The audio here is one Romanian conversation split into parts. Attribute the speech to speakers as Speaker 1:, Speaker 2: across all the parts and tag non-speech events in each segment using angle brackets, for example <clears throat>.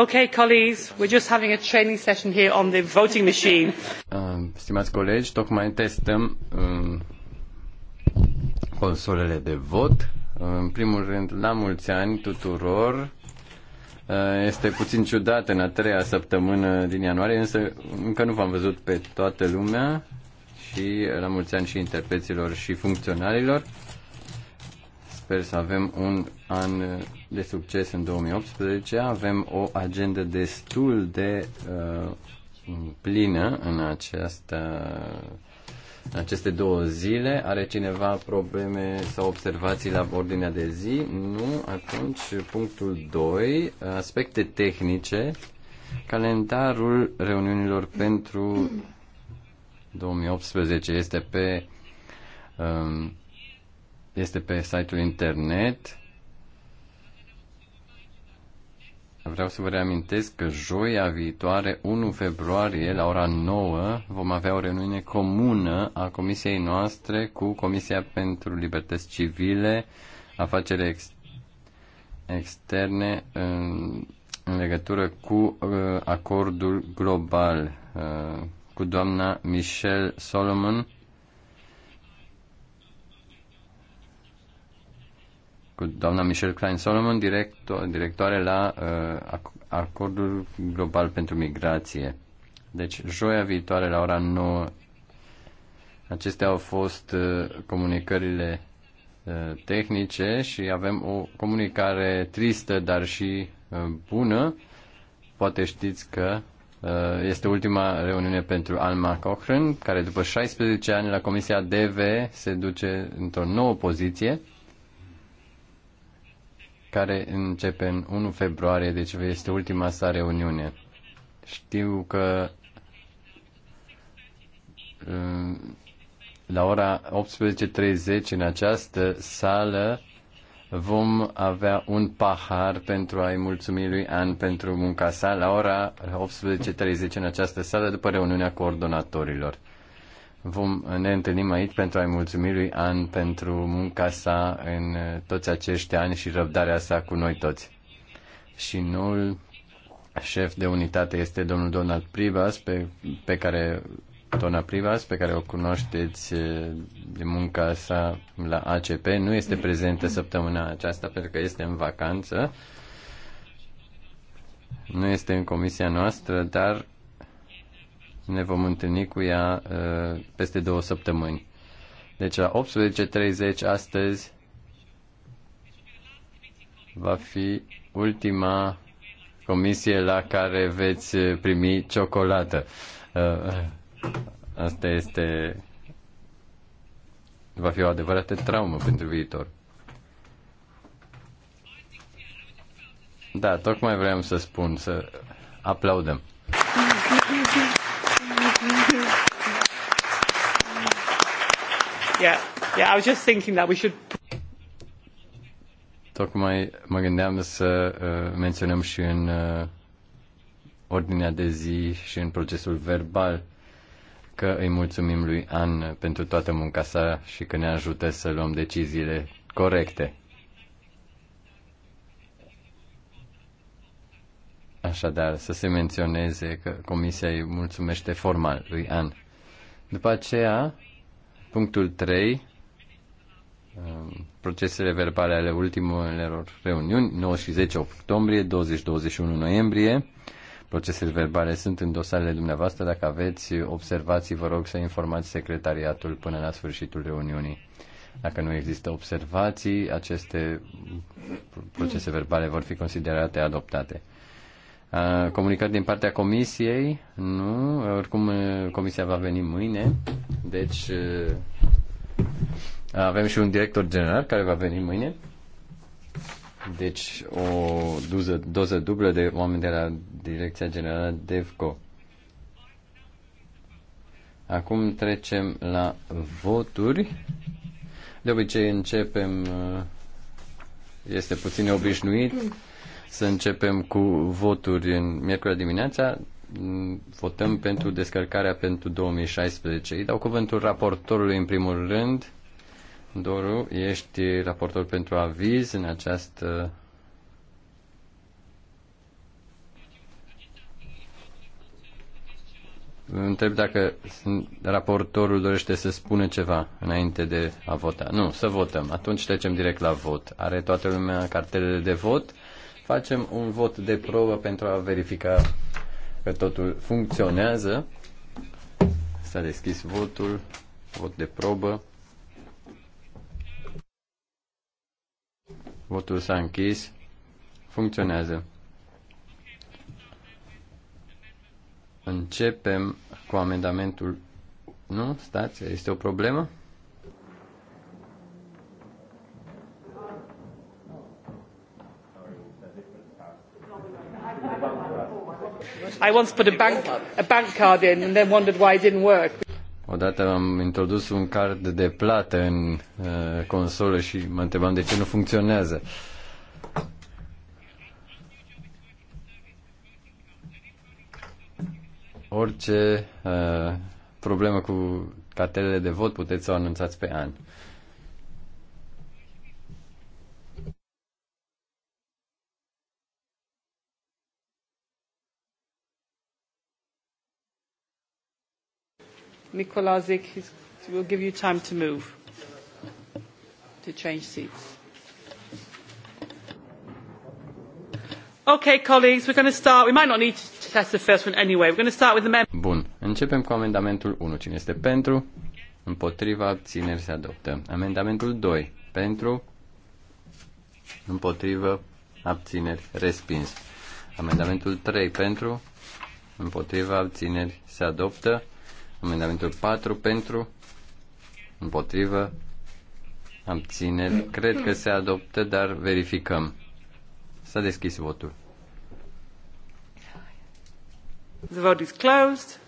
Speaker 1: <laughs>
Speaker 2: Uh, stimați colegi, tocmai testăm um, consolele de vot. în primul rând, la mulți ani tuturor. Uh, este puțin ciudat în a treia săptămână din ianuarie, însă încă nu v-am văzut pe toată lumea și la mulți ani și interpreților și funcționarilor sper să avem un an de succes în 2018. Avem o agendă destul de uh, plină în această în aceste două zile. Are cineva probleme sau observații la ordinea de zi? Nu? Atunci, punctul 2, aspecte tehnice, calendarul reuniunilor pentru 2018 este pe um, este pe site-ul internet. Vreau să vă reamintesc că joia viitoare, 1 februarie, la ora 9, vom avea o reuniune comună a comisiei noastre cu Comisia pentru Libertăți Civile, Afaceri Ex- Externe, în, în legătură cu uh, acordul global, uh, cu doamna Michelle Solomon cu doamna Michelle Klein Solomon, director, directoare la uh, Acordul Global pentru Migrație. Deci, joia viitoare la ora 9. Acestea au fost uh, comunicările uh, tehnice și avem o comunicare tristă, dar și uh, bună. Poate știți că uh, este ultima reuniune pentru Alma Cochran, care după 16 ani la Comisia DV se duce într-o nouă poziție care începe în 1 februarie, deci este ultima sa reuniune. Știu că uh, la ora 18.30 în această sală vom avea un pahar pentru a-i mulțumi lui An pentru munca sa la ora 18.30 în această sală după reuniunea coordonatorilor. Vom ne întâlnim aici pentru a-i mulțumi lui An pentru munca sa în uh, toți acești ani și răbdarea sa cu noi toți. Și noul șef de unitate este domnul Donald Privas, pe, pe care Dona Privas, pe care o cunoașteți uh, de munca sa la ACP, nu este prezentă săptămâna aceasta pentru că este în vacanță. Nu este în comisia noastră, dar ne vom întâlni cu ea uh, peste două săptămâni. Deci la 18.30 astăzi va fi ultima comisie la care veți primi ciocolată. Uh, asta este va fi o adevărată traumă pentru viitor. Da, tocmai vreau să spun, să aplaudăm.
Speaker 1: Thank <laughs> you. Yeah, yeah, I was just thinking that we should...
Speaker 2: Tocmai mă gândeam să uh, menționăm și în uh, ordinea de zi și în procesul verbal că îi mulțumim lui An pentru toată munca sa și că ne ajută să luăm deciziile corecte. Așadar, să se menționeze că Comisia îi mulțumește formal lui An. După aceea, Punctul 3. Um, procesele verbale ale ultimelor reuniuni, 9 și 10 octombrie, 20-21 noiembrie. Procesele verbale sunt în dosarele dumneavoastră. Dacă aveți observații, vă rog să informați secretariatul până la sfârșitul reuniunii. Dacă nu există observații, aceste procese verbale vor fi considerate adoptate. Comunicări din partea comisiei? Nu. Oricum, comisia va veni mâine. Deci uh, avem și un director general care va veni mâine. Deci o doză, doză dublă de oameni de la Direcția Generală DEVCO. Acum trecem la voturi. De obicei începem, uh, este puțin obișnuit, să începem cu voturi în miercuri dimineața, votăm pentru descărcarea pentru 2016. Îi dau cuvântul raportorului în primul rând. Doru, ești raportor pentru aviz în această Întreb dacă raportorul dorește să spună ceva înainte de a vota. Nu, să votăm. Atunci trecem direct la vot. Are toată lumea cartelele de vot. Facem un vot de probă pentru a verifica că totul funcționează. S-a deschis votul, vot de probă. Votul s-a închis. Funcționează. Începem cu amendamentul. Nu, stați, este o problemă?
Speaker 1: I once put a bank, a bank card in and then wondered why it didn't work.
Speaker 2: Odată am introdus un card de plată în uh, consolă și mă întrebam de ce nu funcționează. Orice uh, problemă cu cartelele de vot puteți să o anunțați pe an.
Speaker 1: Mikolazik will give you time to move, to change seats. Okay, colleagues, we're going to start. We might not need to test the first one anyway. We're going to start with the amendment.
Speaker 2: Bun, începem cu amendamentul 1. Cine este pentru? Împotriva, abțineri se adoptă. Amendamentul 2. Pentru? Împotrivă, abțineri, respins. Amendamentul 3. Pentru? Împotriva, abțineri se adoptă. Amendamentul 4 pentru, împotrivă, abțineri. Cred că se adoptă, dar verificăm. S-a deschis votul.
Speaker 1: The vote is closed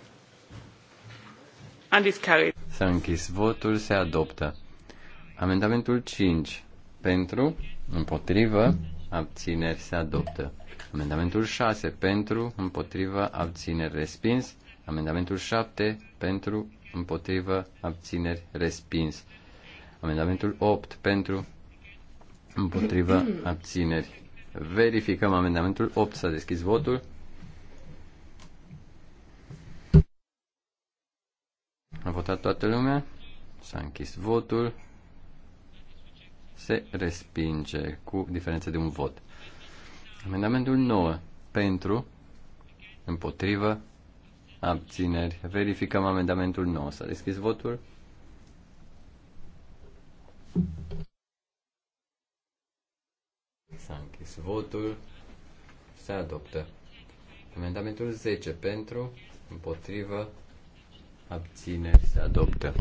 Speaker 1: and is carried.
Speaker 2: S-a închis votul, se adoptă. Amendamentul 5 pentru, împotrivă, abțineri se adoptă. Amendamentul 6 pentru, împotrivă, abțineri respins. Amendamentul 7 pentru, împotrivă, abțineri, respins. Amendamentul 8 pentru, împotrivă, abțineri. Verificăm amendamentul 8. S-a deschis votul. A votat toată lumea. S-a închis votul. Se respinge cu diferență de un vot. Amendamentul 9 pentru, împotrivă, abțineri. Verificăm amendamentul 9. S-a deschis votul. S-a închis votul. Se adoptă. Amendamentul 10 pentru, împotrivă, abțineri, se adoptă.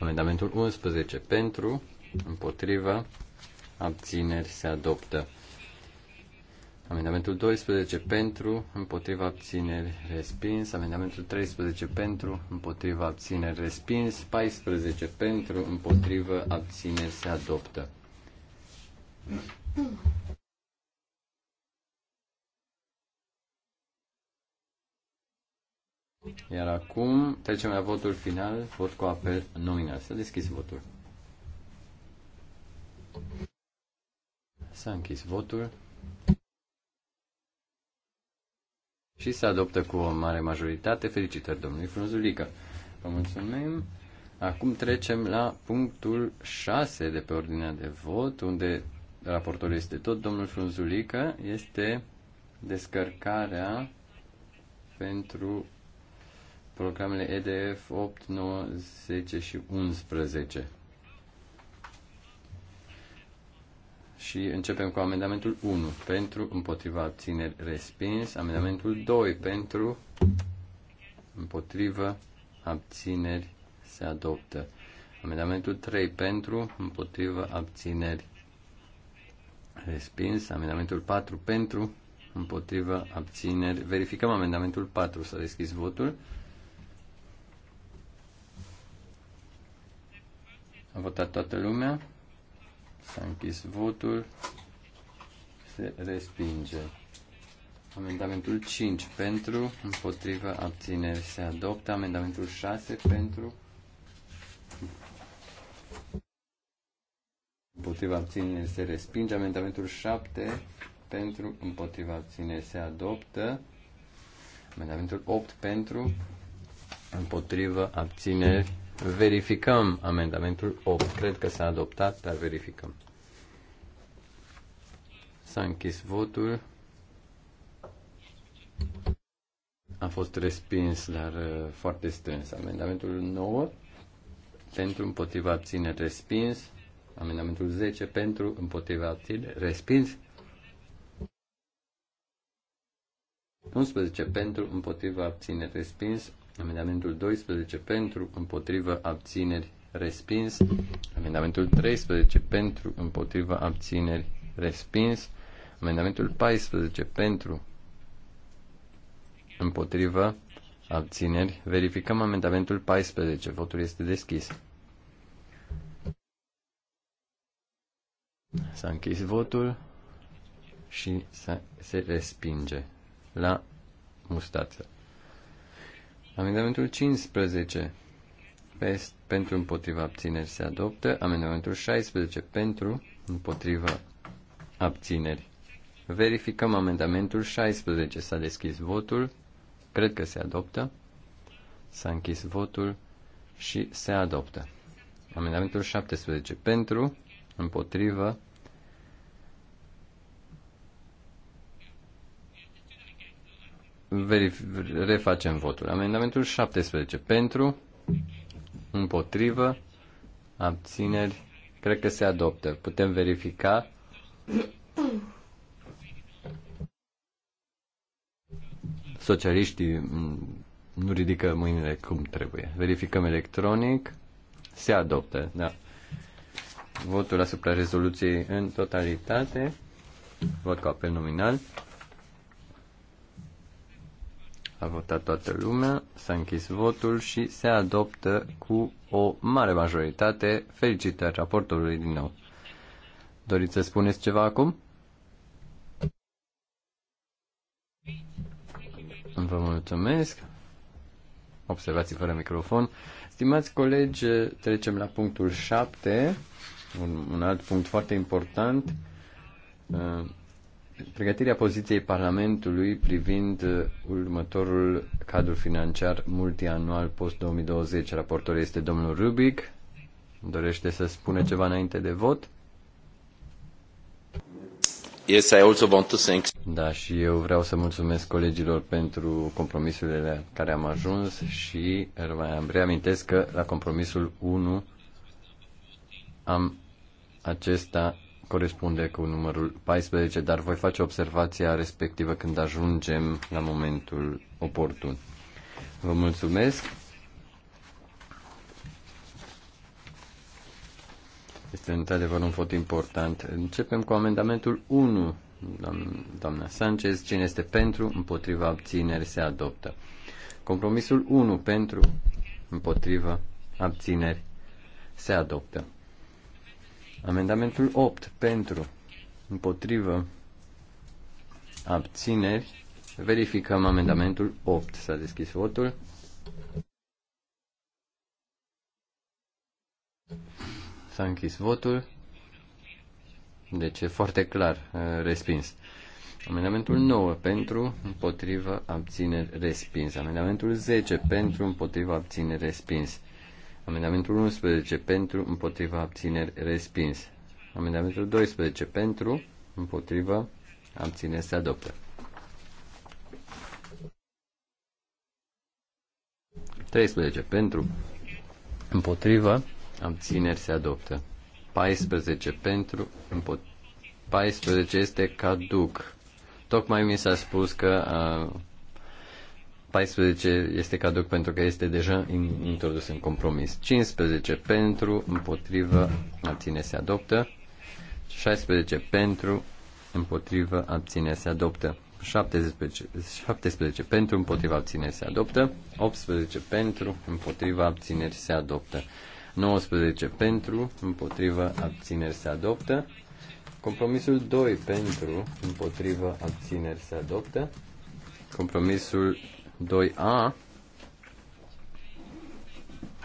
Speaker 2: Amendamentul 11 pentru, împotrivă, abțineri, se adoptă. Amendamentul 12 pentru, împotriva abțineri respins. Amendamentul 13 pentru, împotriva abțineri respins. 14 pentru, împotriva abțineri se adoptă. Iar acum trecem la votul final, vot cu apel nominal. Să deschis votul. S-a închis votul și se adoptă cu o mare majoritate. Felicitări domnului Frunzulică. Vă mulțumim. Acum trecem la punctul 6 de pe ordinea de vot, unde raportorul este tot domnul Frunzulică, este descărcarea pentru programele EDF 8, 9, 10 și 11. Și începem cu amendamentul 1 pentru, împotriva abțineri respins, amendamentul 2 pentru, împotriva abțineri se adoptă. Amendamentul 3 pentru, împotriva abțineri respins, amendamentul 4 pentru, împotriva abțineri. Verificăm amendamentul 4, s-a deschis votul. A votat toată lumea. S-a închis votul. Se respinge. Amendamentul 5 pentru, împotrivă, abțineri se adoptă. Amendamentul 6 pentru, împotrivă, abțineri se respinge. Amendamentul 7 pentru, împotrivă, abțineri se adoptă. Amendamentul 8 pentru, împotrivă, abțineri se Verificăm amendamentul 8. Cred că s-a adoptat, dar verificăm. S-a închis votul. A fost respins, dar uh, foarte strâns. Amendamentul 9 pentru împotriva abține respins. Amendamentul 10 pentru împotriva abține respins. 11 pentru împotriva abține respins. Amendamentul 12 pentru, împotrivă, abțineri, respins. Amendamentul 13 pentru, împotrivă, abțineri, respins. Amendamentul 14 pentru, împotrivă, abțineri. Verificăm amendamentul 14. Votul este deschis. S-a închis votul și se respinge la mustață. Amendamentul 15 pentru împotriva abțineri se adoptă. Amendamentul 16 pentru împotriva abțineri. Verificăm amendamentul 16. S-a deschis votul. Cred că se adoptă. S-a închis votul și se adoptă. Amendamentul 17 pentru împotriva Verif- refacem votul. Amendamentul 17 pentru, împotrivă, abțineri, cred că se adoptă. Putem verifica. Socialiștii mm, nu ridică mâinile cum trebuie. Verificăm electronic. Se adoptă, da. Votul asupra rezoluției în totalitate. Vot cu apel nominal. A votat toată lumea, s-a închis votul și se adoptă cu o mare majoritate. Felicitări raportorului din nou. Doriți să spuneți ceva acum? Vă mulțumesc. Observații fără microfon. Stimați colegi, trecem la punctul 7, un, un alt punct foarte important. Uh, pregătirea poziției Parlamentului privind uh, următorul cadru financiar multianual post-2020. Raportorul este domnul Rubic. Dorește să spune ceva înainte de vot? Yes, I also want to thank. Da, și eu vreau să mulțumesc colegilor pentru compromisurile la care am ajuns și reamintesc că la compromisul 1 am acesta corespunde cu numărul 14, dar voi face observația respectivă când ajungem la momentul oportun. Vă mulțumesc. Este într-adevăr un vot important. Începem cu amendamentul 1. Doamna Sanchez, cine este pentru, împotriva abțineri, se adoptă. Compromisul 1 pentru, împotriva abțineri, se adoptă. Amendamentul 8 pentru, împotrivă, abțineri. Verificăm amendamentul 8. S-a deschis votul. S-a închis votul. Deci e foarte clar uh, respins. Amendamentul 9 pentru, împotrivă, abțineri, respins. Amendamentul 10 pentru, împotrivă, abțineri, respins. Amendamentul 11 pentru, împotriva abțineri respins. Amendamentul 12 pentru, împotriva abțineri se adoptă. 13 pentru, împotriva abțineri se adoptă. 14 pentru, împotriva 14 este caduc. Tocmai mi s-a spus că uh, 14 este caduc pentru că este deja introdus în compromis. 15 pentru, împotrivă, abține, se adoptă. 16 pentru, împotrivă, abține, se adoptă. 17, 17 pentru, împotriva abțineri se adoptă, 18 pentru, împotriva abțineri se adoptă, 19 pentru, împotriva abțineri se adoptă, compromisul 2 pentru, împotriva abțineri se adoptă, compromisul 2A.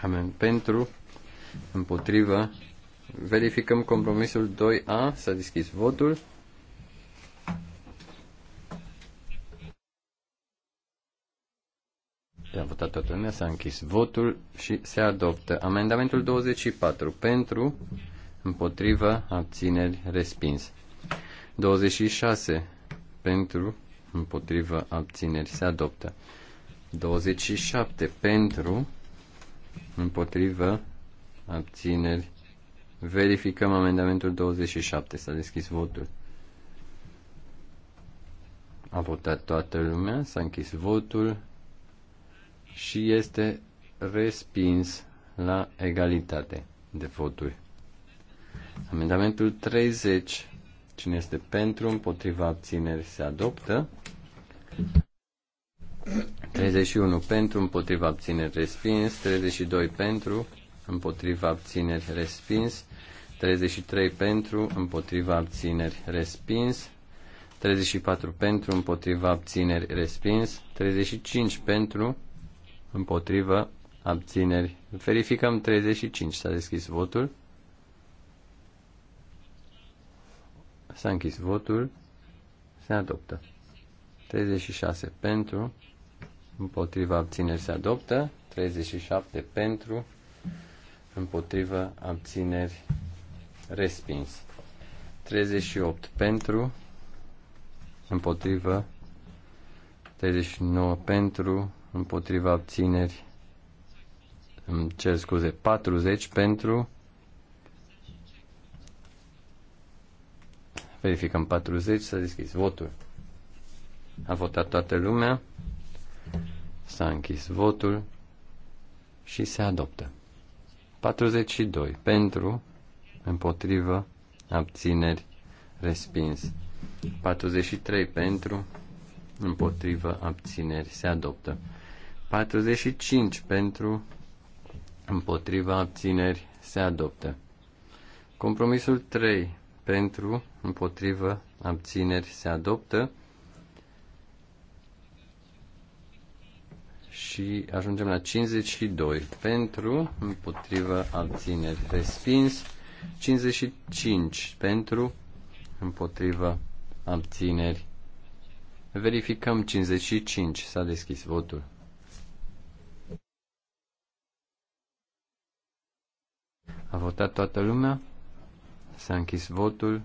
Speaker 2: Amen. Pentru, împotrivă, verificăm compromisul 2A. S-a deschis votul. A votat toată lumea, s-a închis votul și se adoptă. Amendamentul 24 pentru, împotrivă, abțineri, respins. 26 pentru, împotrivă, abțineri, se adoptă. 27 pentru, împotrivă, abțineri. Verificăm amendamentul 27. S-a deschis votul. A votat toată lumea, s-a închis votul și este respins la egalitate de voturi. Amendamentul 30. Cine este pentru, împotriva abțineri, se adoptă. 31 pentru, împotriva abțineri respins, 32 pentru, împotriva abțineri respins, 33 pentru, împotriva abțineri respins, 34 pentru, împotriva abțineri respins, 35 pentru, împotriva abțineri. Verificăm 35, s-a deschis votul. S-a închis votul. Se adoptă. 36 pentru, împotriva abțineri se adoptă, 37 pentru, împotriva abțineri respins, 38 pentru, împotriva 39 pentru, împotriva abțineri, îmi cer scuze, 40 pentru, verificăm 40, s-a deschis votul. A votat toată lumea, S-a închis votul și se adoptă. 42. Pentru, împotrivă, abțineri, respins. 43. Pentru, împotrivă, abțineri, se adoptă. 45. Pentru, împotrivă, abțineri, se adoptă. Compromisul 3. Pentru, împotrivă, abțineri, se adoptă. și ajungem la 52 pentru, împotrivă, abțineri, respins, 55 pentru, împotrivă, abțineri. Verificăm 55, s-a deschis votul. A votat toată lumea, s-a închis votul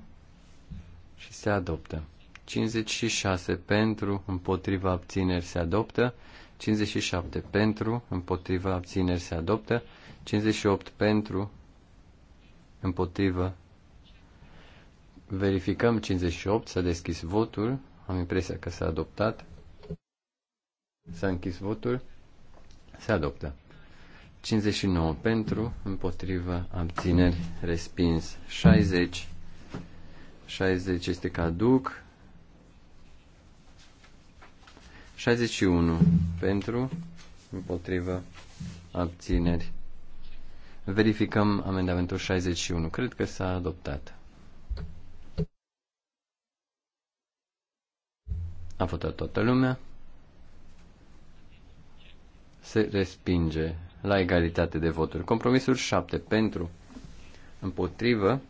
Speaker 2: și se adoptă. 56 pentru, împotriva abțineri se adoptă, 57 pentru, împotriva abțineri se adoptă, 58 pentru, împotriva. Verificăm 58, s-a deschis votul, am impresia că s-a adoptat, s-a închis votul, se adoptă. 59 pentru, împotriva, abțineri, respins, 60, 60 este caduc, 61 pentru, împotrivă, abțineri. Verificăm amendamentul 61. Cred că s-a adoptat. A votat toată lumea. Se respinge la egalitate de voturi. Compromisul 7 pentru, împotrivă,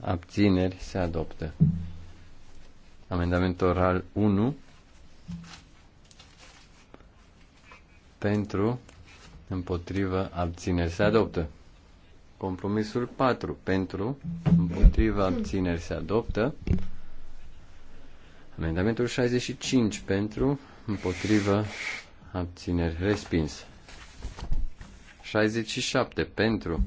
Speaker 2: abțineri se adoptă. Amendamentul oral 1 pentru, împotrivă, abțineri se adoptă. Compromisul 4 pentru, împotrivă, abțineri se adoptă. Amendamentul 65 pentru, împotrivă, abțineri respins. 67 pentru,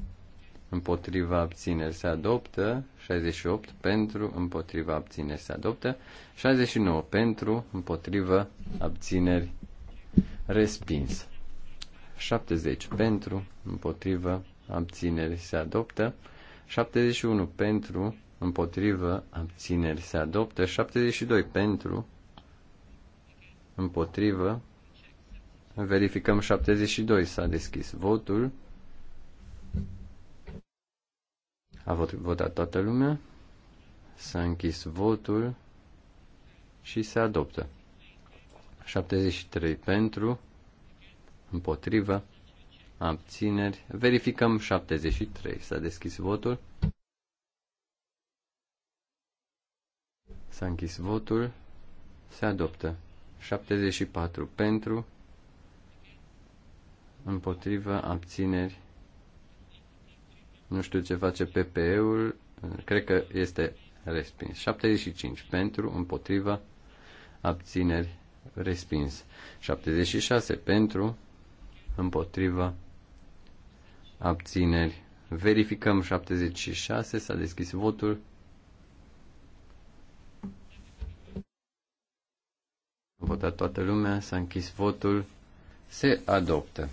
Speaker 2: împotriva abțineri se adoptă, 68 pentru, împotriva abțineri se adoptă, 69 pentru, împotriva abțineri Respins. 70 pentru, împotrivă, abțineri se adoptă. 71 pentru, împotrivă, abțineri se adoptă. 72 pentru, împotrivă. Verificăm 72, s-a deschis votul. A votat toată lumea. S-a închis votul și se adoptă. 73 pentru, împotrivă, abțineri. Verificăm 73. S-a deschis votul. S-a închis votul. Se adoptă. 74 pentru, împotrivă, abțineri. Nu știu ce face PPE-ul. Cred că este respins. 75 pentru, împotrivă, abțineri respins. 76 pentru, împotriva, abțineri. Verificăm 76, s-a deschis votul. A votat toată lumea, s-a închis votul, se adoptă.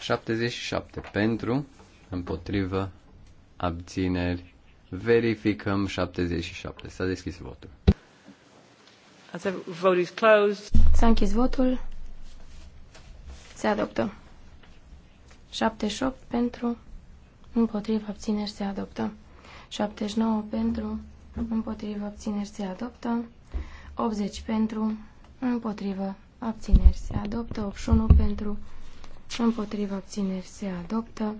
Speaker 2: 77 pentru, împotrivă, abțineri. Verificăm 77. S-a deschis votul.
Speaker 3: As the vote is closed. S-a închis votul. Se adoptă. 78 pentru, împotriva abțineri se adoptă. 79 pentru, împotriva abțineri se adoptă. 80 pentru, împotriva abțineri se adoptă. 81 pentru, împotriva abțineri se adoptă.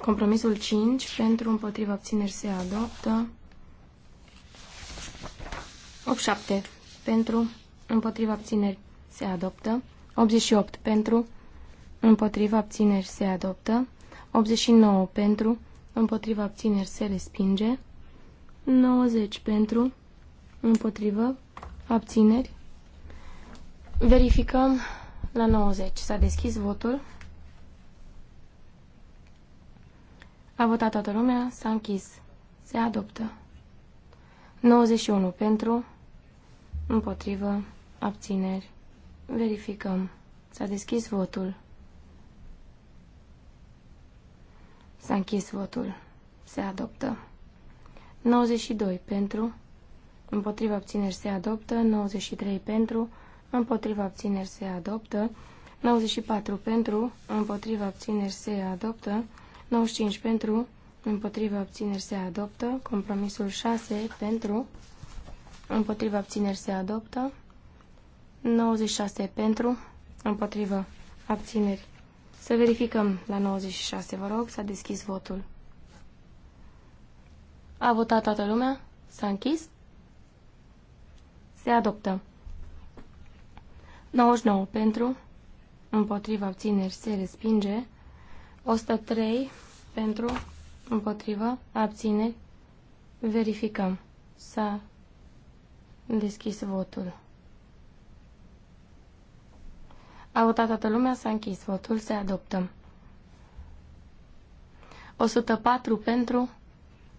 Speaker 3: Compromisul 5 pentru, împotriva abțineri se adoptă. 87 pentru, împotriva abțineri se adoptă. 88 pentru, împotriva abțineri se adoptă. 89 pentru, împotriva abțineri se respinge. 90 pentru, împotriva abțineri. Verificăm la 90. S-a deschis votul. A votat toată lumea, s-a închis. Se adoptă. 91 pentru, împotrivă, abțineri. Verificăm. S-a deschis votul. S-a închis votul. Se adoptă. 92 pentru, Împotrivă abțineri se adoptă, 93 pentru, Împotrivă abțineri se adoptă, 94 pentru, Împotrivă abțineri se adoptă, 95 pentru, Împotrivă abțineri se adoptă, compromisul 6 pentru, împotriva abțineri se adoptă. 96 pentru. împotriva abțineri. Să verificăm la 96, vă rog. S-a deschis votul. A votat toată lumea? S-a închis? Se adoptă. 99 pentru. împotriva abțineri se respinge. 103 pentru. împotriva abțineri. Verificăm. S-a deschis votul. A votat toată lumea, s-a închis votul, se adoptă. 104 pentru,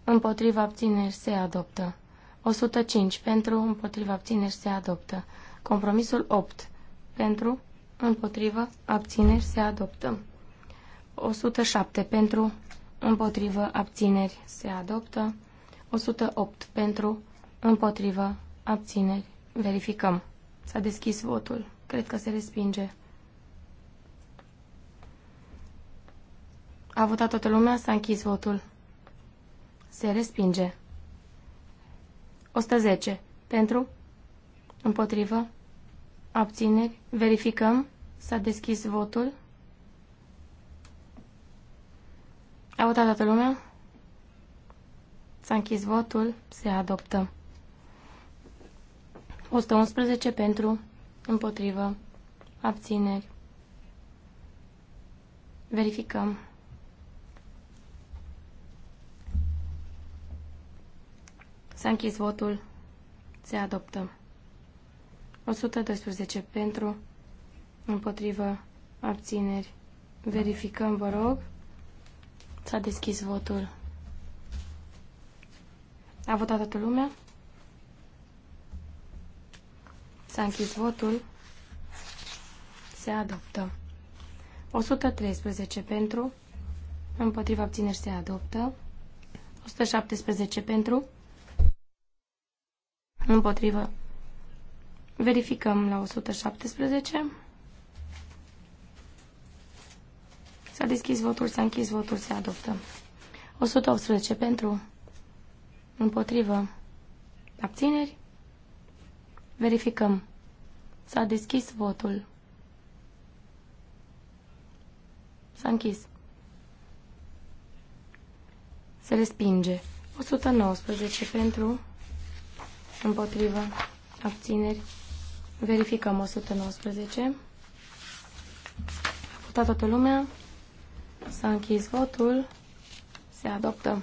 Speaker 3: împotriva abțineri, se adoptă. 105 pentru, împotriva abțineri, se adoptă. Compromisul 8 pentru, împotriva abțineri, se adoptă. 107 pentru, împotriva abțineri, se adoptă. 108 pentru, împotriva Abțineri. Verificăm. S-a deschis votul. Cred că se respinge. A votat toată lumea, s-a închis votul. Se respinge. 110. Pentru? Împotrivă? Abțineri? Verificăm. S-a deschis votul. A votat toată lumea? S-a închis votul. Se adoptă. 111 pentru, împotrivă, abțineri. Verificăm. S-a închis votul. Se adoptă. 112 pentru, împotrivă, abțineri. Verificăm, vă rog. S-a deschis votul. A votat toată lumea? S-a închis votul. Se adoptă. 113 pentru. Împotriva abțineri se adoptă. 117 pentru. Împotrivă. Verificăm la 117. S-a deschis votul, s-a închis votul, se adoptă. 118 pentru. Împotrivă. Abțineri. Verificăm. S-a deschis votul. S-a închis. Se respinge. 119 pentru, împotriva, abțineri. Verificăm 119. A votat toată lumea. S-a închis votul. Se adoptă.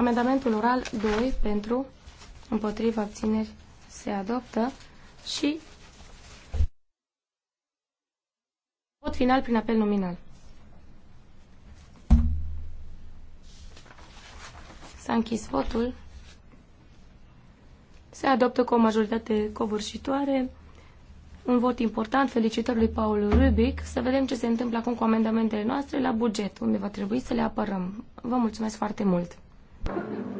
Speaker 3: Amendamentul oral 2 pentru, împotriva abțineri se adoptă și vot final prin apel nominal. S-a închis votul. Se adoptă cu o majoritate covârșitoare. Un vot important, felicitări lui Paul Rubic. Să vedem ce se întâmplă acum cu amendamentele noastre la buget, unde va trebui să le apărăm. Vă mulțumesc foarte mult! Thank you.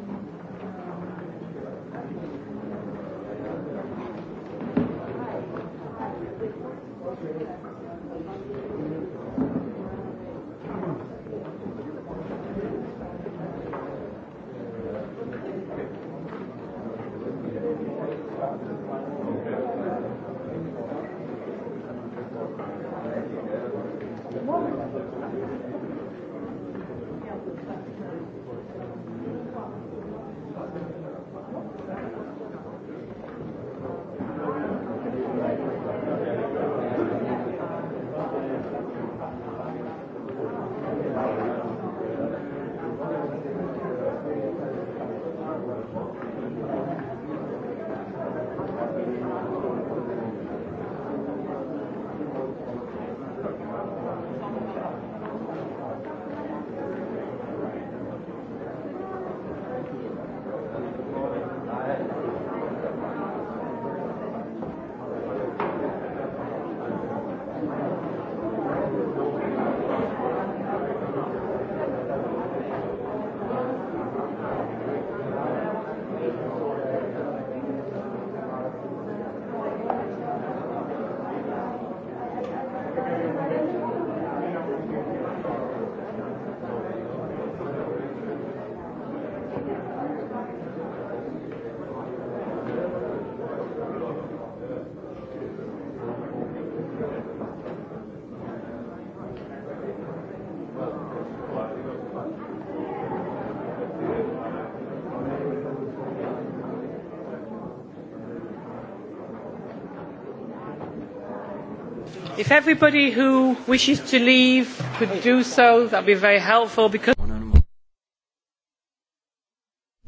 Speaker 1: If everybody who wishes to leave could do so, that would be very helpful because...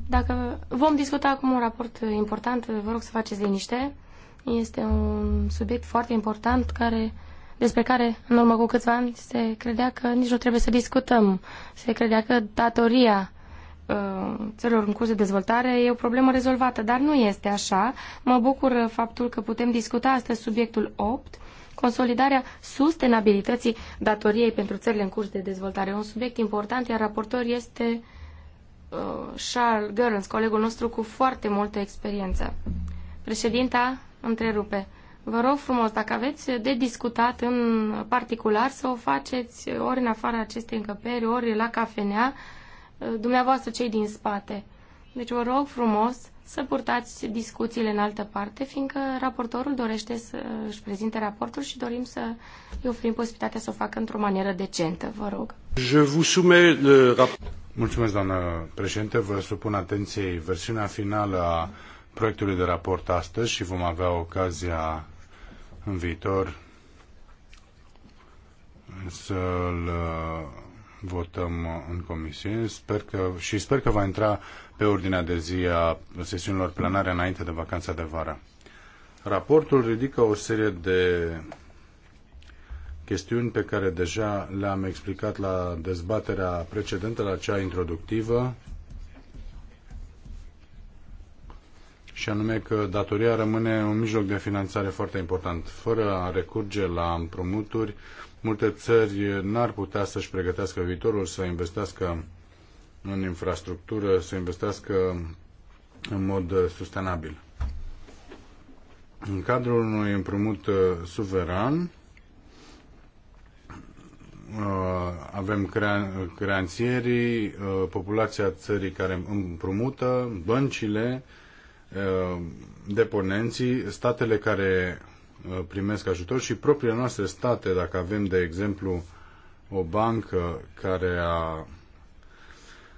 Speaker 3: Dacă vom discuta acum un raport important, vă rog să faceți liniște. Este un subiect foarte important care, despre care în urmă cu câțiva ani se credea că nici nu trebuie să discutăm. Se credea că datoria uh, țărilor în curs de dezvoltare e o problemă rezolvată, dar nu este așa. Mă bucur faptul că putem discuta astăzi subiectul 8 consolidarea sustenabilității datoriei pentru țările în curs de dezvoltare. Un subiect important, iar raportor este uh, Charles Görens, colegul nostru cu foarte multă experiență. Președinta întrerupe. Vă rog frumos, dacă aveți de discutat în particular, să o faceți ori în afara acestei încăperi, ori la cafenea, uh, dumneavoastră cei din spate. Deci vă rog frumos să purtați discuțiile în altă parte, fiindcă raportorul dorește să își prezinte raportul și dorim să îi oferim posibilitatea să o facă într-o manieră decentă. Vă rog.
Speaker 4: Je vous soumets le rap- Mulțumesc, doamnă președinte. Vă supun atenției versiunea finală a proiectului de raport astăzi și vom avea ocazia în viitor să-l votăm în comisie sper că, și sper că va intra pe ordinea de zi a sesiunilor plenare înainte de vacanța de vară. Raportul ridică o serie de chestiuni pe care deja le-am explicat la dezbaterea precedentă, la cea introductivă, și anume că datoria rămâne un mijloc de finanțare foarte important. Fără a recurge la împrumuturi, Multe țări n-ar putea să-și pregătească viitorul, să investească în infrastructură, să investească în mod uh, sustenabil. În cadrul unui împrumut uh, suveran, uh, avem creanțierii, populația țării care împrumută, băncile, deponenții, statele care Uh, primesc ajutor și propriile noastre state, dacă avem, de exemplu, o bancă care a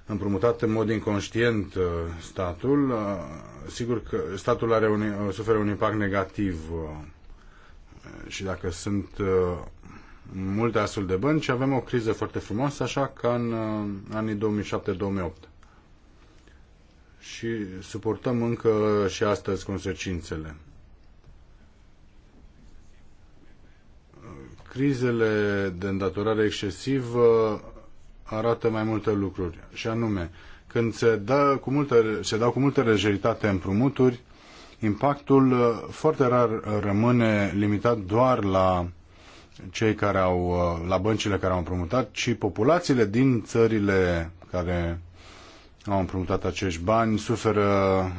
Speaker 4: împrumutat în mod inconștient uh, statul, uh, sigur că statul are un, suferă un impact negativ și dacă sunt multe astfel de bănci, avem o criză foarte frumoasă, așa ca în anii 2007-2008. Și suportăm încă și astăzi consecințele. Crizele de îndatorare excesivă arată mai multe lucruri, și anume, când se, dă cu multă, se dau cu multă lejeritate împrumuturi, impactul uh, foarte rar uh, rămâne limitat doar la cei care au, uh, la băncile care au împrumutat, ci populațiile din țările care au împrumutat acești bani suferă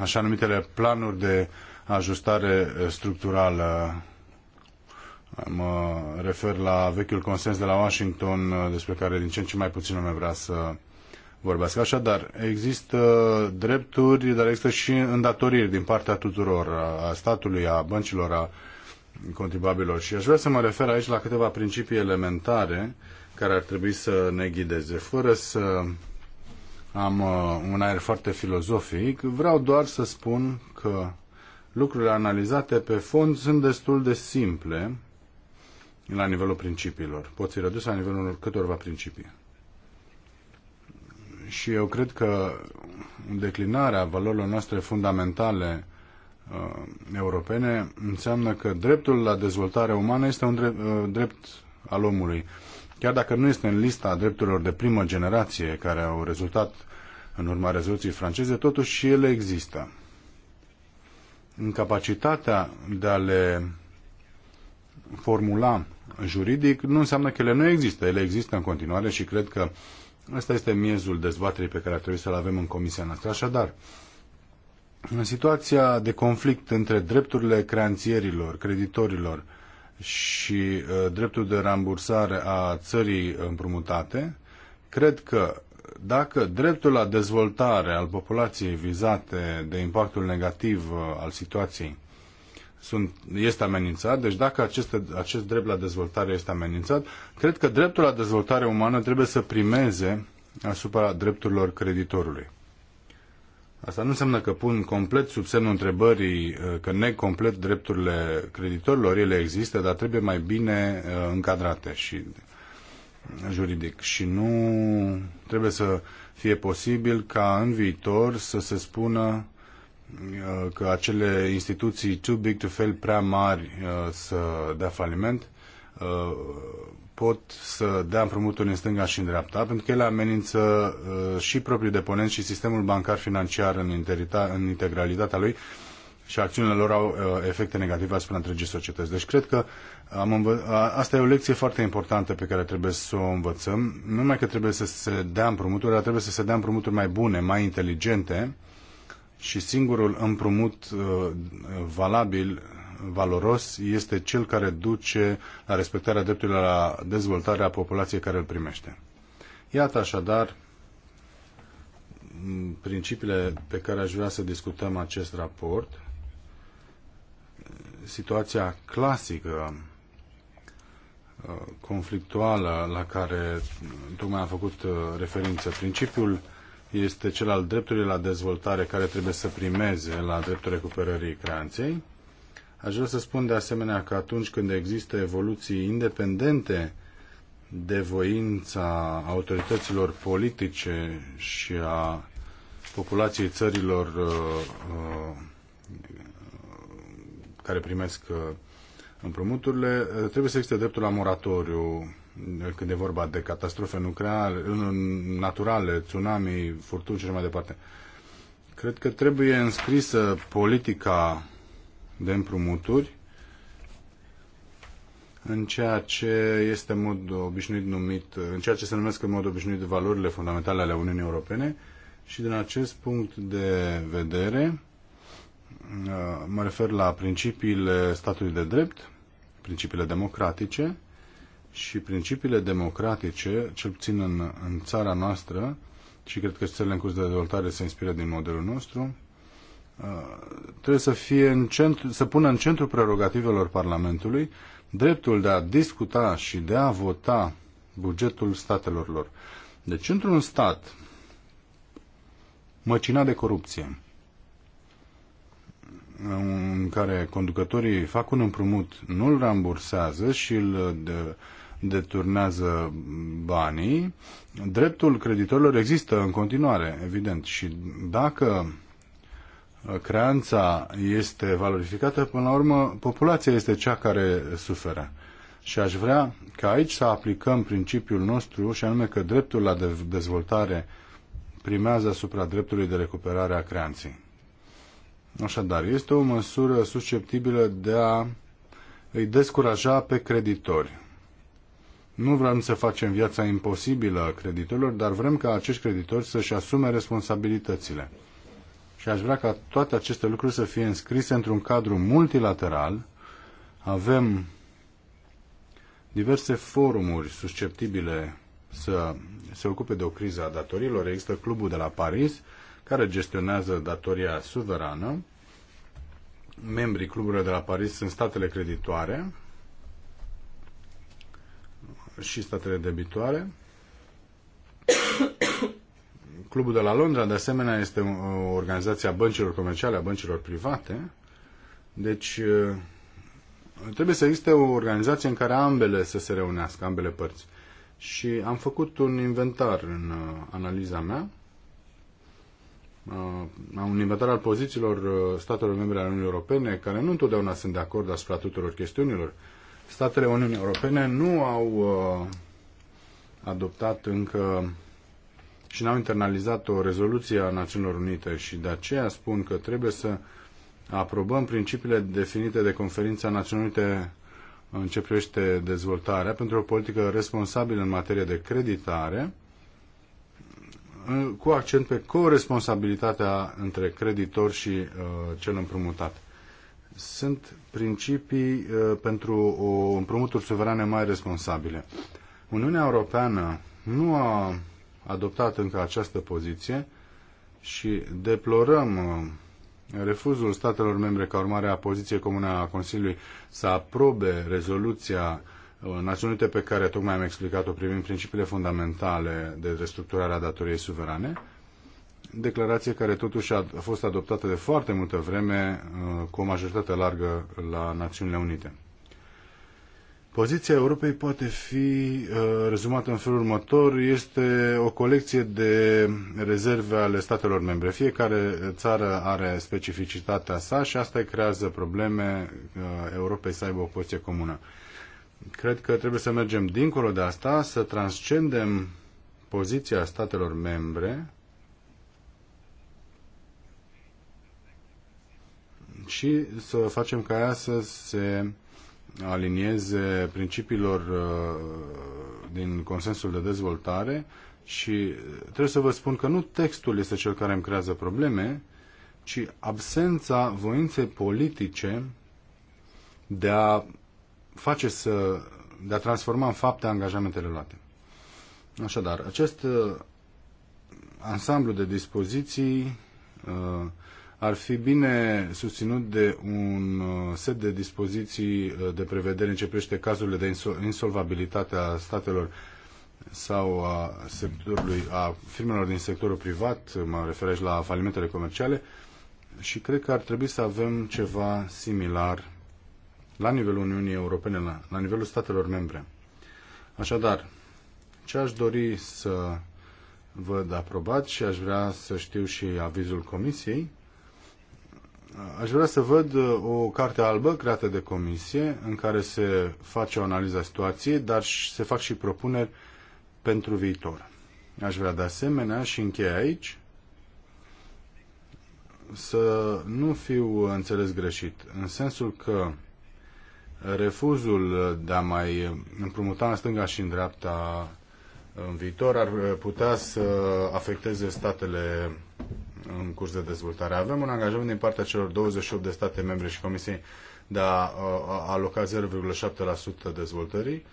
Speaker 4: așa numitele planuri de ajustare structurală Mă refer la vechiul consens de la Washington, uh, despre care din ce în ce mai puțin lume vrea să vorbească. Așadar, există drepturi, dar există și îndatoriri din partea tuturor, a statului, a băncilor, a contribuabilor. Și aș vrea să mă refer aici la câteva principii elementare care ar trebui să ne ghideze. Fără să am uh, un aer foarte filozofic, vreau doar să spun că lucrurile analizate pe fond sunt destul de simple la nivelul principiilor. Pot fi redus la nivelul câtorva principii. Și eu cred că declinarea valorilor noastre fundamentale uh, europene înseamnă că dreptul la dezvoltare umană este un drept, uh, drept al omului. Chiar dacă nu este în lista drepturilor de primă generație care au rezultat în urma rezoluției franceze, totuși și ele există. Incapacitatea de a le formula juridic, nu înseamnă că ele nu există. Ele există în continuare și cred că ăsta este miezul dezbaterii pe care ar trebui să-l avem în comisia noastră. Așadar, în situația de conflict între drepturile creanțierilor, creditorilor și uh, dreptul de rambursare a țării împrumutate, cred că dacă dreptul la dezvoltare al populației vizate de impactul negativ uh, al situației sunt, este amenințat, deci dacă aceste, acest drept la dezvoltare este amenințat, cred că dreptul la dezvoltare umană trebuie să primeze asupra drepturilor creditorului. Asta nu înseamnă că pun complet sub semnul întrebării, uh, că neg complet drepturile creditorilor, ele există, dar trebuie mai bine uh, încadrate și uh, juridic. Și nu trebuie să fie posibil ca în viitor să se spună Uh, că acele instituții too big to fail, prea mari uh, să dea faliment, uh, pot să dea împrumuturi în stânga și în dreapta, pentru că ele amenință și proprii deponenți și sistemul bancar financiar în, integralitatea lui și acțiunile lor au efecte negative asupra întregii societăți. Deci cred că am asta e o lecție foarte importantă pe care trebuie să o învățăm. Nu numai că trebuie să se dea împrumuturi, dar trebuie să se dea împrumuturi mai bune, mai inteligente, și singurul împrumut uh, valabil, valoros, este cel care duce la respectarea drepturilor la dezvoltarea populației care îl primește. Iată așadar principiile pe care aș vrea să discutăm acest raport. Situația clasică uh, conflictuală la care tocmai am făcut uh, referință. Principiul este cel al dreptului la dezvoltare care trebuie să primeze la dreptul recuperării creanței. Aș vrea să spun de asemenea că atunci când există evoluții independente de voința autorităților politice și a populației țărilor uh, uh care primesc uh, împrumuturile, uh, trebuie să existe dreptul la moratoriu când e vorba de catastrofe nucleare, naturale, tsunami, furtuni și așa mai departe. Cred că trebuie înscrisă politica de împrumuturi în ceea ce este în mod obișnuit numit, în ceea ce se numesc în mod obișnuit valorile fundamentale ale Uniunii Europene și din acest punct de vedere mă refer la principiile statului de drept, principiile democratice, și principiile democratice, cel puțin în, în țara noastră, și cred că țările în curs de dezvoltare se inspiră din modelul nostru, uh, trebuie să, fie în centru, să pună în centru prerogativelor Parlamentului dreptul de a discuta și de a vota bugetul statelor lor. Deci, într-un stat măcinat de corupție, în care conducătorii fac un împrumut, nu-l rambursează și îl de, deturnează banii, dreptul creditorilor există în continuare, evident. Și dacă creanța este valorificată, până la urmă populația este cea care suferă. Și aș vrea ca aici să aplicăm principiul nostru și anume că dreptul la dezvoltare primează asupra dreptului de recuperare a creanței. Așadar, este o măsură susceptibilă de a îi descuraja pe creditori. Nu vrem să facem viața imposibilă creditorilor, dar vrem ca acești creditori să-și asume responsabilitățile. Și aș vrea ca toate aceste lucruri să fie înscrise într-un cadru multilateral. Avem diverse forumuri susceptibile să se ocupe de o criză a datorilor. Există clubul de la Paris, care gestionează datoria suverană. Membrii cluburilor de la Paris sunt statele creditoare și statele debitoare. <coughs> Clubul de la Londra, de asemenea, este o organizație a băncilor comerciale, a băncilor private. Deci, uh, trebuie să existe o organizație în care ambele să se reunească, ambele părți. Și am făcut un inventar în uh, analiza mea, uh, am un inventar al pozițiilor statelor membre ale Uniunii Europene, care nu întotdeauna sunt de acord asupra tuturor chestiunilor, statele Uniunii Europene nu au uh, adoptat încă și n-au internalizat o rezoluție a Națiunilor Unite și de aceea spun că trebuie să aprobăm principiile definite de Conferința Națiunilor Unite în ce privește dezvoltarea pentru o politică responsabilă în materie de creditare uh, cu accent pe corresponsabilitatea între creditor și uh, cel împrumutat sunt principii uh, pentru o împrumuturi suverane mai responsabile. Uniunea Europeană nu a adoptat încă această poziție și deplorăm uh, refuzul statelor membre ca urmare a poziției comune a Consiliului să aprobe rezoluția uh, Națiunii Unite pe care tocmai am explicat-o privind principiile fundamentale de restructurare a datoriei suverane declarație care totuși a fost adoptată de foarte multă vreme uh, cu o majoritate largă la Națiunile Unite. Poziția Europei poate fi uh, rezumată în felul următor. Este o colecție de rezerve ale statelor membre. Fiecare țară are specificitatea sa și asta îi creează probleme uh, Europei să aibă o poziție comună. Cred că trebuie să mergem dincolo de asta, să transcendem poziția statelor membre și să facem ca ea să se alinieze principiilor uh, din consensul de dezvoltare și trebuie să vă spun că nu textul este cel care îmi creează probleme, ci absența voinței politice de a face să, de a transforma în fapte angajamentele luate. Așadar, acest uh, ansamblu de dispoziții uh, ar fi bine susținut de un uh, set de dispoziții uh, de prevedere în ce privește cazurile de insolvabilitate a statelor sau a sectorului, a firmelor din sectorul privat, mă refer aici la falimentele comerciale, și cred că ar trebui să avem ceva similar la nivelul Uniunii Europene, la, la nivelul statelor membre. Așadar, ce aș dori să văd aprobat și aș vrea să știu și avizul Comisiei, Aș vrea să văd uh, o carte albă creată de comisie în care se face o analiză a situației, dar se fac și propuneri pentru viitor. Aș vrea de asemenea și încheie aici să nu fiu înțeles greșit, în sensul că refuzul de a mai împrumuta în stânga și în dreapta în viitor ar putea să afecteze statele în curs de dezvoltare. Avem un angajament din partea celor 28 de state membre și Comisiei de a aloca 0,7% dezvoltării.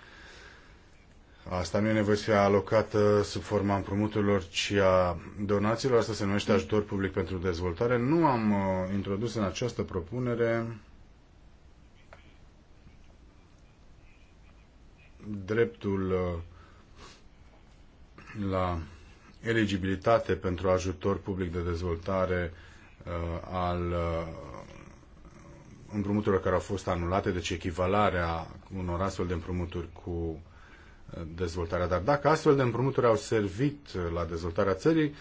Speaker 4: Asta nu e nevoie să fie alocată uh, sub forma împrumuturilor, ci a donațiilor. Asta se numește ajutor public pentru dezvoltare. Nu am uh, introdus în această propunere dreptul uh, la eligibilitate pentru ajutor public de dezvoltare uh, al uh, împrumuturilor care au fost anulate, deci echivalarea unor astfel de împrumuturi cu uh, dezvoltarea. Dar dacă astfel de împrumuturi au servit la dezvoltarea țării,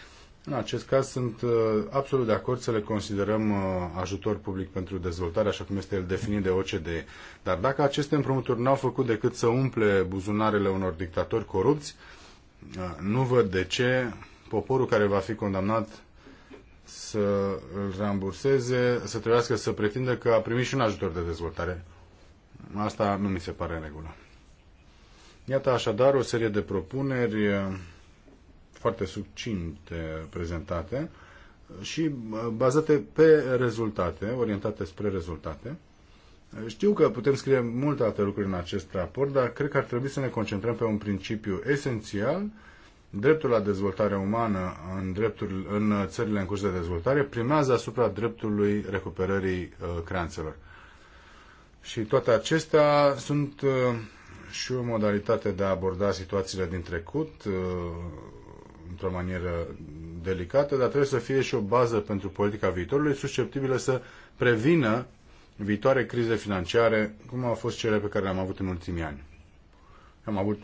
Speaker 4: în acest caz sunt absolut de acord să le considerăm ajutor public pentru dezvoltare, așa cum este el definit de OCDE. Dar dacă aceste împrumuturi n-au făcut decât să umple buzunarele unor dictatori corupți, nu văd de ce poporul care va fi condamnat să îl ramburseze, să trebuiască să pretindă că a primit și un ajutor de dezvoltare. Asta nu mi se pare în regulă. Iată așadar o serie de propuneri eh, foarte subcinte prezentate și eh, bazate pe rezultate, orientate spre rezultate. Știu că putem scrie multe alte lucruri în acest raport, dar cred că ar trebui să ne concentrăm pe un principiu esențial. Dreptul la dezvoltare umană în, dreptul, în țările în curs de dezvoltare primează asupra dreptului recuperării uh, creanțelor. Și toate acestea sunt uh, și o modalitate de a aborda situațiile din trecut uh, într-o manieră delicată, dar trebuie să fie și o bază pentru politica viitorului susceptibilă să prevină viitoare crize financiare, cum au fost cele pe care le-am avut în ultimii ani. Am avut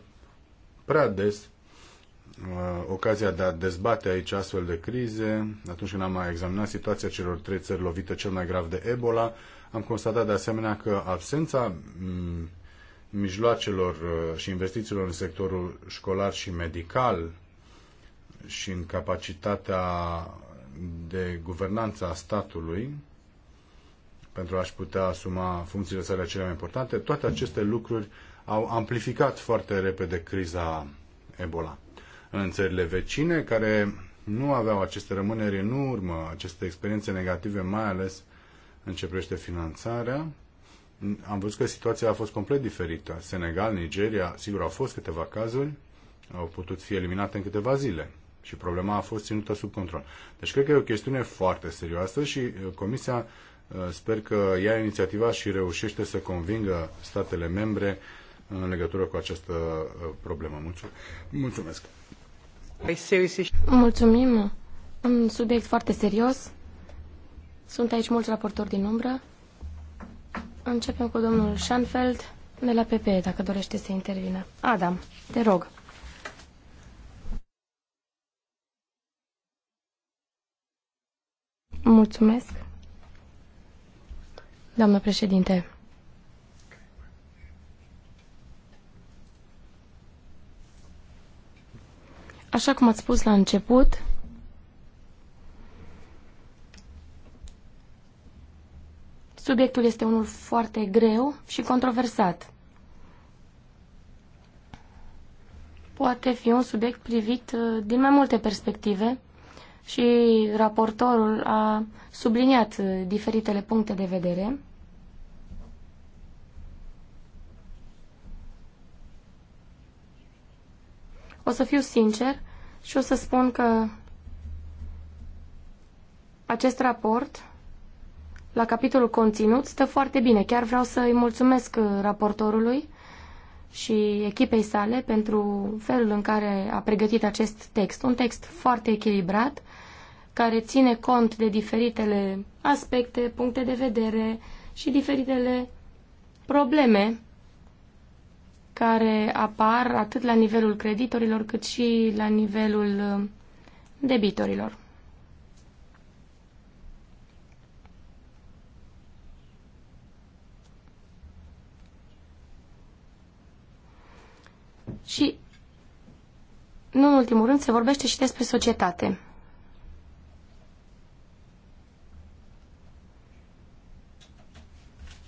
Speaker 4: prea des uh, ocazia de a dezbate aici astfel de crize. Atunci când am examinat situația celor trei țări lovite cel mai grav de Ebola, am constatat de asemenea că absența mm, mijloacelor uh, și investițiilor în sectorul școlar și medical și în capacitatea de guvernanță a statului pentru a-și putea asuma funcțiile sale cele mai importante. Toate aceste lucruri au amplificat foarte repede criza Ebola. În țările vecine, care nu aveau aceste rămâneri în urmă, aceste experiențe negative, mai ales în ce privește finanțarea, am văzut că situația a fost complet diferită. Senegal, Nigeria, sigur au fost câteva cazuri, au putut fi eliminate în câteva zile și problema a fost ținută sub control. Deci cred că e o chestiune foarte serioasă și uh, Comisia Uh, sper că ia inițiativa și reușește să convingă statele membre în legătură cu această uh, problemă. Mulțumesc!
Speaker 3: Mulțumim! Un subiect foarte serios. Sunt aici mulți raportori din umbră. Începem cu domnul Schanfeld de la PP, dacă dorește să intervină. Adam, te rog. Mulțumesc. Doamnă președinte, așa cum ați spus la început, subiectul este unul foarte greu și controversat. Poate fi un subiect privit uh, din mai multe perspective și raportorul a subliniat uh, diferitele puncte de vedere. O să fiu sincer și o să spun că acest raport, la capitolul conținut, stă foarte bine. Chiar vreau să îi mulțumesc uh, raportorului și echipei sale pentru felul în care a pregătit acest text. Un text foarte echilibrat, care ține cont de diferitele aspecte, puncte de vedere și diferitele probleme care apar atât la nivelul creditorilor cât și la nivelul uh, debitorilor. Și, nu în ultimul rând, se vorbește și despre societate.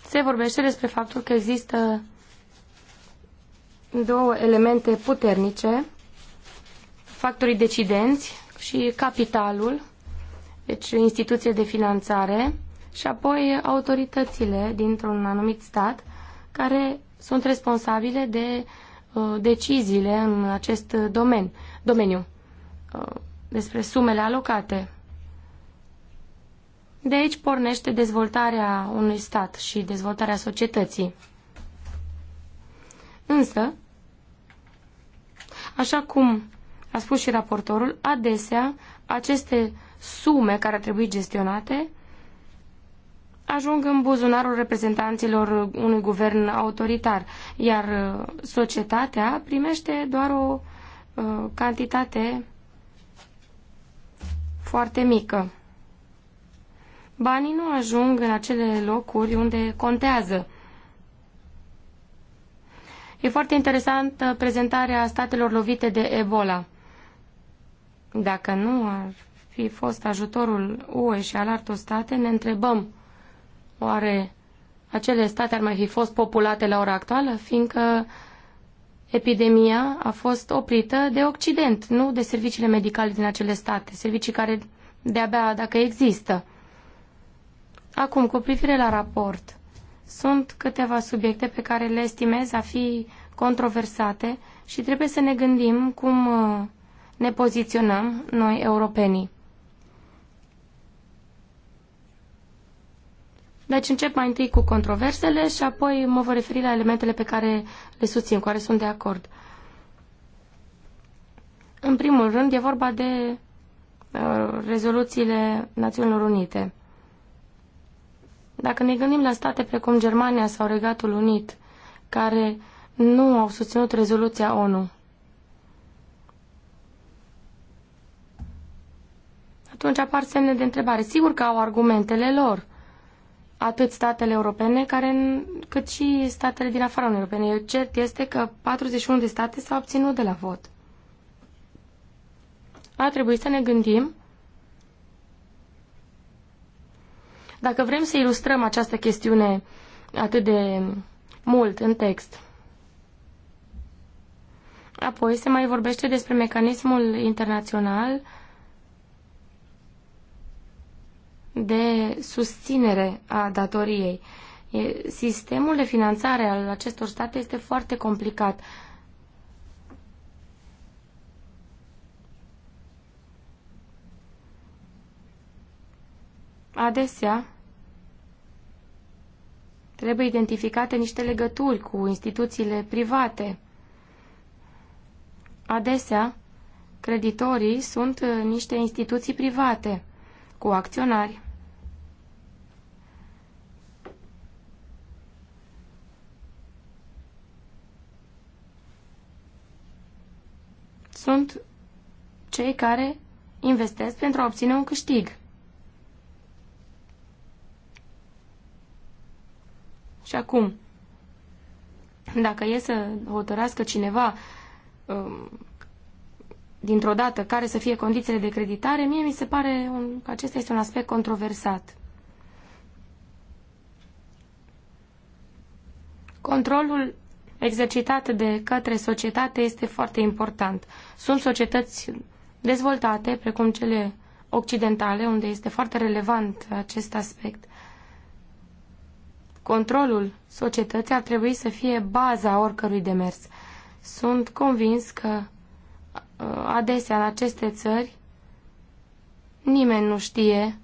Speaker 3: Se vorbește despre faptul că există două elemente puternice, factorii decidenți și capitalul, deci instituție de finanțare, și apoi autoritățile dintr-un anumit stat care sunt responsabile de uh, deciziile în acest domen, domeniu, uh, despre sumele alocate. De aici pornește dezvoltarea unui stat și dezvoltarea societății. Însă, așa cum a spus și raportorul, adesea aceste sume care ar trebui gestionate ajung în buzunarul reprezentanților unui guvern autoritar, iar uh, societatea primește doar o uh, cantitate foarte mică. Banii nu ajung în acele locuri unde contează E foarte interesantă uh, prezentarea statelor lovite de Ebola. Dacă nu ar fi fost ajutorul UE și al altor state, ne întrebăm oare acele state ar mai fi fost populate la ora actuală, fiindcă epidemia a fost oprită de Occident, nu de serviciile medicale din acele state, servicii care de-abia dacă există. Acum, cu privire la raport, sunt câteva subiecte pe care le estimez a fi controversate și trebuie să ne gândim cum uh, ne poziționăm noi europenii. Deci încep mai întâi cu controversele și apoi mă voi referi la elementele pe care le susțin, cu care sunt de acord. În primul rând, e vorba de uh, rezoluțiile Națiunilor Unite. Dacă ne gândim la state precum Germania sau Regatul Unit, care nu au susținut rezoluția ONU, atunci apar semne de întrebare. Sigur că au argumentele lor, atât statele europene, care, cât și statele din afara Uniunii Europene. Eu cert este că 41 de state s-au obținut de la vot. A trebuit să ne gândim Dacă vrem să ilustrăm această chestiune atât de mult în text. Apoi se mai vorbește despre mecanismul internațional de susținere a datoriei. Sistemul de finanțare al acestor state este foarte complicat. Adesea trebuie identificate niște legături cu instituțiile private. Adesea, creditorii sunt uh, niște instituții private, cu acționari. Sunt cei care investesc pentru a obține un câștig. Și acum, dacă e să hotărească cineva um, dintr-o dată care să fie condițiile de creditare, mie mi se pare un, că acesta este un aspect controversat. Controlul exercitat de către societate este foarte important. Sunt societăți dezvoltate, precum cele occidentale, unde este foarte relevant acest aspect. Controlul societății ar trebui să fie baza oricărui demers. Sunt convins că uh, adesea în aceste țări nimeni nu știe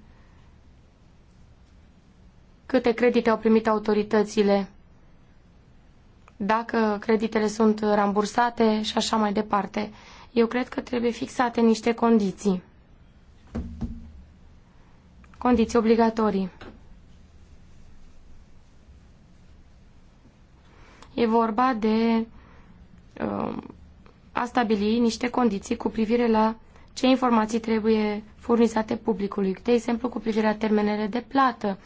Speaker 3: câte credite au primit autoritățile, dacă creditele sunt rambursate și așa mai departe. Eu cred că trebuie fixate niște condiții. Condiții obligatorii. E vorba de um, a stabili niște condiții cu privire la ce informații trebuie furnizate publicului, de exemplu cu privire la termenele de plată,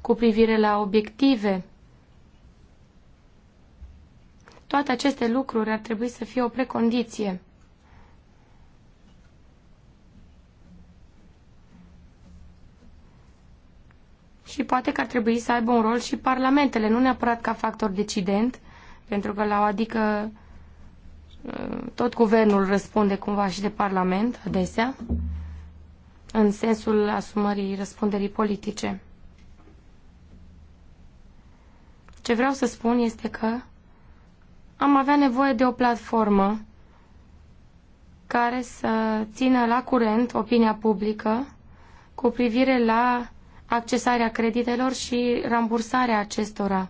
Speaker 3: cu privire la obiective. Toate aceste lucruri ar trebui să fie o precondiție. Și poate că ar trebui să aibă un rol și parlamentele, nu neapărat ca factor decident, pentru că la o adică tot guvernul răspunde cumva și de Parlament adesea, în sensul asumării răspunderii politice. Ce vreau să spun este că am avea nevoie de o platformă care să țină la curent opinia publică cu privire la accesarea creditelor și rambursarea acestora.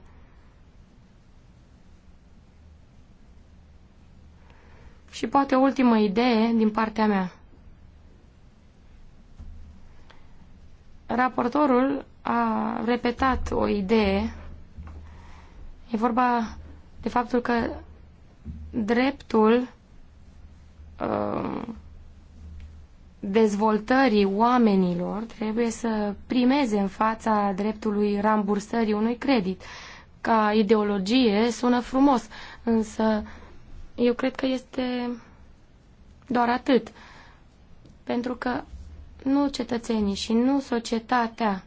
Speaker 3: Și poate o ultimă idee din partea mea. Raportorul a repetat o idee. E vorba de faptul că dreptul uh, dezvoltării oamenilor trebuie să primeze în fața dreptului rambursării unui credit. Ca ideologie sună frumos, însă uh, eu cred că este doar atât. Pentru că nu cetățenii și nu societatea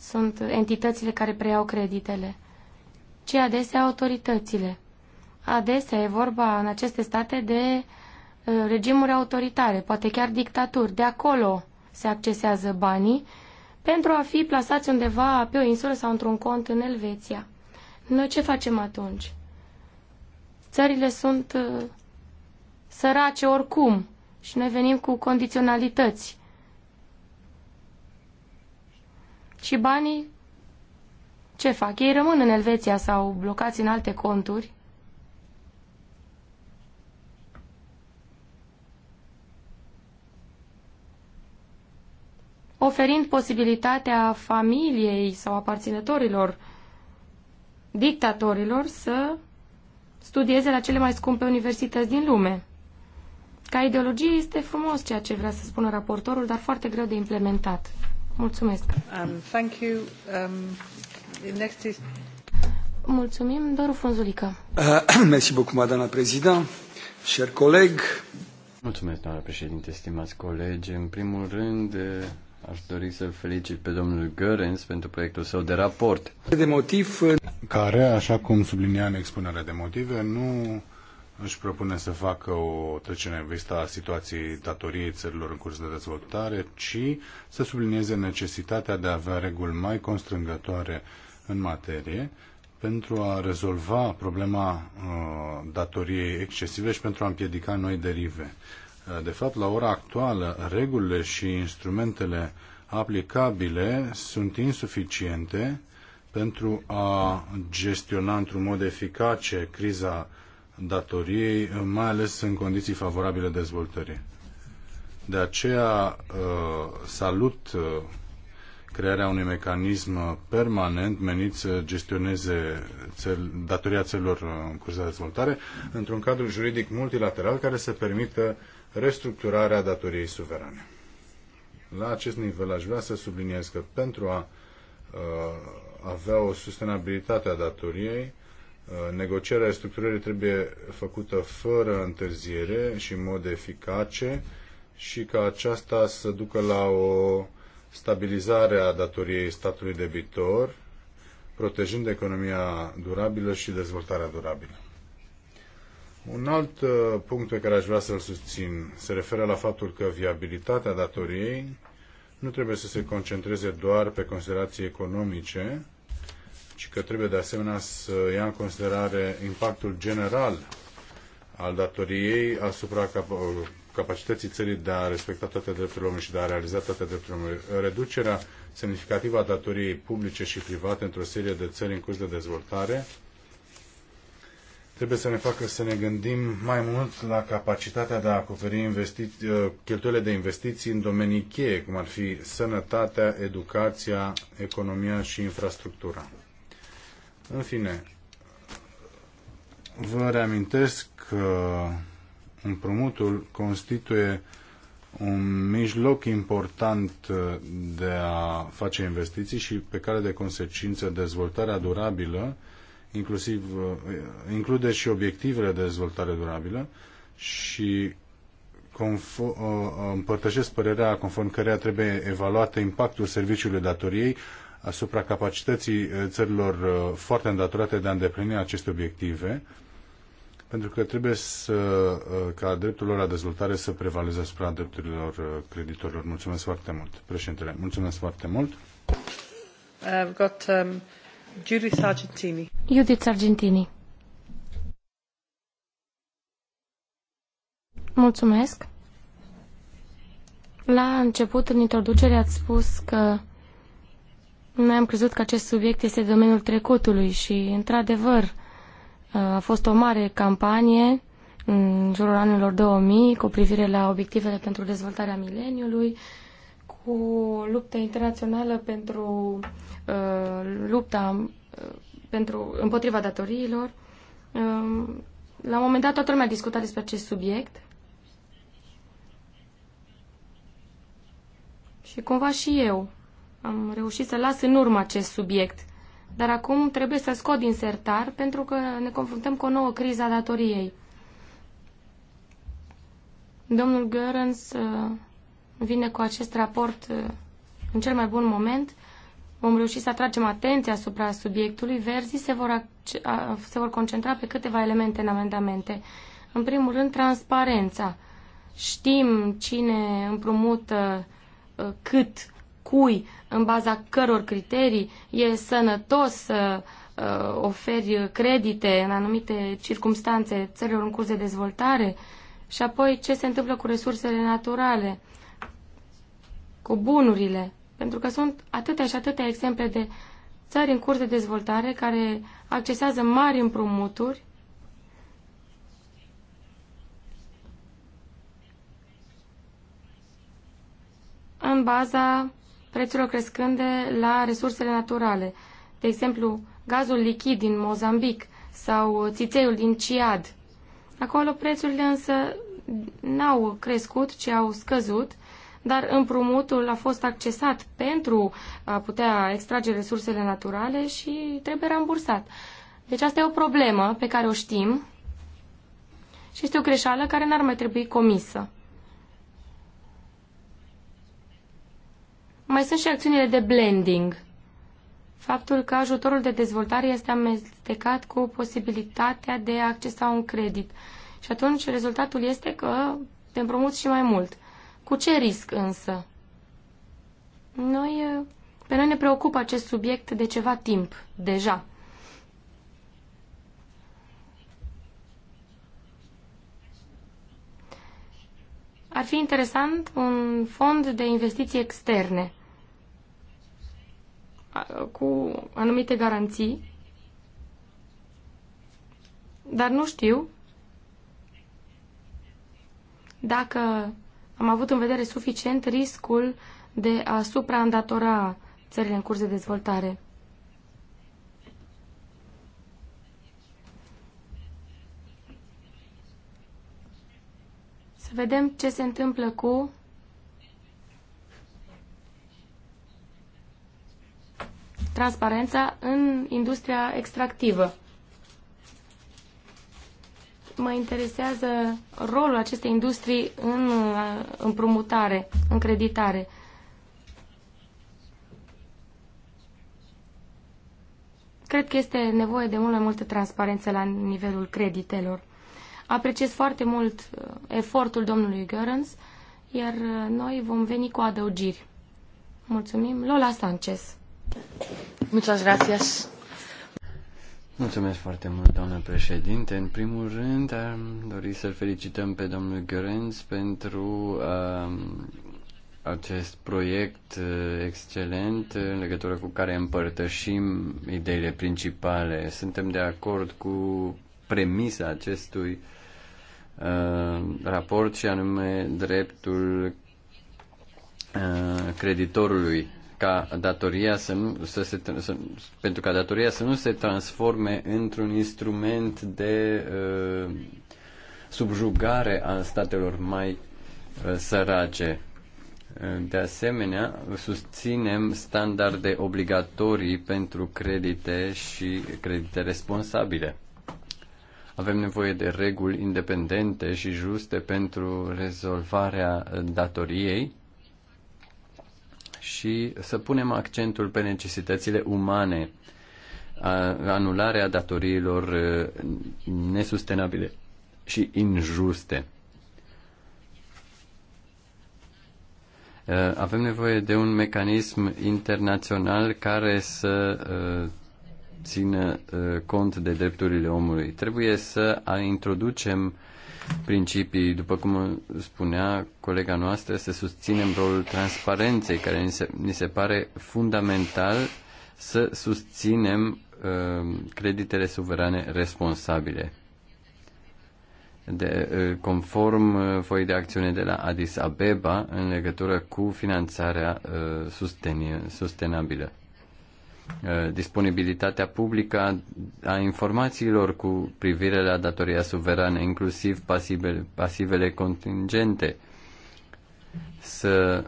Speaker 3: sunt entitățile care preiau creditele, ci adesea autoritățile. Adesea e vorba în aceste state de uh, regimuri autoritare, poate chiar dictaturi. De acolo se accesează banii pentru a fi plasați undeva pe o insulă sau într-un cont în Elveția. Noi ce facem atunci? Țările sunt uh, sărace oricum și noi venim cu condiționalități. Și banii ce fac? Ei rămân în Elveția sau blocați în alte conturi. oferind posibilitatea familiei sau aparținătorilor dictatorilor să studieze la cele mai scumpe universități din lume. Ca ideologie este frumos ceea ce vrea să spună raportorul, dar foarte greu de implementat. Mulțumesc. Um, thank you. Um, next is... Mulțumim, Doru Frunzulică.
Speaker 2: Uh, <coughs> merci beaucoup, madame président, cher coleg. Mulțumesc, doamna președinte, stimați colegi. În primul rând, Aș dori să-l felicit pe domnul Görens pentru proiectul său de raport. De motiv... Uh,
Speaker 4: Care, așa cum sublinia în expunerea de motive, nu își propune să facă o trecere în vista a situației datoriei țărilor în curs de dezvoltare, ci să sublinieze necesitatea de a avea reguli mai constrângătoare în materie pentru a rezolva problema uh, datoriei excesive și pentru a împiedica noi derive. De fapt, la ora actuală, regulile și instrumentele aplicabile sunt insuficiente pentru a gestiona într-un mod eficace criza datoriei, mai ales în condiții favorabile dezvoltării. De aceea uh, salut uh, crearea unui mecanism permanent menit să gestioneze datoria țărilor uh, în curs de dezvoltare într-un cadru juridic multilateral care să permită restructurarea datoriei suverane. La acest nivel aș vrea să subliniez că pentru a uh, avea o sustenabilitate a datoriei, uh, negocierea restructurării trebuie făcută fără întârziere și în mod eficace și ca aceasta să ducă la o stabilizare a datoriei statului debitor, protejând economia durabilă și dezvoltarea durabilă. Un alt uh, punct pe care aș vrea să-l susțin se referă la faptul că viabilitatea datoriei nu trebuie să se concentreze doar pe considerații economice, ci că trebuie de asemenea să ia în considerare impactul general al datoriei asupra cap- capacității țării de a respecta toate drepturile omului și de a realiza toate drepturile omului. Reducerea semnificativă a datoriei publice și private într-o serie de țări în curs de dezvoltare trebuie să ne facă să ne gândim mai mult la capacitatea de a acoperi investi- uh, cheltuielile de investiții în domenii cheie, cum ar fi sănătatea, educația, economia și infrastructura. În fine, vă reamintesc că împrumutul constituie un mijloc important uh, de a face investiții și pe care de consecință dezvoltarea durabilă inclusiv, uh, include și obiectivele de dezvoltare durabilă și conform, uh, uh, împărtășesc părerea conform căreia trebuie evaluat impactul serviciului datoriei asupra capacității țărilor foarte îndatorate de a îndeplini aceste obiective, pentru că trebuie să, ca dreptul lor la dezvoltare să prevaleze asupra drepturilor creditorilor. Mulțumesc foarte mult, președintele. Mulțumesc foarte mult.
Speaker 1: I've got, um... Judith Sargentini.
Speaker 3: Judith Sargentini. Mulțumesc. La început, în introducere, ați spus că noi am crezut că acest subiect este domeniul trecutului și, într-adevăr, a fost o mare campanie în jurul anilor 2000 cu privire la obiectivele pentru dezvoltarea mileniului, cu lupta internațională pentru uh, lupta uh, pentru, împotriva datoriilor. Uh, la un moment dat toată lumea discutat despre acest subiect și cumva și eu am reușit să las în urmă acest subiect. Dar acum trebuie să scot din sertar pentru că ne confruntăm cu o nouă criză a datoriei. Domnul Görens uh, vine cu acest raport uh, în cel mai bun moment. Vom reuși să atragem atenția asupra subiectului. Verzii se vor, se vor concentra pe câteva elemente în amendamente. În primul rând, transparența. Știm cine împrumută uh, cât, cui, în baza căror criterii e sănătos să uh, oferi credite în anumite circunstanțe țărilor în curs de dezvoltare și apoi ce se întâmplă cu resursele naturale cu bunurile, pentru că sunt atâtea și atâtea exemple de țări în curs de dezvoltare care accesează mari împrumuturi în baza prețurilor crescânde la resursele naturale. De exemplu, gazul lichid din Mozambic sau țițeiul din Ciad. Acolo prețurile însă n-au crescut, ci au scăzut dar împrumutul a fost accesat pentru a putea extrage resursele naturale și trebuie rambursat. Deci asta e o problemă pe care o știm și este o greșeală care n-ar mai trebui comisă. Mai sunt și acțiunile de blending. Faptul că ajutorul de dezvoltare este amestecat cu posibilitatea de a accesa un credit. Și atunci rezultatul este că te împrumuți și mai mult. Cu ce risc însă? Noi, pe noi ne preocupă acest subiect de ceva timp, deja. Ar fi interesant un fond de investiții externe cu anumite garanții, dar nu știu dacă am avut în vedere suficient riscul de a supraîndatora țările în curs de dezvoltare. Să vedem ce se întâmplă cu transparența în industria extractivă mă interesează rolul acestei industrii în uh, împrumutare, în creditare. Cred că este nevoie de mult mai multă transparență la nivelul creditelor. Apreciez foarte mult uh, efortul domnului Görens, iar uh, noi vom veni cu adăugiri. Mulțumim. Lola Sanchez. Muchas gracias.
Speaker 2: Mulțumesc foarte mult, doamnă președinte. În primul rând, am dori să-l felicităm pe domnul Gărenț pentru uh, acest proiect uh, excelent uh, în legătură cu care împărtășim ideile principale. Suntem de acord cu premisa acestui uh, raport și anume dreptul uh, creditorului ca datoria să, nu, să se, să, pentru ca datoria să nu se transforme într-un instrument de uh, subjugare a statelor mai uh, sărace. Uh, de asemenea, susținem standarde obligatorii pentru credite și credite responsabile. Avem nevoie de reguli independente și juste pentru rezolvarea uh, datoriei și să punem accentul pe necesitățile umane, anularea datoriilor nesustenabile și injuste. Avem nevoie de un mecanism internațional care să țină cont de drepturile omului. Trebuie să introducem uh, principii, după cum spunea colega noastră, să susținem rolul transparenței, care ni se, ni se pare fundamental să susținem uh, creditele suverane responsabile. De, uh, conform uh, foii de acțiune de la Addis Abeba în legătură cu finanțarea uh, susten- sustenabilă. Uh, disponibilitatea publică a informațiilor cu privire la datoria suverană, inclusiv pasivele, pasivele contingente, să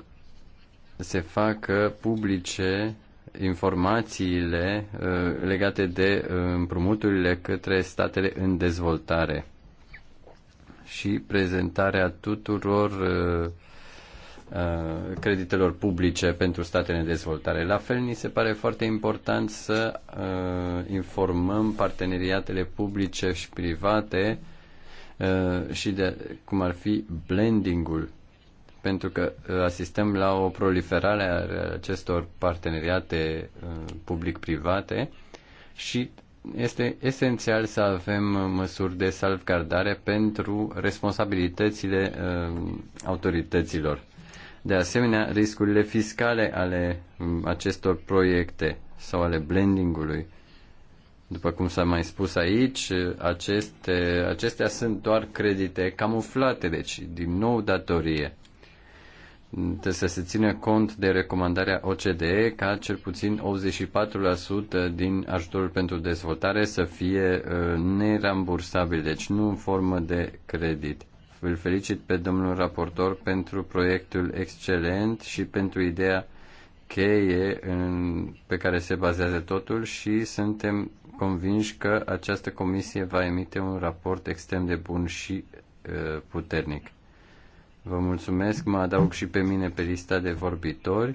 Speaker 2: se facă publice informațiile uh, legate de uh, împrumuturile către statele în dezvoltare și prezentarea tuturor uh, Uh, creditelor publice pentru statele în dezvoltare. La fel, ni se pare foarte important să uh, informăm parteneriatele publice și private uh, și de cum ar fi blendingul, pentru că uh, asistăm la o proliferare a acestor parteneriate uh, public-private și este esențial să avem măsuri de salvgardare pentru responsabilitățile uh, autorităților de asemenea riscurile fiscale ale mm, acestor proiecte sau ale blendingului. După cum s-a mai spus aici, aceste, acestea sunt doar credite camuflate, deci din nou datorie. Trebuie să se ține cont de recomandarea OCDE ca cel puțin 84% din ajutorul pentru dezvoltare să fie uh, nerambursabil, deci nu în formă de credit îl felicit pe domnul raportor pentru proiectul excelent și pentru ideea cheie în, pe care se bazează totul și suntem convinși că această comisie va emite un raport extrem de bun și uh, puternic. Vă mulțumesc, mă adaug și pe mine pe lista de vorbitori.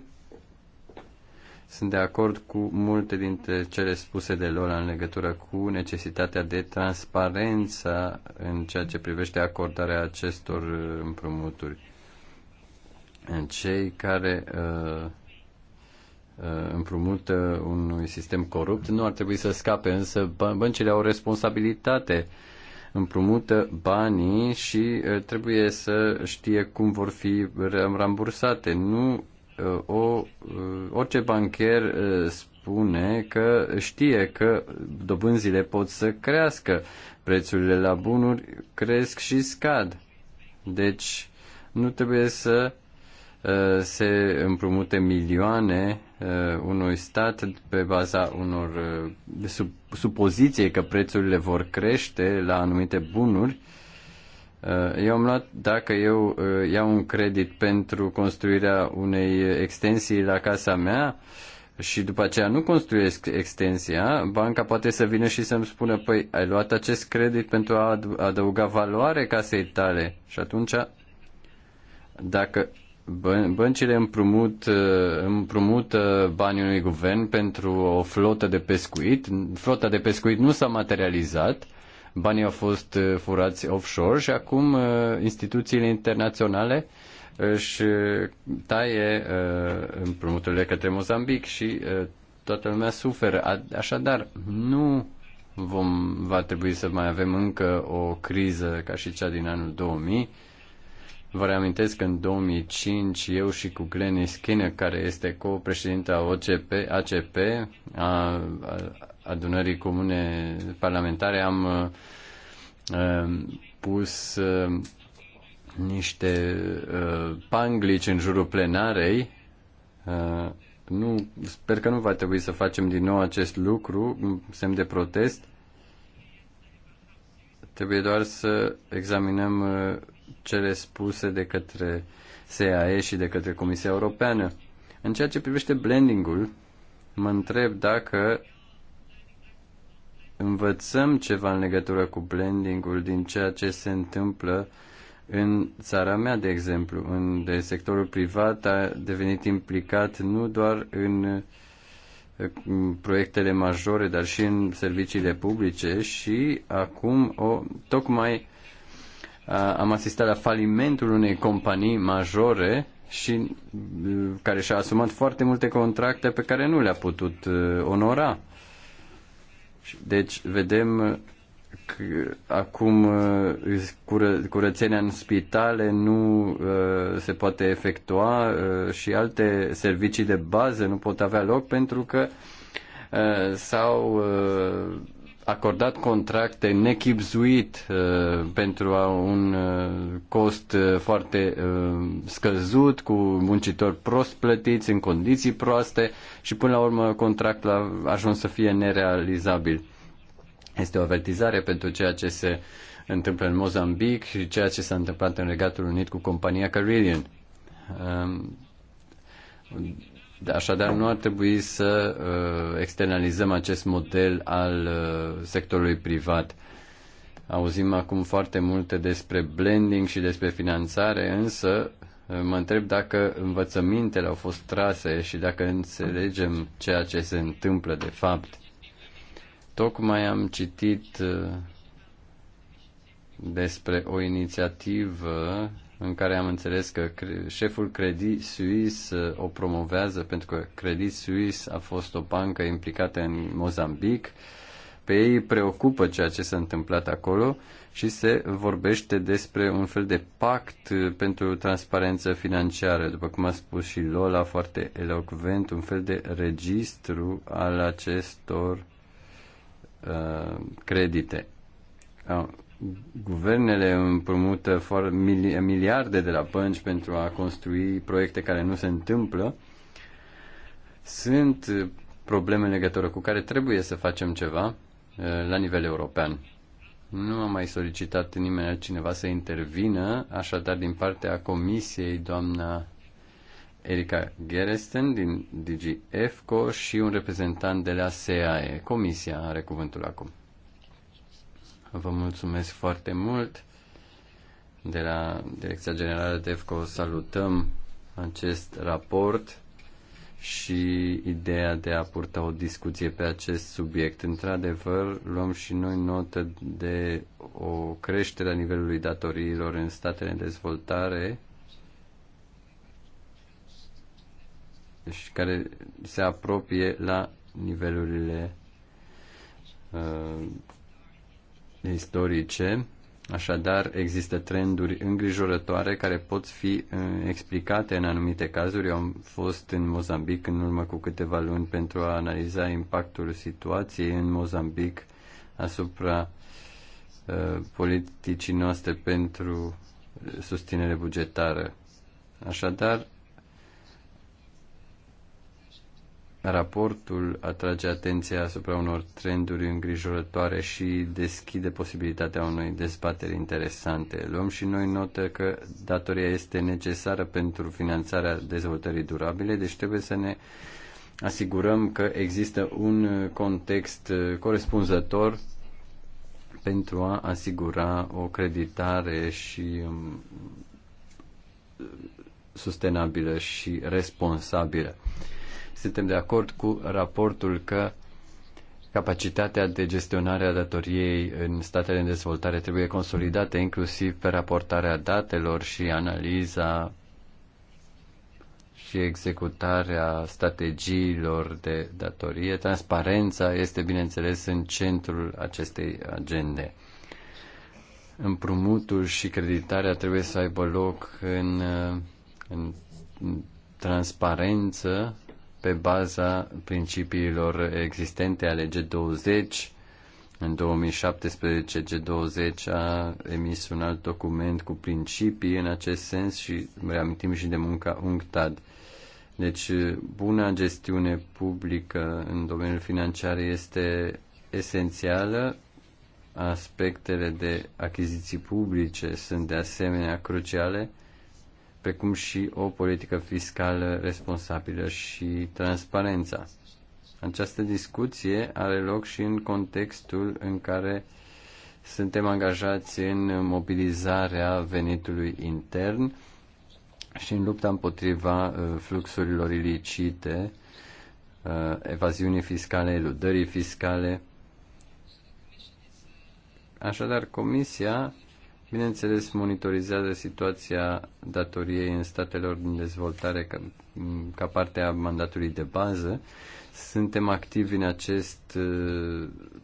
Speaker 2: Sunt de acord cu multe dintre cele spuse de lor în legătură cu necesitatea de transparență în ceea ce privește acordarea acestor împrumuturi. Cei care uh, uh, împrumută unui sistem corupt nu ar trebui să scape, însă băncile au responsabilitate împrumută banii și uh, trebuie să știe cum vor fi rambursate. Nu o, uh, orice bancher uh, spune că știe că dobânzile pot să crească, prețurile la bunuri cresc și scad. Deci nu trebuie să uh, se împrumute milioane unui stat pe baza unor supoziție că prețurile vor crește la anumite bunuri Uh, eu am luat, dacă eu uh, iau un credit pentru construirea unei extensii la casa mea și după aceea nu construiesc extensia, banca poate să vină și să-mi spună, păi ai luat acest credit pentru a adăuga valoare casei tale. Și atunci, dacă băncile împrumut, uh, împrumut banii unui guvern pentru o flotă de pescuit, flota de pescuit nu s-a materializat, banii au fost uh, furați offshore și acum uh, instituțiile internaționale uh, își taie împrumuturile către Mozambic și toată lumea suferă. Așadar, nu vom, va trebui să mai avem încă o criză ca și cea din anul 2000. Vă reamintesc că în 2005 eu și cu Glenis Skinner, care este co-președinte a OCP, ACP, a, a, adunării comune parlamentare am uh, uh, pus uh, niște panglici în jurul plenarei. Nu, sper că nu va trebui să facem din nou acest lucru, semn de protest. Trebuie doar să examinăm cele spuse de către SAE și de către Comisia Europeană. În ceea ce privește blending-ul, mă întreb dacă învățăm ceva în legătură cu blending-ul din ceea ce se întâmplă în țara mea, de exemplu, unde sectorul privat a devenit implicat nu doar în proiectele majore, dar și în serviciile publice și acum o, tocmai a, am asistat la falimentul unei companii majore și care și-a asumat foarte multe contracte pe care nu le-a putut uh, onora deci vedem că acum uh, curățenia în spitale nu uh, se poate efectua uh, și alte servicii de bază nu pot avea loc pentru că s-au acordat contracte nechipzuit uh, pentru a un uh, cost uh, foarte uh, scăzut, cu muncitori prost plătiți, în condiții proaste și până la urmă contractul a ajuns să fie nerealizabil. Este o avertizare pentru ceea ce se întâmplă în Mozambic și ceea ce s-a întâmplat în Regatul Unit cu compania Carillion. Uh, um, Așadar, nu ar trebui să uh, externalizăm acest model al uh, sectorului privat. Auzim acum foarte multe despre blending și despre finanțare, însă uh, mă întreb dacă învățămintele au fost trase și dacă înțelegem ceea ce se întâmplă de fapt. Tocmai am citit despre o inițiativă în care am înțeles că șeful Credit Suisse uh, o promovează pentru că Credit Suisse a fost o bancă implicată în Mozambic. Pe ei preocupă ceea ce s-a întâmplat acolo și se vorbește despre un fel de pact uh, pentru transparență financiară, după cum a spus și Lola foarte elocvent, un fel de registru al acestor uh, credite. Guvernele împrumută miliarde de la bănci pentru a construi proiecte care nu se întâmplă. Sunt probleme în legătură cu care trebuie să facem ceva uh, la nivel european. Nu a mai solicitat nimeni cineva să intervină, așadar din partea comisiei doamna Erika Geresten din DG și un reprezentant de la SEAE. Comisia are cuvântul acum. Vă mulțumesc foarte mult. De la Direcția Generală DEFCO salutăm acest raport și ideea de a purta o discuție pe acest subiect. Într-adevăr, luăm și noi notă de o creștere a nivelului datoriilor în statele în dezvoltare și care se apropie la nivelurile uh, istorice, așadar există trenduri îngrijorătoare care pot fi uh, explicate în anumite cazuri. Eu am fost în Mozambic în urmă cu câteva luni pentru a analiza impactul situației în Mozambic asupra uh, politicii noastre pentru uh, susținere bugetară. Așadar, Raportul atrage atenția asupra unor trenduri îngrijorătoare și deschide posibilitatea unei dezbateri interesante. Luăm și noi notă că datoria este necesară pentru finanțarea dezvoltării durabile, deci trebuie să ne asigurăm că există un context corespunzător pentru a asigura o creditare și um, sustenabilă și responsabilă. Suntem de acord cu raportul că capacitatea de gestionare a datoriei în statele în dezvoltare trebuie consolidată, inclusiv pe raportarea datelor și analiza și executarea strategiilor de datorie. Transparența este, bineînțeles, în centrul acestei agende. Împrumutul și creditarea trebuie să aibă loc în, în transparență pe baza principiilor existente ale G20. În 2017 G20 a emis un alt document cu principii în acest sens și reamintim și de munca UNCTAD. Deci, buna gestiune publică în domeniul financiar este esențială. Aspectele de achiziții publice sunt de asemenea cruciale precum și o politică fiscală responsabilă și transparența. Această discuție are loc și în contextul în care suntem angajați în mobilizarea venitului intern și în lupta împotriva uh, fluxurilor ilicite, uh, evaziunii fiscale, eludării fiscale. Așadar, Comisia Bineînțeles, monitorizează situația datoriei în statelor din dezvoltare ca, ca parte a mandatului de bază. Suntem activi în acest,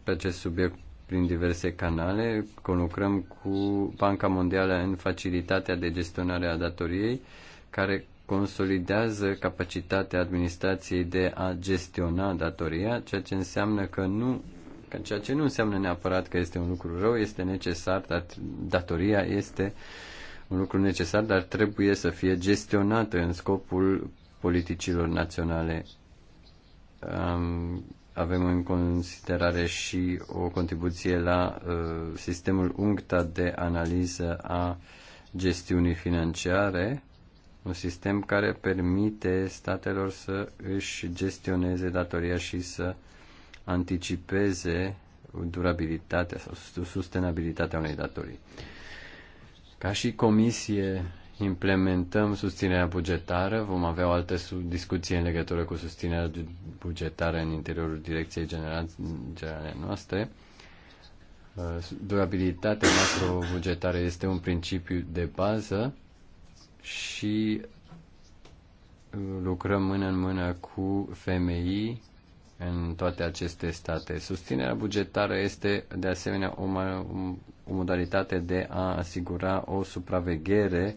Speaker 2: pe acest subiect prin diverse canale, conlucrăm cu Banca Mondială în facilitatea de gestionare a datoriei, care consolidează capacitatea administrației de a gestiona datoria, ceea ce înseamnă că nu Că ceea ce nu înseamnă neapărat că este un lucru rău, este necesar, dar datoria este un lucru necesar, dar trebuie să fie gestionată în scopul politicilor naționale. Um, avem în considerare și o contribuție la uh, sistemul UNCTA de analiză a gestiunii financiare, un sistem care permite statelor să își gestioneze datoria și să uh, anticipeze durabilitatea sau sustenabilitatea unei datorii. Ca și comisie implementăm susținerea bugetară, vom avea o altă discuție în legătură cu susținerea bugetară în interiorul direcției generale noastre. Uh, durabilitatea noastră bugetară este un principiu de bază și uh, lucrăm mână în mână cu FMI în toate aceste state. Susținerea bugetară este de asemenea o, o modalitate de a asigura o supraveghere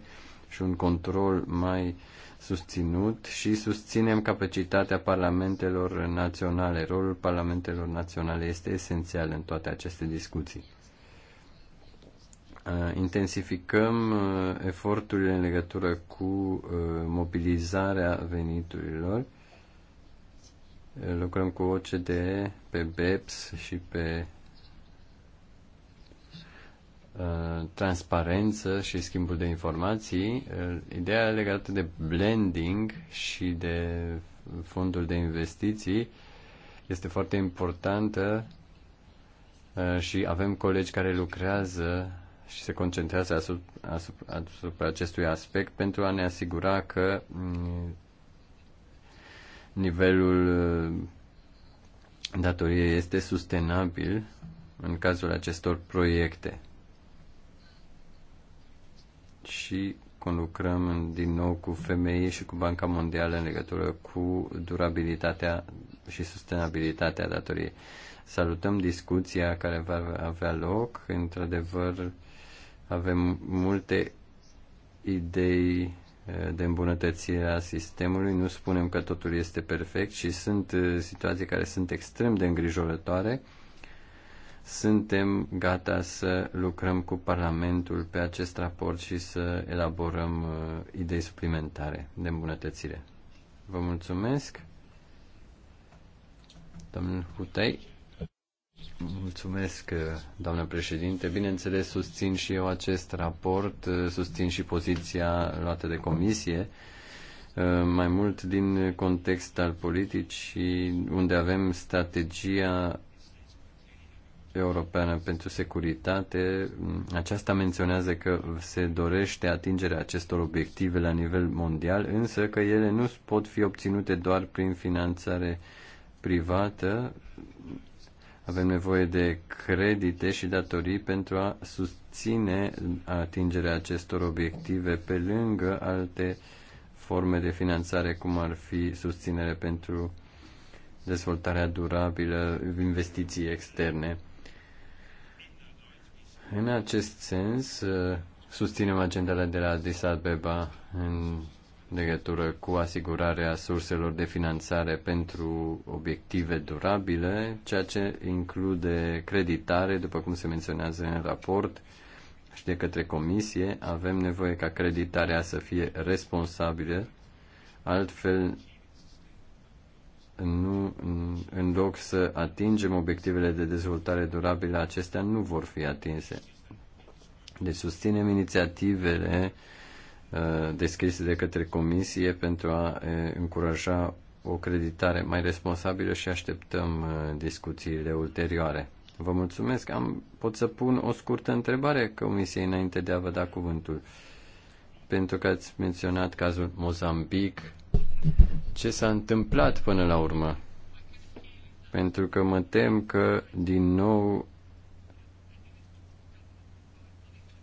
Speaker 2: și un control mai susținut și susținem capacitatea parlamentelor naționale. Rolul parlamentelor naționale este esențial în toate aceste discuții. Intensificăm eforturile în legătură cu mobilizarea veniturilor lucrăm cu OCD, pe BEPS și pe uh, transparență și schimbul de informații. Uh, ideea legată de blending și de fondul de investiții este foarte importantă uh, și avem colegi care lucrează și se concentrează asupra, asupra, asupra acestui aspect pentru a ne asigura că mm, nivelul uh, datoriei este sustenabil în cazul acestor proiecte. Și conlucrăm din nou cu femeii și cu Banca Mondială în legătură cu durabilitatea și sustenabilitatea datoriei. Salutăm discuția care va avea loc. Într-adevăr, avem multe idei de îmbunătățire a sistemului. Nu spunem că totul este perfect și sunt uh, situații care sunt extrem de îngrijorătoare. Suntem gata să lucrăm cu Parlamentul pe acest raport și să elaborăm uh, idei suplimentare de îmbunătățire. Vă mulțumesc. Domnul Hutei. Mulțumesc, doamnă președinte. Bineînțeles, susțin și eu acest raport, susțin și poziția luată de comisie, mai mult din context al politicii, unde avem strategia europeană pentru securitate. Aceasta menționează că se dorește atingerea acestor obiective la nivel mondial, însă că ele nu pot fi obținute doar prin finanțare privată, avem nevoie de credite și datorii pentru a susține atingerea acestor obiective pe lângă alte forme de finanțare, cum ar fi susținere pentru dezvoltarea durabilă, investiții externe. În acest sens, susținem agenda de la Addis Abeba în legătură cu asigurarea surselor de finanțare pentru obiective durabile, ceea ce include creditare, după cum se menționează în raport și de către comisie, avem nevoie ca creditarea să fie responsabilă, altfel nu, în loc să atingem obiectivele de dezvoltare durabilă, acestea nu vor fi atinse. Deci susținem inițiativele uh, Uh, deschis de către comisie pentru a uh, încuraja o creditare mai responsabilă și așteptăm uh, discuțiile ulterioare. Vă mulțumesc. Am, pot să pun o scurtă întrebare comisiei înainte de a vă da cuvântul. Pentru că ați menționat cazul Mozambic, ce s-a întâmplat până la urmă? Pentru că mă tem că din nou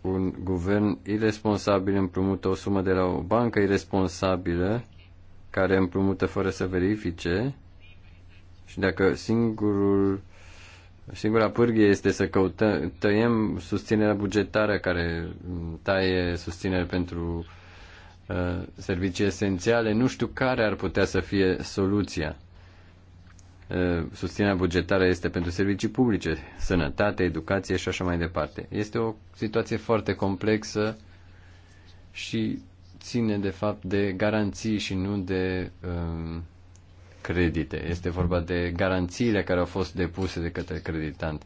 Speaker 2: un guvern irresponsabil împrumută o sumă de la o bancă irresponsabilă care împrumută fără să verifice și dacă singurul singura pârghie este să căutăm, tăiem susținerea bugetară care taie susținere pentru uh, servicii esențiale, nu știu care ar putea să fie soluția. Eh, susținerea bugetară este pentru servicii publice, sănătate, educație și așa mai departe. Este o situație foarte complexă și ține de fapt de garanții și nu de um, credite. Este vorba de garanțiile care au fost depuse de către creditant.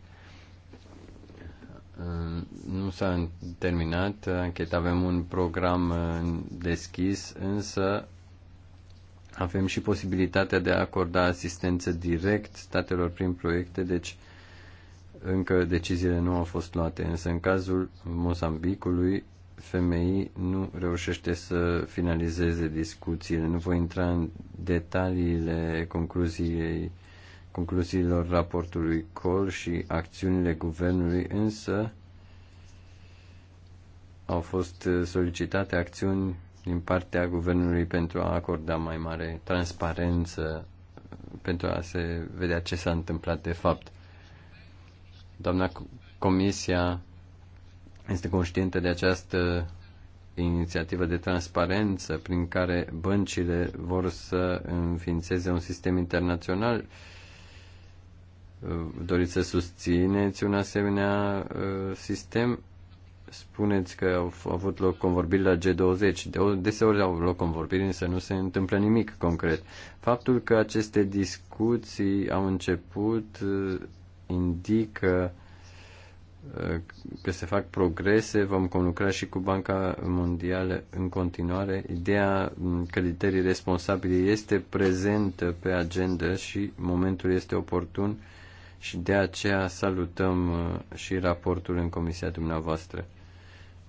Speaker 2: Um, nu s-a terminat ancheta, avem un program eh, deschis, însă avem și posibilitatea de a acorda asistență direct statelor prin proiecte, deci încă deciziile nu au fost luate, însă în cazul Mozambicului, FMI nu reușește să finalizeze discuțiile. Nu voi intra în detaliile concluziei, concluziilor raportului COL și acțiunile guvernului, însă au fost solicitate acțiuni din partea guvernului pentru a acorda mai mare transparență, pentru a se vedea ce s-a întâmplat de fapt. Doamna Comisia este conștientă de această inițiativă de transparență prin care băncile vor să înființeze un sistem internațional. Doriți să susțineți un asemenea uh, sistem? spuneți că au avut loc convorbiri la G20. Deseori au loc convorbiri, însă nu se întâmplă nimic concret. Faptul că aceste discuții au început uh, indică uh, că se fac progrese, vom conlucra și cu Banca Mondială în continuare. Ideea mm, creditării responsabile este prezentă pe agenda și momentul este oportun și de aceea salutăm uh, și raportul în comisia dumneavoastră.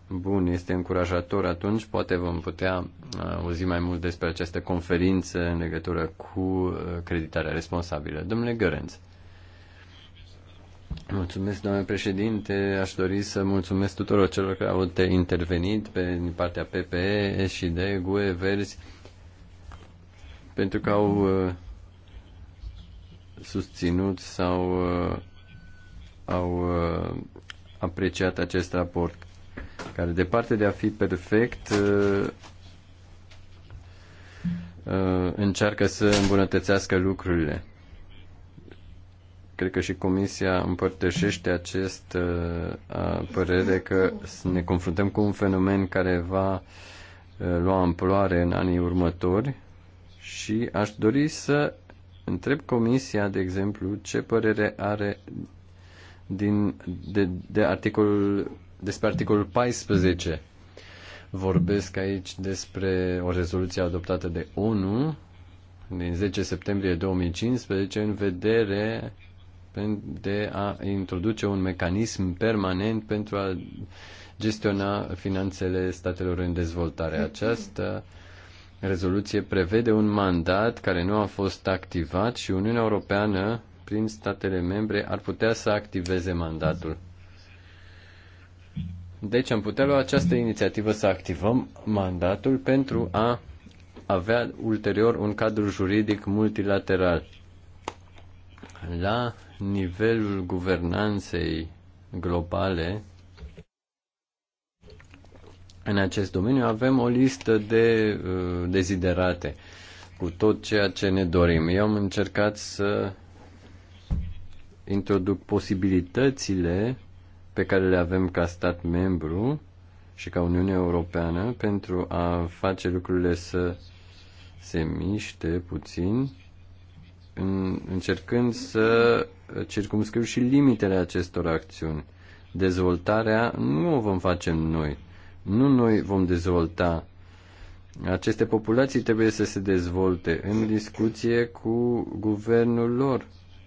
Speaker 2: Bun, este încurajator. Atunci poate vom putea uh, auzi mai mult despre această conferință în legătură cu uh, creditarea responsabilă. Domnule Gărenț. Mulțumesc, domnule președinte. Aș dori să mulțumesc tuturor celor care au intervenit pe din partea PPE, SID, GUE, Verzi, pentru că au uh, susținut sau au apreciat acest raport care departe de a fi perfect uh, uh, încearcă să îmbunătățească lucrurile. Cred că și Comisia împărtășește acest uh, părere că ne confruntăm cu un fenomen care va lua amploare în anii următori și aș dori să întreb Comisia, de exemplu, ce părere are din, de, de articolul despre articolul 14. Vorbesc aici despre o rezoluție adoptată de ONU din 10 septembrie 2015 în vedere de a introduce un mecanism permanent pentru a gestiona finanțele statelor în dezvoltare. Această rezoluție prevede un mandat care nu a fost activat și Uniunea Europeană, prin statele membre, ar putea să activeze mandatul. Deci am putea lua această inițiativă să activăm mandatul pentru a avea ulterior un cadru juridic multilateral. La nivelul guvernanței globale, în acest domeniu avem o listă de uh, deziderate cu tot ceea ce ne dorim. Eu am încercat să introduc posibilitățile pe care le avem ca stat membru și ca Uniune Europeană pentru a face lucrurile să se miște puțin, în, încercând să circumscriu și limitele acestor acțiuni. Dezvoltarea nu o vom face noi. Nu noi vom dezvolta. Aceste populații trebuie să se dezvolte în discuție cu guvernul lor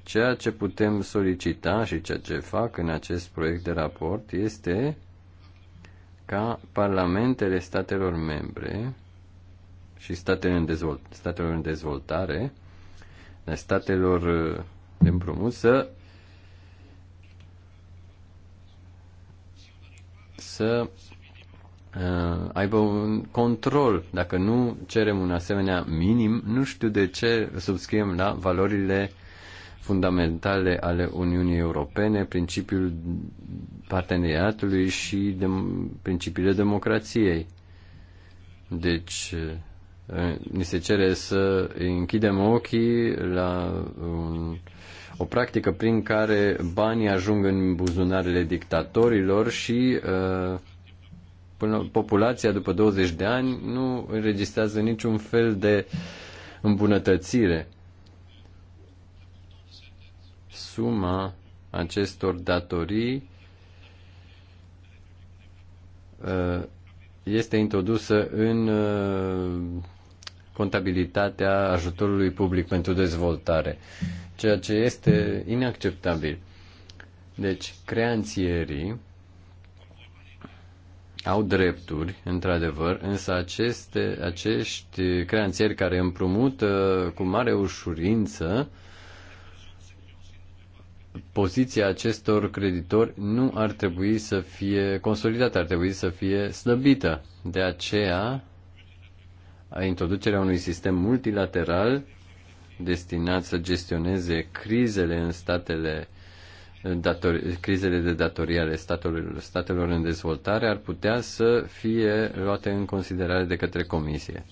Speaker 2: Ceea ce putem solicita și ceea ce fac în acest proiect de raport este ca parlamentele statelor membre și statele în, dezvolt, statelor în dezvoltare, statelor uh, de împrumut să să uh, aibă un control. Dacă nu cerem un asemenea minim, nu știu de ce subscriem la valorile fundamentale ale Uniunii Europene, principiul parteneriatului și de, principiile democrației. Deci, eh, ni se cere să închidem ochii la un, o practică prin care banii ajung în buzunarele dictatorilor și eh, până, populația după 20 de ani nu înregistrează niciun fel de îmbunătățire suma acestor datorii uh, este introdusă în uh, contabilitatea ajutorului public pentru dezvoltare, ceea ce este inacceptabil. Deci, creanțierii au drepturi, într-adevăr, însă aceste, acești creanțieri care împrumută cu mare ușurință uh, poziția acestor creditori nu ar trebui să fie consolidată, ar trebui să fie slăbită. De aceea, introducerea unui sistem multilateral destinat să gestioneze crizele în statele dator, crizele de datorie ale statelor, statelor în dezvoltare ar putea să fie luate în considerare de către Comisie.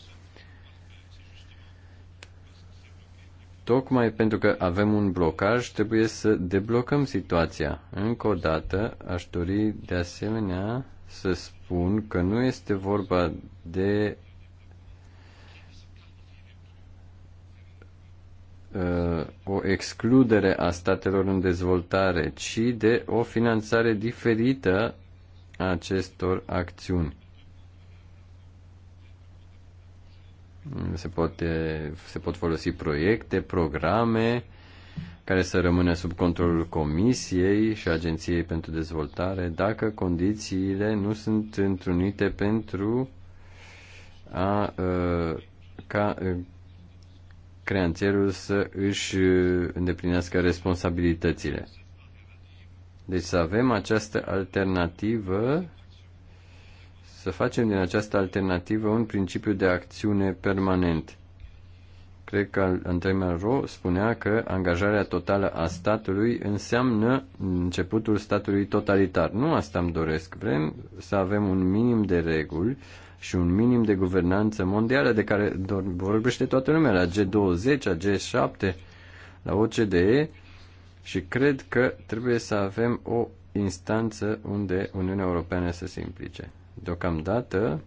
Speaker 2: tocmai pentru că avem un blocaj, trebuie să deblocăm situația. Încă o dată, aș dori de asemenea să spun că nu este vorba de uh, o excludere a statelor în dezvoltare, ci de o finanțare diferită a acestor acțiuni. Se, poate, se pot folosi proiecte, programe care să rămână sub controlul Comisiei și Agenției pentru Dezvoltare dacă condițiile nu sunt întrunite pentru a ca creanțierul să își îndeplinească responsabilitățile. Deci să avem această alternativă să facem din această alternativă un principiu de acțiune permanent. Cred că Andrei Malraux spunea că angajarea totală a statului înseamnă începutul statului totalitar. Nu asta îmi doresc. Vrem să avem un minim de reguli și un minim de guvernanță mondială de care vorbește toată lumea, la G20, la G7, la OCDE și cred că trebuie să avem o instanță unde Uniunea Europeană să se implice. Deocamdată,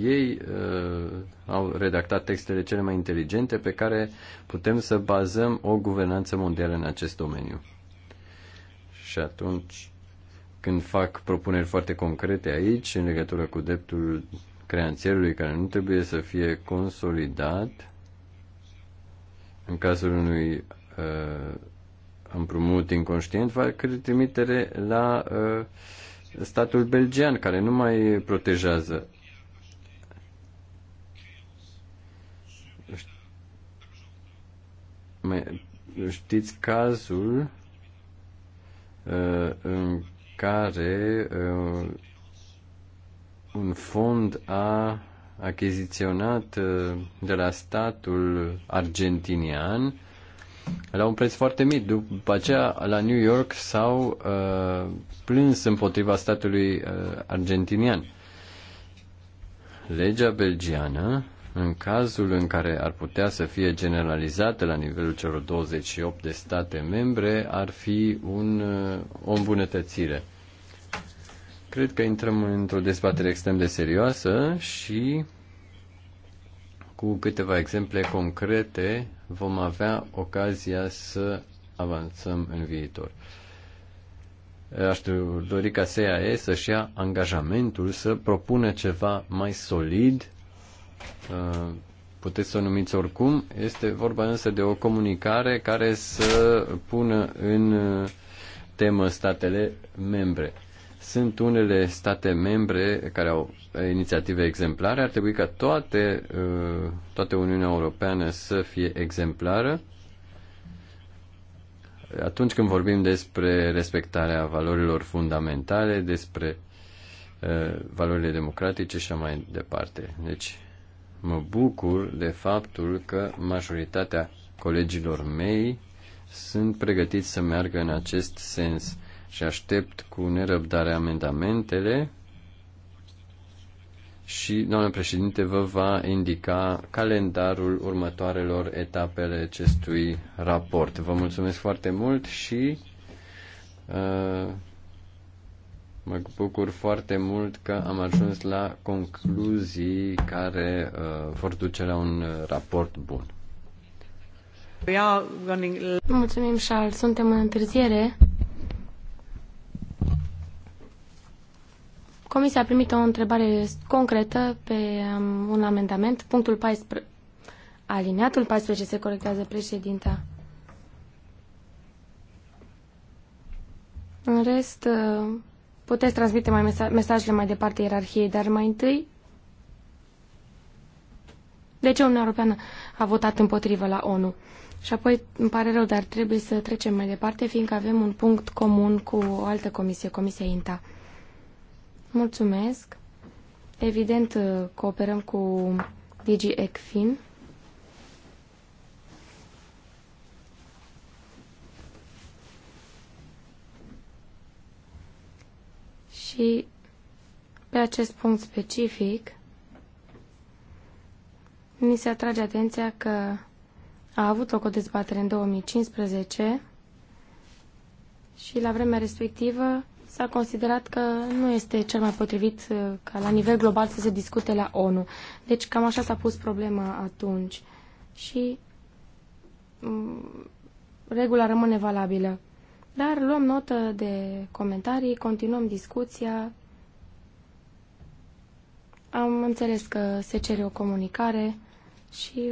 Speaker 2: ei uh, au redactat textele cele mai inteligente pe care putem să bazăm o guvernanță mondială în acest domeniu. Și atunci, când fac propuneri foarte concrete aici, în legătură cu dreptul creanțierului care nu trebuie să fie consolidat, în cazul unui uh, împrumut inconștient, fac trimitere la uh, statul belgian care nu mai protejează. știți cazul uh, în care uh, un fond a achiziționat uh, de la statul argentinian la un preț foarte mic. După aceea, la New York s-au uh, plâns împotriva statului uh, argentinian. Legea belgiană, în cazul în care ar putea să fie generalizată la nivelul celor 28 de state membre, ar fi un, uh, o îmbunătățire. Cred că intrăm într-o dezbatere extrem de serioasă și cu câteva exemple concrete vom avea ocazia să avansăm în viitor. Aș dori ca să să-și ia angajamentul să propună ceva mai solid. Uh, puteți să o numiți oricum. Este vorba însă de o comunicare care să pună în uh, temă statele membre. Sunt unele state membre care au inițiative exemplare, ar trebui ca toate, uh, toate Uniunea Europeană să fie exemplară. Atunci când vorbim despre respectarea valorilor fundamentale, despre uh, valorile democratice și mai departe. Deci, mă bucur de faptul că majoritatea colegilor mei sunt pregătiți să meargă în acest sens și aștept cu nerăbdare amendamentele și, doamnă președinte, vă va indica calendarul următoarelor etapele acestui raport. Vă mulțumesc foarte mult și uh, mă bucur foarte mult că am ajuns la concluzii care uh, vor duce la un uh, raport bun.
Speaker 3: Mulțumim, Charles. Suntem în întârziere. Comisia a primit o întrebare concretă pe um, un amendament. Punctul 14, alineatul 14 se corectează președinta. În rest, uh, puteți transmite mai mesa mesajele mai departe ierarhiei, dar mai întâi... De ce Uniunea Europeană a votat împotrivă la ONU? Și apoi, îmi pare rău, dar trebuie să trecem mai departe, fiindcă avem un punct comun cu o altă comisie, Comisia INTA. Mulțumesc. Evident, uh, cooperăm cu Digi Ecfin. Și pe acest punct specific, mi se atrage atenția că a avut loc o dezbatere în 2015 și la vremea respectivă s-a considerat că nu este cel mai potrivit uh, ca la nivel global să se discute la ONU. Deci cam așa s-a pus problema atunci. Și mm, regula rămâne valabilă. Dar luăm notă de comentarii, continuăm discuția. Am înțeles că se cere o comunicare și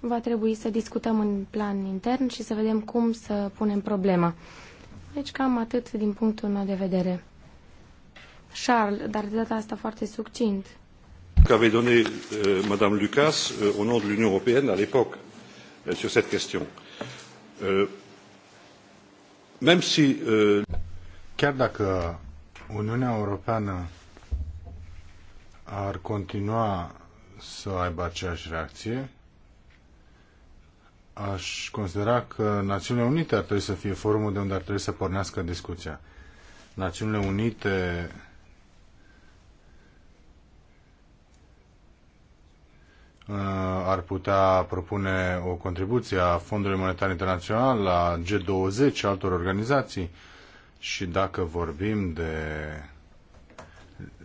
Speaker 3: va trebui să discutăm în plan intern și să vedem cum să punem problema. Deci cam atât din punctul meu de vedere. Charles, dar de data asta foarte succint.
Speaker 4: Qu'avait donné euh, Madame Lucas euh, au nom de l'Union européenne à l'époque euh, sur cette question. Euh, même si euh... chiar dacă Uniunea Europeană ar continua să aibă aceeași reacție, aș considera că Națiunile Unite ar trebui să fie forumul de unde ar trebui să pornească discuția. Națiunile Unite uh, ar putea propune o contribuție a Fondului Monetar Internațional, la G20 și altor organizații. Și dacă vorbim de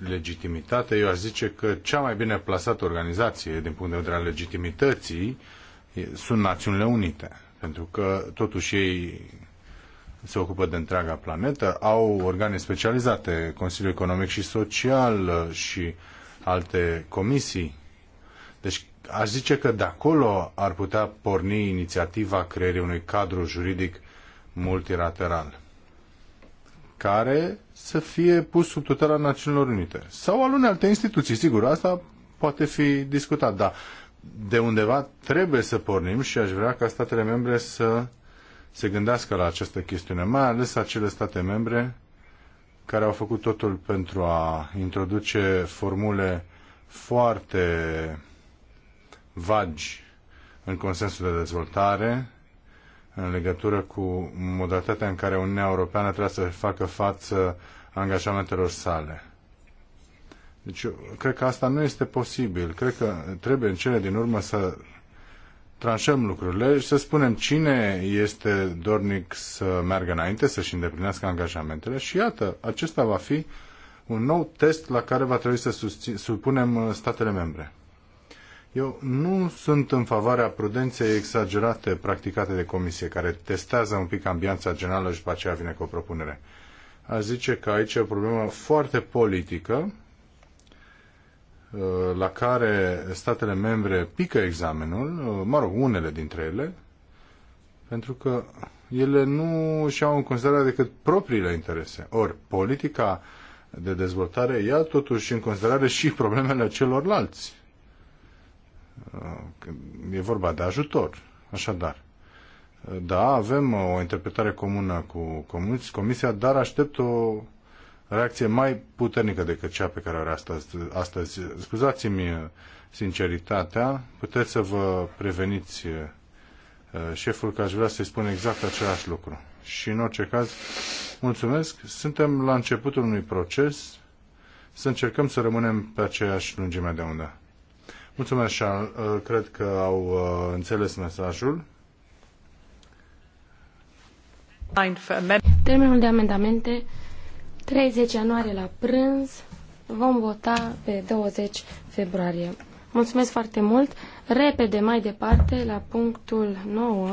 Speaker 4: legitimitate, eu aș zice că cea mai bine plasată organizație din punct de vedere al legitimității sunt Națiunile Unite, pentru că totuși ei se ocupă de întreaga planetă, au organe specializate, Consiliul Economic și Social și alte comisii. Deci aș zice că de acolo ar putea porni inițiativa creierii unui cadru juridic multilateral care să fie pus sub tutela Națiunilor Unite. Sau al unei alte instituții, sigur, asta poate fi discutat, dar de undeva trebuie să pornim și aș vrea ca statele membre să se gândească la această chestiune, mai ales acele state membre care au făcut totul pentru a introduce formule foarte vagi în consensul de dezvoltare în legătură cu modalitatea în care Uniunea Europeană trebuie să facă față angajamentelor sale. Deci eu cred că asta nu este posibil. Cred că trebuie în cele din urmă să tranșăm lucrurile și să spunem cine este dornic să meargă înainte, să-și îndeplinească angajamentele și iată, acesta va fi un nou test la care va trebui să supunem uh, statele membre. Eu nu sunt în favoarea prudenței exagerate practicate de comisie, care testează un pic ambianța generală și după aceea vine cu o propunere. Aș zice că aici e o problemă foarte politică, Uh, la care statele membre pică examenul, uh, mă rog, unele dintre ele, pentru că ele nu și-au în considerare decât propriile interese. Ori, politica de dezvoltare ia totuși în considerare și problemele celorlalți. Uh, e vorba de ajutor, așadar. Da, avem o interpretare comună cu Comisia, dar aștept o reacție mai puternică decât cea pe care o are astăzi. astăzi. Scuzați-mi sinceritatea, puteți să vă preveniți uh, șeful că aș vrea să-i spun exact același lucru. Și în orice caz, mulțumesc. Suntem la începutul unui proces să încercăm să rămânem pe aceeași lungime de undă. Mulțumesc, și uh, Cred că au uh, înțeles mesajul.
Speaker 3: Termenul de amendamente 30 ianuarie la prânz, vom vota pe 20 februarie. Mulțumesc foarte mult! Repede mai departe la punctul 9.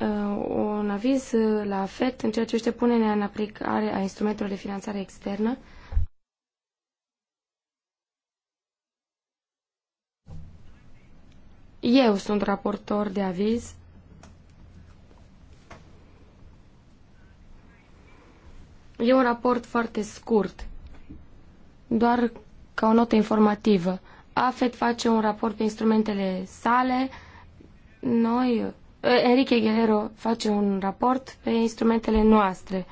Speaker 3: Uh, un aviz la FET în ceea ce este punerea în aplicare a instrumentelor de finanțare externă. Eu sunt raportor de aviz E un raport foarte scurt, doar ca o notă informativă. AFET face un raport pe instrumentele sale, noi, Enrique Guerrero face un raport pe instrumentele noastre.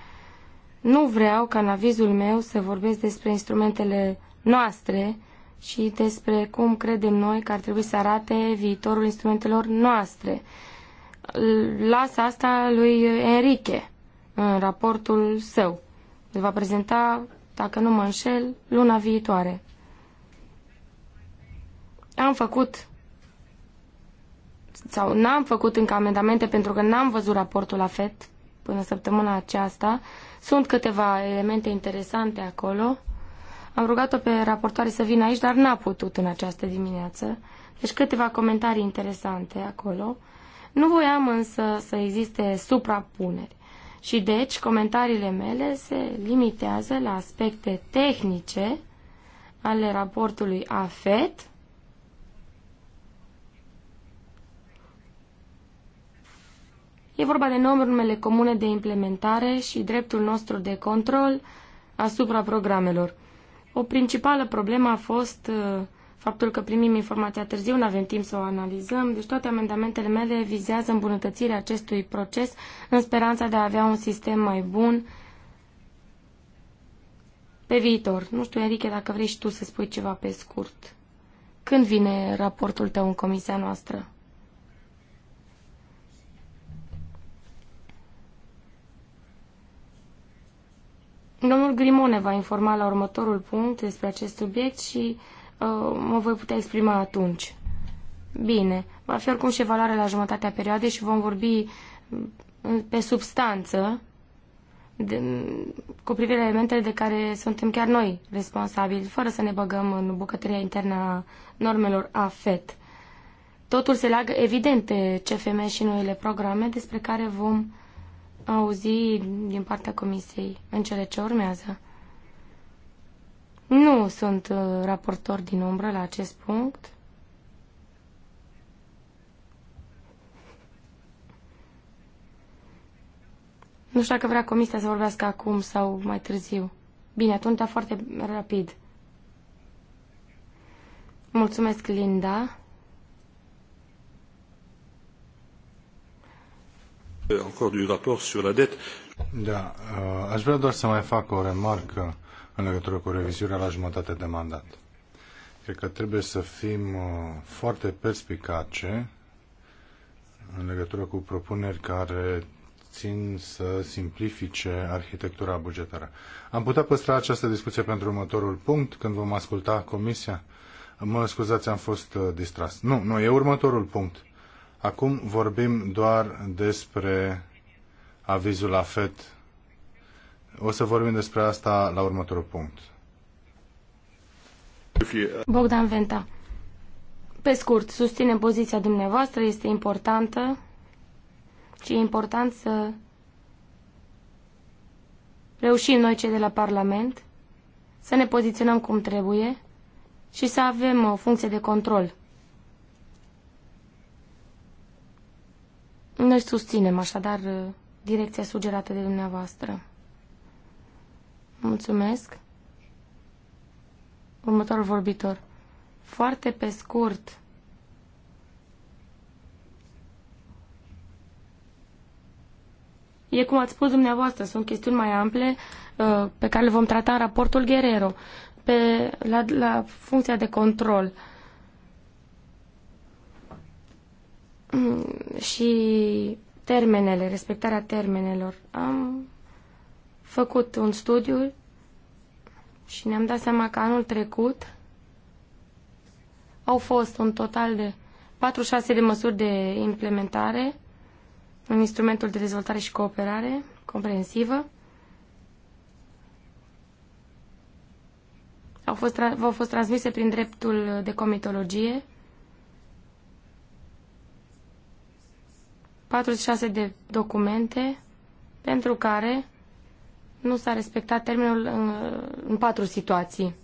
Speaker 3: Nu vreau ca în avizul meu să vorbesc despre instrumentele noastre și despre cum credem noi că ar trebui să arate viitorul instrumentelor noastre. Las asta lui Enrique în raportul său. Îl va prezenta, dacă nu mă înșel, luna viitoare. Am făcut sau n-am făcut încă amendamente pentru că n-am văzut raportul la FET până săptămâna aceasta. Sunt câteva elemente interesante acolo. Am rugat-o pe raportoare să vină aici, dar n-a putut în această dimineață. Deci câteva comentarii interesante acolo. Nu voiam însă să existe suprapuneri. Și deci comentariile mele se limitează la aspecte tehnice ale raportului AFET, E vorba de normele comune de implementare și dreptul nostru de control asupra programelor. O principală problemă a fost uh, faptul că primim informația târziu, nu avem timp să o analizăm, deci toate amendamentele mele vizează îmbunătățirea acestui proces în speranța de a avea un sistem mai bun pe viitor. Nu știu, Enrique, dacă vrei și tu să spui ceva pe scurt. Când vine raportul tău în comisia noastră? Domnul Grimone va informa la următorul punct despre acest subiect și Uh, mă voi putea exprima atunci. Bine, va fi oricum și evaluare la jumătatea perioadei și vom vorbi mm, pe substanță de, mm, cu privire la elementele de care suntem chiar noi responsabili, fără să ne băgăm în bucătăria internă a normelor AFET. Totul se leagă evident de CFM și noile programe despre care vom auzi din partea Comisiei în cele ce urmează. Nu sunt uh, raportor din umbră la acest punct. Nu știu dacă vrea comisia să vorbească acum sau mai târziu. Bine, atunci foarte rapid. Mulțumesc, Linda.
Speaker 4: sur la Da, uh, aș vrea doar să mai fac o remarcă în legătură cu revizuirea la jumătate de mandat. Cred că trebuie să fim uh, foarte perspicace în legătură cu propuneri care țin să simplifice arhitectura bugetară. Am putea păstra această discuție pentru următorul punct, când vom asculta comisia? Mă scuzați, am fost uh, distras. Nu, nu, e următorul punct. Acum vorbim doar despre avizul AFET o să vorbim despre asta la următorul punct.
Speaker 1: Bogdan
Speaker 3: Venta. Pe scurt, susținem poziția dumneavoastră, este importantă și e important să reușim noi cei de la Parlament să ne poziționăm cum trebuie și să avem o uh, funcție de control. Noi susținem așadar uh, direcția sugerată de dumneavoastră. Mulțumesc. Următorul vorbitor. Foarte pe scurt. E cum ați spus dumneavoastră, sunt chestiuni mai ample uh, pe care le vom trata în raportul Guerrero, pe, la, la funcția de control. Mm, și termenele, respectarea termenelor. Am făcut un studiu și ne-am dat seama că anul trecut au fost un total de 46 de măsuri de implementare în instrumentul de dezvoltare și cooperare comprensivă. Au fost, au fost transmise prin dreptul de comitologie 46 de documente pentru care nu s-a respectat termenul în, uh, în patru situații.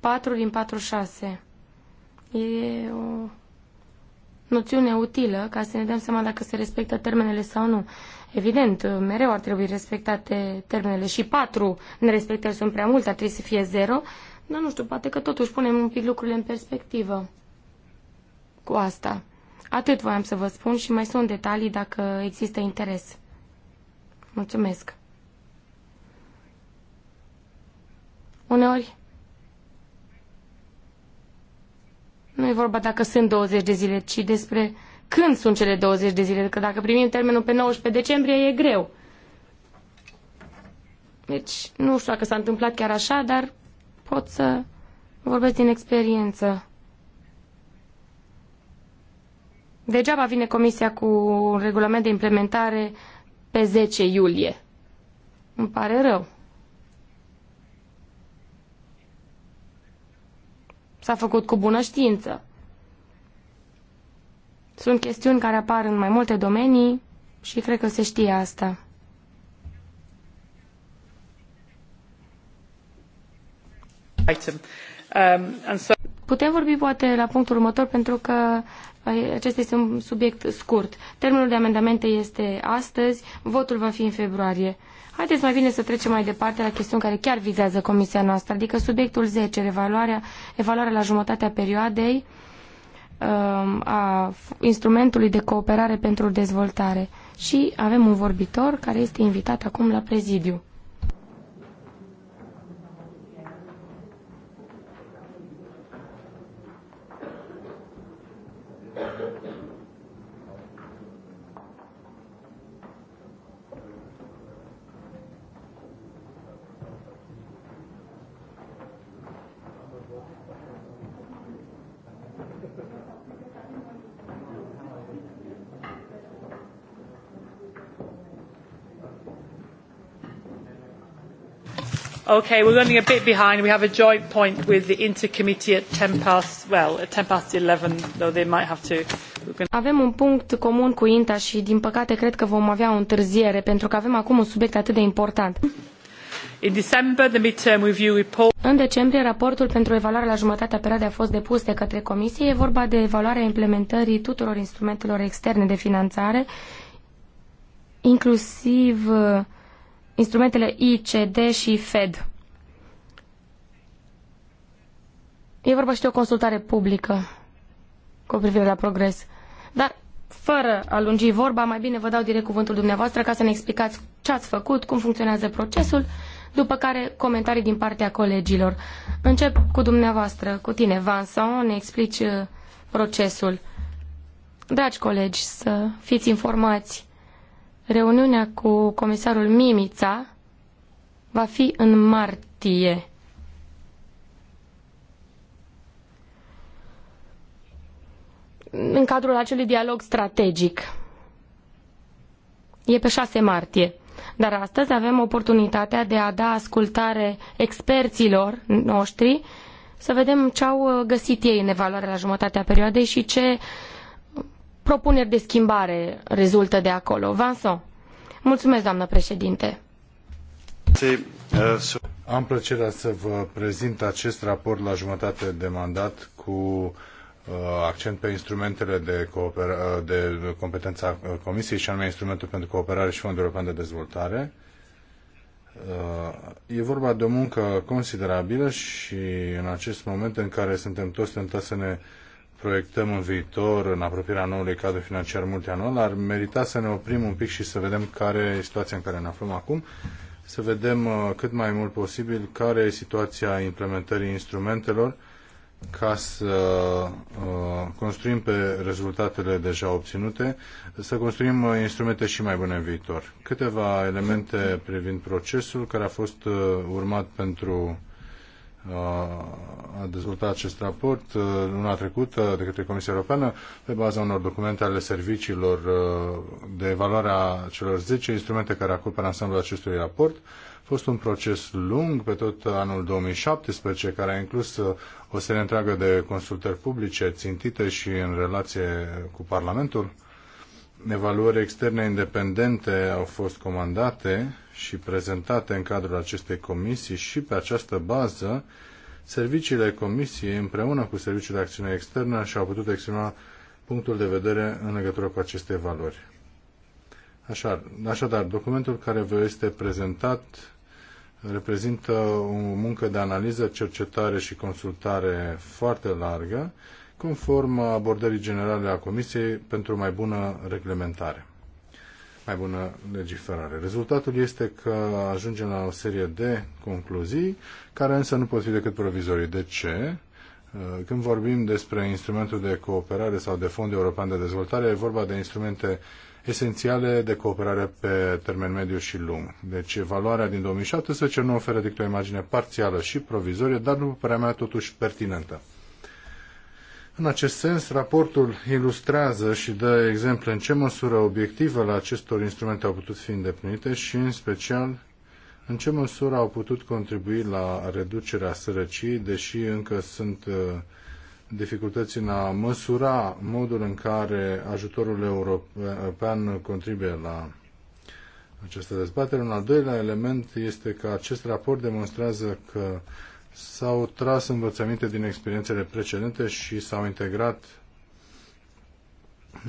Speaker 3: Patru din patru șase. E o noțiune utilă ca să ne dăm seama dacă se respectă termenele sau nu. Evident, uh, mereu ar trebui respectate termenele și patru nerespectări sunt prea multe, ar trebui să fie zero, dar nu știu, poate că totuși punem un pic lucrurile în perspectivă cu asta. Atât voiam să vă spun și mai sunt detalii dacă există interes. Mulțumesc! Uneori nu e vorba dacă sunt 20 de zile, ci despre când sunt cele 20 de zile, că dacă primim termenul pe 19 decembrie e greu. Deci, nu știu dacă s-a întâmplat chiar așa, dar pot să vorbesc din experiență. Degeaba vine comisia cu un regulament de implementare pe 10 iulie. Îmi pare rău. S-a făcut cu bună știință. Sunt chestiuni care apar în mai multe domenii și cred că se știe asta. Um, Putem vorbi poate la punctul următor pentru că uh, acesta este un subiect scurt. Termenul de amendamente este astăzi, votul va fi în februarie. Haideți mai bine să trecem mai departe la chestiuni care chiar vizează comisia noastră, adică subiectul 10, evaluarea, evaluarea la jumătatea perioadei um, a instrumentului de cooperare pentru dezvoltare. Și avem un vorbitor care este invitat acum la prezidiu.
Speaker 1: Okay, we're running a bit behind. We have a joint point with the intercommittee at 10 past, well, at 10 past 11, though they might have to...
Speaker 3: Avem un punct comun cu INTA și, din păcate, cred că vom avea o întârziere, pentru că avem acum un subiect atât de important.
Speaker 1: In December, the midterm review report...
Speaker 3: În decembrie, raportul pentru evaluarea la jumătatea perioadei a fost depus de către Comisie. E vorba de evaluarea implementării tuturor instrumentelor externe de finanțare, inclusiv uh, instrumentele ICD și FED. E vorba și de o consultare publică cu privire la progres. Dar, fără a lungi vorba, mai bine vă dau direct cuvântul dumneavoastră ca să ne explicați ce ați făcut, cum funcționează procesul, după care comentarii din partea colegilor. Încep cu dumneavoastră, cu tine, Vincent, ne explici uh, procesul. Dragi colegi, să fiți informați Reuniunea cu comisarul Mimița va fi în martie. În cadrul acelui dialog strategic. E pe 6 martie. Dar astăzi avem oportunitatea de a da ascultare experților noștri, să vedem ce au găsit ei în evaluarea la jumătatea perioadei și ce uh, propuneri de schimbare rezultă de acolo. Vincent. Mulțumesc, doamnă președinte.
Speaker 4: Uh, Am plăcerea să vă prezint acest raport la jumătate de mandat cu uh, accent pe instrumentele de, competență uh, de competența Comisiei și anume instrumentul pentru cooperare și fondul european de dezvoltare. E vorba de o muncă considerabilă și în acest moment în care suntem toți tentați să ne proiectăm în viitor, în apropierea noului cadru financiar multianual, ar merita să ne oprim un pic și să vedem care e situația în care ne aflăm acum, să vedem uh, cât mai mult posibil care e situația implementării instrumentelor ca să uh, construim pe rezultatele deja obținute, să construim uh, instrumente și mai bune în viitor. Câteva elemente privind procesul care a fost urmat pentru a dezvoltat acest raport uh, luna trecută de către Comisia Europeană pe baza unor documente ale serviciilor uh, de evaluare a celor 10 instrumente care acoperă ansamblul acestui raport. A fost un proces lung pe tot anul 2017 care a inclus uh, o serie întreagă de consultări publice țintite și în relație cu Parlamentul evaluări externe independente au fost comandate și prezentate în cadrul acestei comisii și pe această bază serviciile comisiei împreună cu serviciul de acțiune externă și-au putut exprima punctul de vedere în legătură cu aceste valori. Așa, așadar, documentul care vă este prezentat reprezintă o muncă de analiză, cercetare și consultare foarte largă conform abordării generale a Comisiei pentru mai bună reglementare, mai bună legiferare. Rezultatul este că ajungem la o serie de concluzii, care însă nu pot fi decât provizorii. De ce? Când vorbim despre instrumentul de cooperare sau de fond european de dezvoltare, e vorba de instrumente esențiale de cooperare pe termen mediu și lung. Deci evaluarea din 2017 nu oferă decât o imagine parțială și provizorie, dar după părerea mea totuși pertinentă. În acest sens, raportul ilustrează și dă exemple în ce măsură obiectivele acestor instrumente au putut fi îndeplinite și, în special, în ce măsură au putut contribui la reducerea sărăciei, deși încă sunt uh, dificultăți în a măsura modul în care ajutorul european contribuie la această dezbatere. Un al doilea element este că acest raport demonstrează că s-au tras învățăminte din experiențele precedente și s-au integrat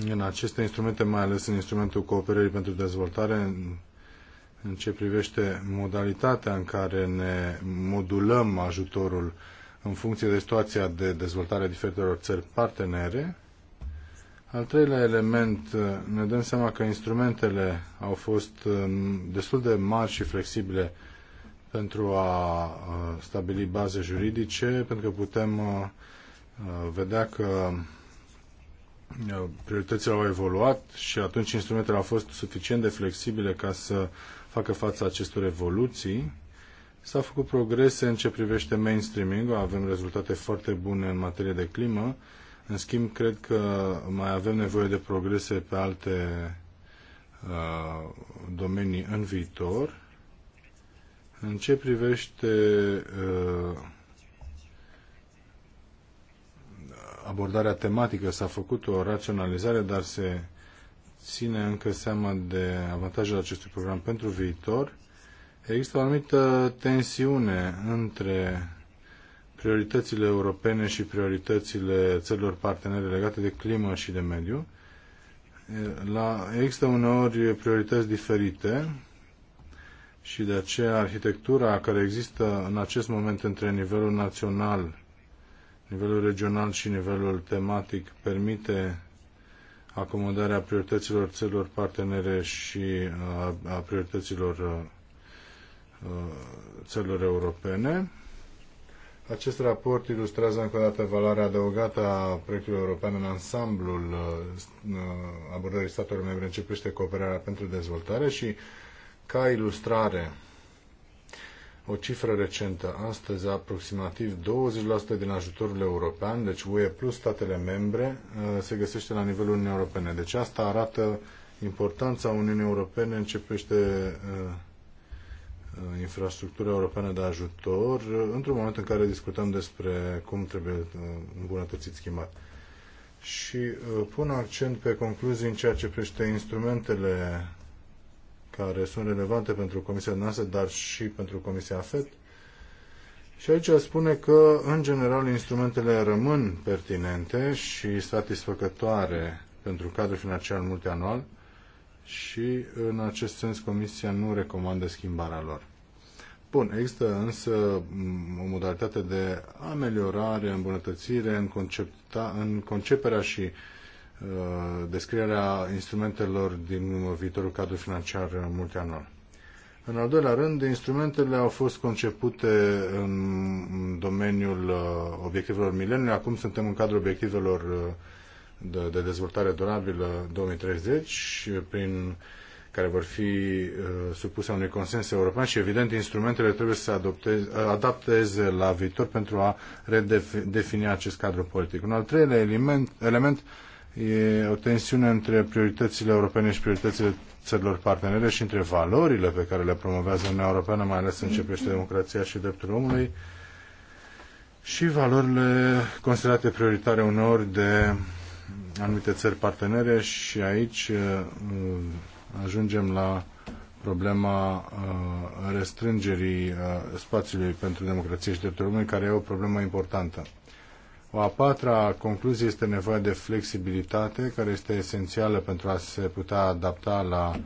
Speaker 4: în aceste instrumente, mai ales în instrumentul cooperării pentru dezvoltare, în, ce privește modalitatea în care ne modulăm ajutorul în funcție de situația de dezvoltare a diferitelor țări partenere. Al treilea element, ne dăm seama că instrumentele au fost uh, destul de mari și flexibile pentru a stabili baze juridice, pentru că putem vedea că prioritățile au evoluat și atunci instrumentele au fost suficient de flexibile ca să facă față acestor evoluții. S-au făcut progrese în ce privește mainstreaming, avem rezultate foarte bune în materie de climă. În schimb, cred că mai avem nevoie de progrese pe alte uh, domenii în viitor în ce privește uh, abordarea tematică, s-a făcut o raționalizare, dar se ține încă seama de avantajele acestui program pentru viitor. Există o anumită tensiune între prioritățile europene și prioritățile țărilor partenere legate de climă și de mediu. La, există uneori priorități diferite și de aceea arhitectura care există în acest moment între nivelul național, nivelul regional și nivelul tematic permite acomodarea priorităților țărilor partenere și uh, a, priorităților uh, uh, țărilor europene. Acest raport ilustrează încă o dată valoarea adăugată a proiectului european în ansamblul abordării statelor membre în ce privește cooperarea pentru dezvoltare și ca ilustrare, o cifră recentă, astăzi aproximativ 20% din ajutorul european, deci UE plus statele membre, uh, se găsește la nivelul Uniunii Europene. Deci asta arată importanța Uniunii Europene în ce privește uh, uh, infrastructura europeană de ajutor, într-un moment în care discutăm despre cum trebuie îmbunătățit schimbat. Și pun accent pe concluzii în ceea ce privește instrumentele care sunt relevante pentru Comisia noastră, dar și pentru Comisia FED. Și aici spune că, în general, instrumentele rămân pertinente și satisfăcătoare pentru cadrul financiar multianual și, în acest sens, Comisia nu recomandă schimbarea lor. Bun, există însă mm, o modalitate de ameliorare, îmbunătățire în, concepta, în conceperea și Uh, descrierea instrumentelor din viitorul cadru financiar multianual. În al doilea rând, instrumentele au fost concepute în domeniul uh, obiectivelor mileniului. Acum suntem în cadrul obiectivelor uh, de, de dezvoltare durabilă 2030, prin care vor fi uh, supuse unui consens european și, evident, instrumentele trebuie să se adapteze la viitor pentru a redefini acest cadru politic. Un al treilea element, element E o tensiune între prioritățile europene și prioritățile țărilor partenere și între valorile pe care le promovează Uniunea Europeană, mai ales în ce privește democrația și drepturile omului, și valorile considerate prioritare uneori de anumite țări partenere și aici uh, ajungem la problema uh, restrângerii uh, spațiului pentru democrație și drepturile omului, care e o problemă importantă. O a patra concluzie este nevoia de flexibilitate, care este esențială pentru a se putea adapta la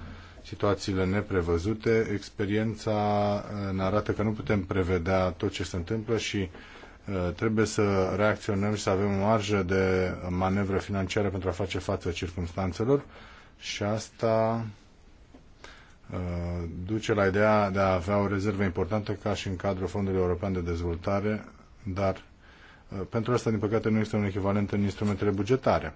Speaker 4: situațiile neprevăzute. Experiența uh, ne arată că nu putem prevedea tot ce se întâmplă și uh, trebuie să reacționăm și să avem o marjă de manevră financiară pentru a face față circunstanțelor și asta uh, duce la ideea de a avea o rezervă importantă ca și în cadrul Fondului European de Dezvoltare, dar Uh, pentru asta, din păcate, nu este un echivalent în instrumentele bugetare.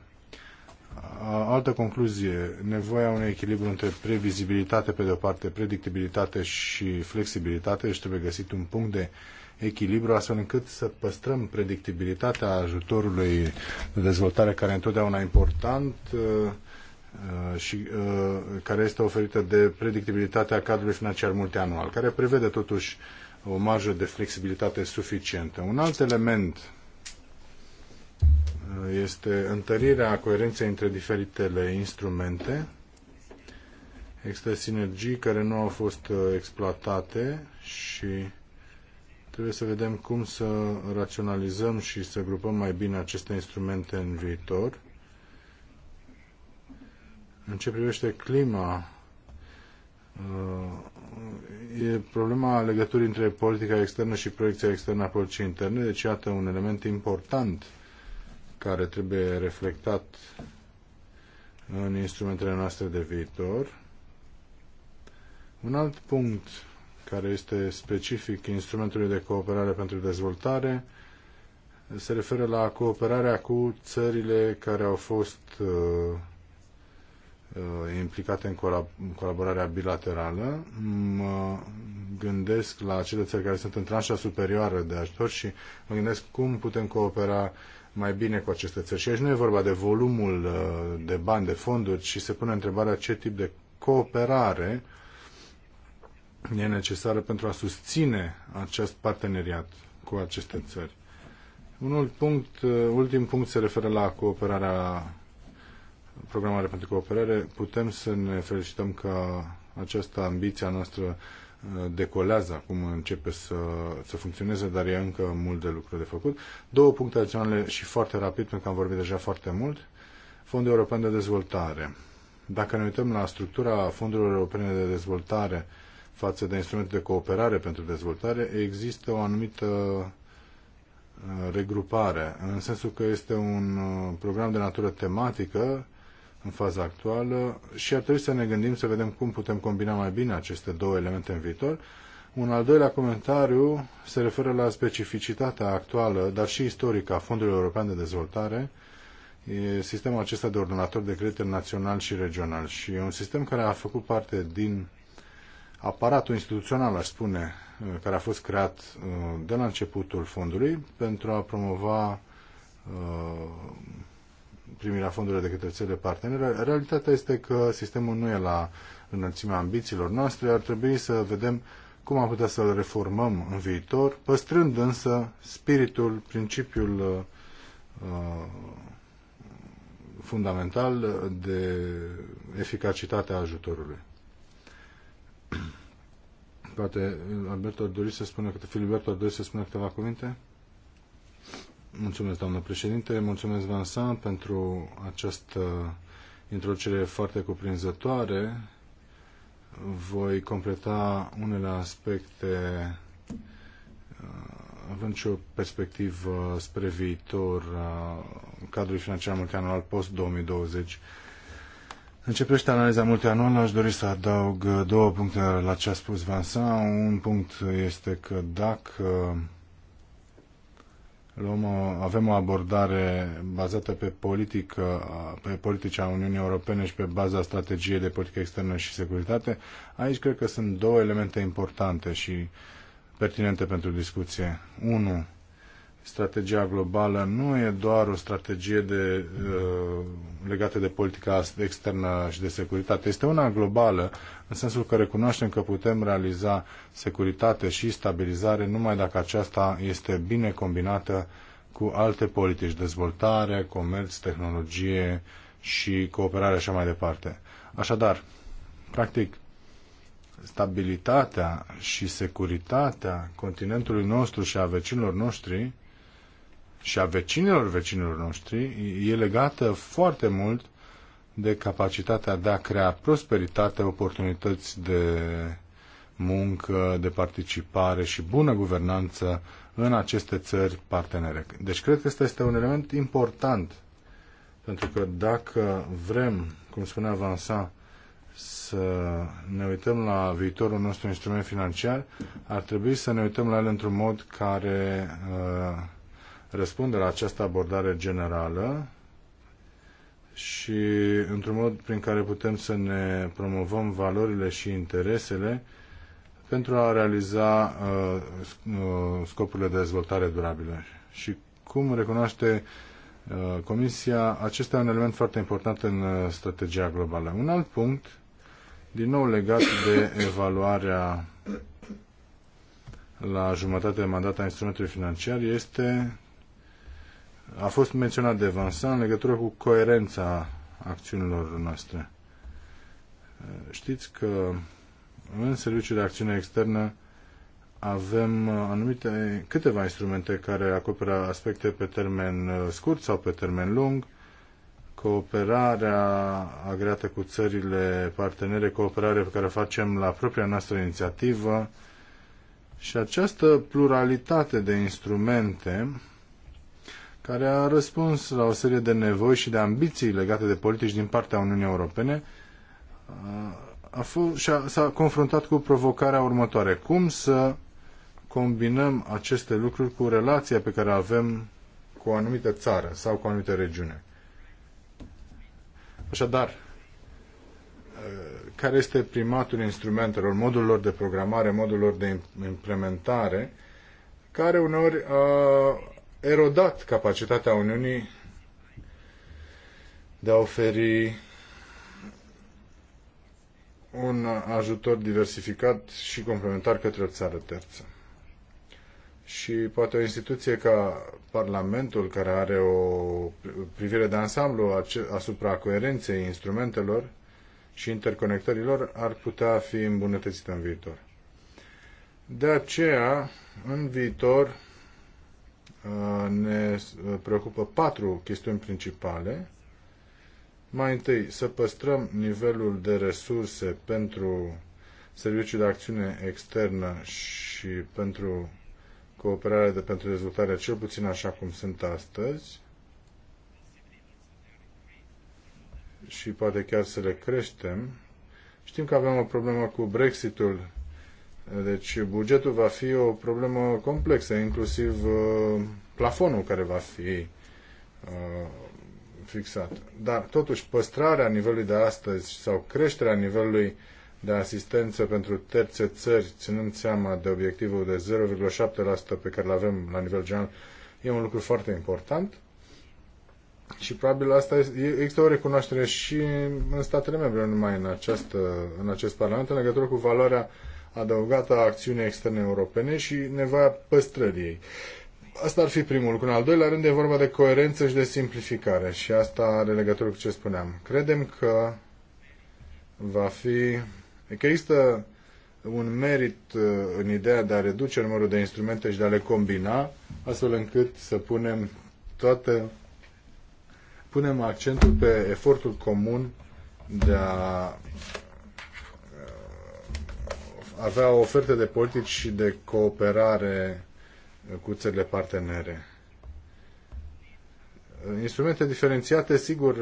Speaker 4: Uh, altă concluzie, nevoia unui echilibru între previzibilitate pe de o parte, predictibilitate și flexibilitate și trebuie găsit un punct de echilibru astfel încât să păstrăm predictibilitatea ajutorului de dezvoltare care e întotdeauna important uh, și care este oferită de predictibilitatea cadrului financiar multianual, care prevede totuși o marjă de flexibilitate suficientă. Un alt element este întărirea coerenței între diferitele instrumente. Există sinergii care nu au fost uh, exploatate și trebuie să vedem cum să raționalizăm și să grupăm mai bine aceste instrumente în viitor. În ce privește clima, uh, e problema legăturii între politica externă și proiecția externă a politicii interne, deci iată un element important uh, care trebuie reflectat în instrumentele noastre de viitor. Un alt punct care este specific instrumentului de cooperare pentru dezvoltare se referă la cooperarea cu țările care au fost uh, uh implicate în colaborarea bilaterală. Mă gândesc la acele țări care sunt în tranșa superioară de ajutor și mă gândesc cum putem coopera mai bine cu aceste țări. Și aici nu e vorba de volumul uh, de bani, de fonduri, ci se pune întrebarea ce tip de cooperare e necesară pentru a susține acest parteneriat cu aceste țări. Unul punct, uh, ultim punct se referă la cooperarea, programarea pentru cooperare. Putem să ne felicităm că această ambiție a noastră decolează acum, începe să, să funcționeze, dar e încă mult de lucru de făcut. Două puncte adiționale și foarte rapid, pentru că am vorbit deja foarte mult. Fondul European de Dezvoltare. Dacă ne uităm la structura Fondurilor Europene de Dezvoltare față de instrumente de cooperare pentru dezvoltare, există o anumită uh, regrupare, în sensul că este un uh, program de natură tematică în faza actuală și ar trebui să ne gândim să vedem cum putem combina mai bine aceste două elemente în viitor. Un al doilea comentariu se referă la specificitatea actuală, dar și istorică a Fondului European de Dezvoltare, e sistemul acesta de ordonator de credite național și regional și e un sistem care a făcut parte din aparatul instituțional, aș spune, uh, care a fost creat uh, de la începutul fondului pentru a promova uh, primirea fondurilor de către țările partenere. Realitatea este că sistemul nu e la înălțimea ambițiilor noastre. Ar trebui să vedem cum am putea să-l reformăm în viitor, păstrând însă spiritul, principiul uh, fundamental de eficacitatea ajutorului. Poate Alberto ar dori să spună, Filiberto ar dori să spună câteva cuvinte? Mulțumesc, doamnă președinte. Mulțumesc, Vincent, pentru această introducere foarte cuprinzătoare. Voi completa unele aspecte uh, având și o perspectivă spre viitor a uh, cadrului financiar multianual post-2020. Începește analiza multianuală, aș dori să adaug două puncte la ce a spus Vincent. Un punct este că dacă luăm o, avem o abordare bazată pe, politică, uh, pe politica Uniunii Europene și pe baza strategiei de politică externă și securitate. Aici cred că sunt două elemente importante și pertinente pentru discuție. Unu, strategia globală nu e doar o strategie de, uh, legată de politica externă și de securitate. Este una globală, în sensul că recunoaștem că putem realiza securitate și stabilizare numai dacă aceasta este bine combinată cu alte politici, dezvoltare, comerț, tehnologie și cooperare așa mai departe. Așadar, practic, stabilitatea și securitatea continentului nostru și a vecinilor noștri și a vecinilor vecinilor noștri e legată foarte mult de capacitatea de a crea prosperitate, oportunități de muncă, de participare și bună guvernanță în aceste țări partenere. Deci cred că ăsta este un element important, pentru că dacă vrem, cum spunea Vansa, să ne uităm la viitorul nostru instrument financiar, ar trebui să ne uităm la el într-un mod care uh, răspunde la această abordare generală și într-un mod prin care putem să ne promovăm valorile și interesele pentru a realiza uh, uh, scopurile de dezvoltare durabilă. Și cum recunoaște uh, Comisia, acesta e un element foarte important în uh, strategia globală. Un alt punct, din nou legat de evaluarea la jumătate de mandat a instrumentului financiar, este a fost menționat de Vansa în legătură cu coerența acțiunilor noastre. Știți că în serviciul de acțiune externă avem uh, anumite, câteva instrumente care acoperă aspecte pe termen uh, scurt sau pe termen lung, cooperarea agreată cu țările partenere, cooperare pe care o facem la propria noastră inițiativă și această pluralitate de instrumente care a răspuns la o serie de nevoi și de ambiții legate de politici din partea Uniunii Europene a fost, și s-a confruntat cu provocarea următoare. Cum să combinăm aceste lucruri cu relația pe care avem cu o anumită țară sau cu o anumită regiune? Așadar, care este primatul instrumentelor, modul lor de programare, modul lor de implementare, care uneori a erodat capacitatea Uniunii de a oferi un ajutor diversificat și complementar către o țară terță. Și poate o instituție ca Parlamentul, care are o privire de ansamblu asupra coerenței instrumentelor și interconectărilor, ar putea fi îmbunătățită în viitor. De aceea, în viitor, Uh, ne uh, preocupă patru chestiuni principale. Mai întâi, să păstrăm nivelul de resurse pentru Serviciul de Acțiune Externă și pentru cooperare de, pentru dezvoltare, cel puțin așa cum sunt astăzi, și poate chiar să le creștem. Știm că avem o problemă cu Brexitul deci bugetul va fi o problemă complexă, inclusiv uh, plafonul care va fi uh, fixat. Dar totuși păstrarea nivelului de astăzi sau creșterea nivelului de asistență pentru terțe țări, ținând seama de obiectivul de 0,7% pe care îl avem la nivel general, e un lucru foarte important. Și probabil asta este, există o recunoaștere și în statele membre, numai în, această, în acest Parlament, în legătură cu valoarea uh, adăugată a acțiunii externe europene și nevoia păstrării ei. Asta ar fi primul lucru. În al doilea rând e vorba de coerență și de simplificare și asta are legătură cu ce spuneam. Credem că va fi... că există un merit uh, în ideea de a reduce numărul de instrumente și de a le combina, astfel încât să punem toate punem accentul pe efortul comun de a avea o ofertă de politici și de cooperare cu țările partenere. Instrumente diferențiate, sigur,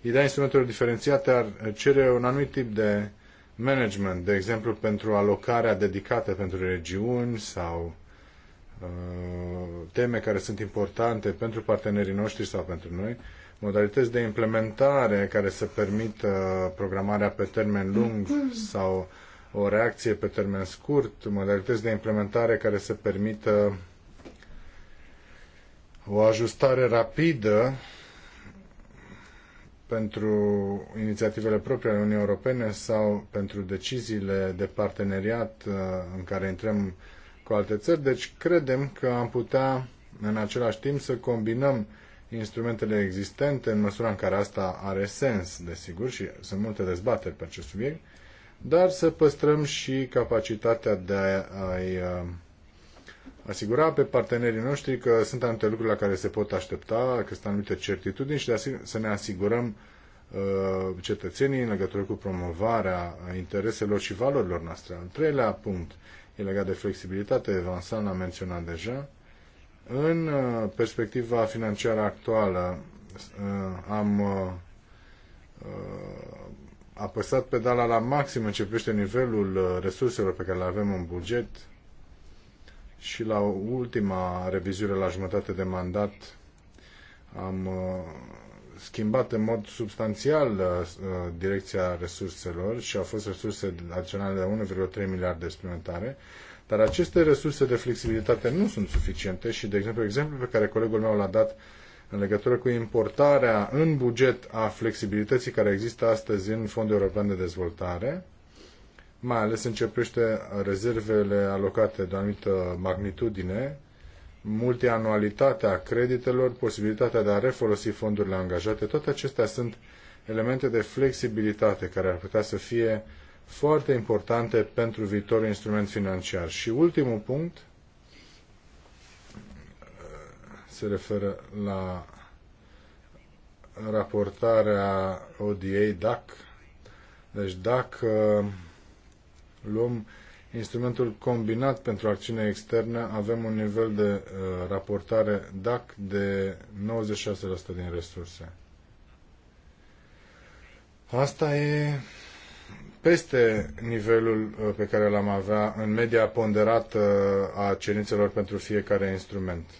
Speaker 4: ideea instrumentelor diferențiate ar cere un anumit tip de management, de exemplu pentru alocarea dedicată pentru regiuni sau uh, teme care sunt importante pentru partenerii noștri sau pentru noi, modalități de implementare care să permită programarea pe termen lung <clears throat> sau o reacție pe termen scurt, modalități de implementare care să permită o ajustare rapidă pentru inițiativele proprii ale Uniunii Europene sau pentru deciziile de parteneriat uh, în care intrăm cu alte țări. Deci credem că am putea în același timp să combinăm instrumentele existente în măsura în care asta are sens, desigur, și sunt multe dezbateri pe acest subiect, dar să păstrăm și capacitatea de a-i asigura pe partenerii noștri că sunt anumite lucruri la care se pot aștepta, că sunt anumite certitudini și de să ne asigurăm cetățenii în legătură cu promovarea intereselor și valorilor noastre. Al treilea punct e legat de flexibilitate, Vansan l-a menționat deja. În perspectiva financiară actuală am apăsat pedala la maxim în ce privește nivelul uh, resurselor pe care le avem în buget și la ultima revizuire la jumătate de mandat am uh, schimbat în mod substanțial uh, direcția resurselor și au fost resurse adiționale de 1,3 miliarde de suplimentare, dar aceste resurse de flexibilitate nu sunt suficiente și, de exemplu, exemplul pe care colegul meu l-a dat în legătură cu importarea în buget a flexibilității care există astăzi în Fondul European de Dezvoltare, mai ales privește rezervele alocate de o anumită magnitudine, multianualitatea creditelor, posibilitatea de a refolosi fondurile angajate, toate acestea sunt elemente de flexibilitate care ar putea să fie foarte importante pentru viitorul instrument financiar. Și ultimul punct, se referă la raportarea ODA DAC. Deci dacă luăm instrumentul combinat pentru acțiune externă, avem un nivel de uh, raportare DAC de 96% din resurse. Asta e peste nivelul uh, pe care l-am avea în media ponderată uh, a cerințelor pentru fiecare instrument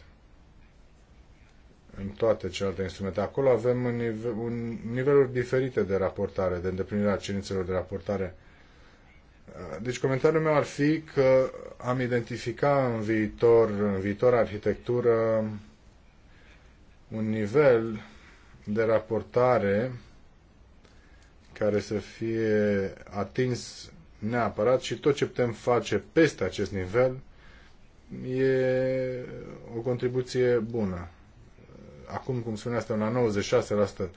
Speaker 4: în toate celelalte instrumente. Acolo avem un nivel, un, niveluri diferite de raportare, de îndeplinirea cerințelor de raportare. Uh, deci comentariul meu ar fi că am identificat în viitor, în viitor arhitectură, un nivel de raportare care să fie atins neapărat și tot ce putem face peste acest nivel e o contribuție bună acum, cum spunea, asta la 96%,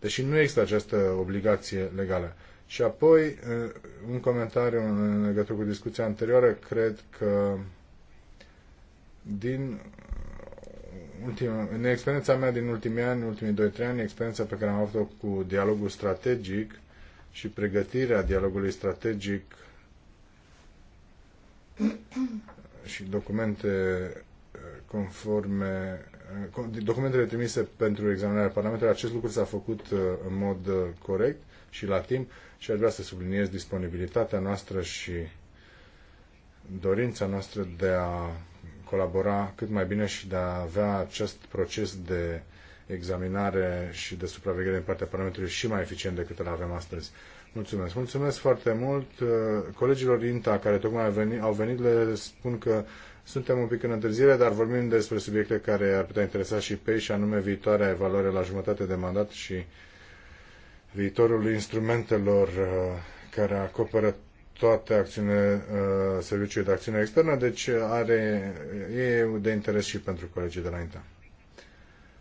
Speaker 4: deși nu există această obligație legală. Și apoi, un comentariu în legătură cu discuția anterioară, cred că din ultima, în experiența mea din ultimii ani, ultimii 2-3 ani, experiența pe care am avut-o cu dialogul strategic și pregătirea dialogului strategic și documente conforme documentele trimise pentru examinarea Parlamentului, acest lucru s-a făcut uh, în mod uh, corect și la timp și aș vrea să subliniez disponibilitatea noastră și dorința noastră de a colabora cât mai bine și de a avea acest proces de examinare și de supraveghere din partea Parlamentului și mai eficient decât îl avem astăzi. Mulțumesc. Mulțumesc foarte mult. Uh, colegilor INTA care tocmai au venit, au venit le spun că suntem un pic în întârziere, dar vorbim despre subiecte care ar putea interesa și pe ei, și anume viitoarea evaluare la jumătate de mandat și viitorul instrumentelor uh, care acoperă toate acțiunile uh, Serviciului de Acțiune Externă, deci uh, are, e de interes și pentru colegii de la INTA.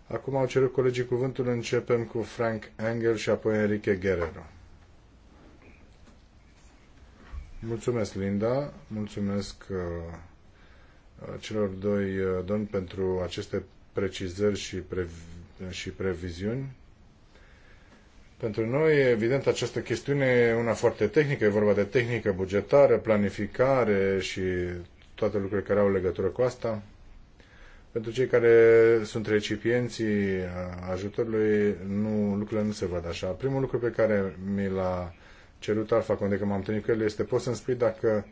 Speaker 4: Acum au cerut colegii cuvântul, începem cu Frank Engel și apoi Enrique Guerrero. Mulțumesc, Linda, mulțumesc celor doi uh, domni pentru aceste precizări și, previ, și previziuni. Pentru noi, evident, această chestiune e una foarte tehnică, e vorba de tehnică bugetară, planificare și toate lucrurile care au legătură cu asta. Pentru cei care sunt recipienții ajutorului, nu, lucrurile nu se văd așa. Primul lucru pe care mi l-a cerut Alfa când că m-am întâlnit cu el este poți să-mi spui dacă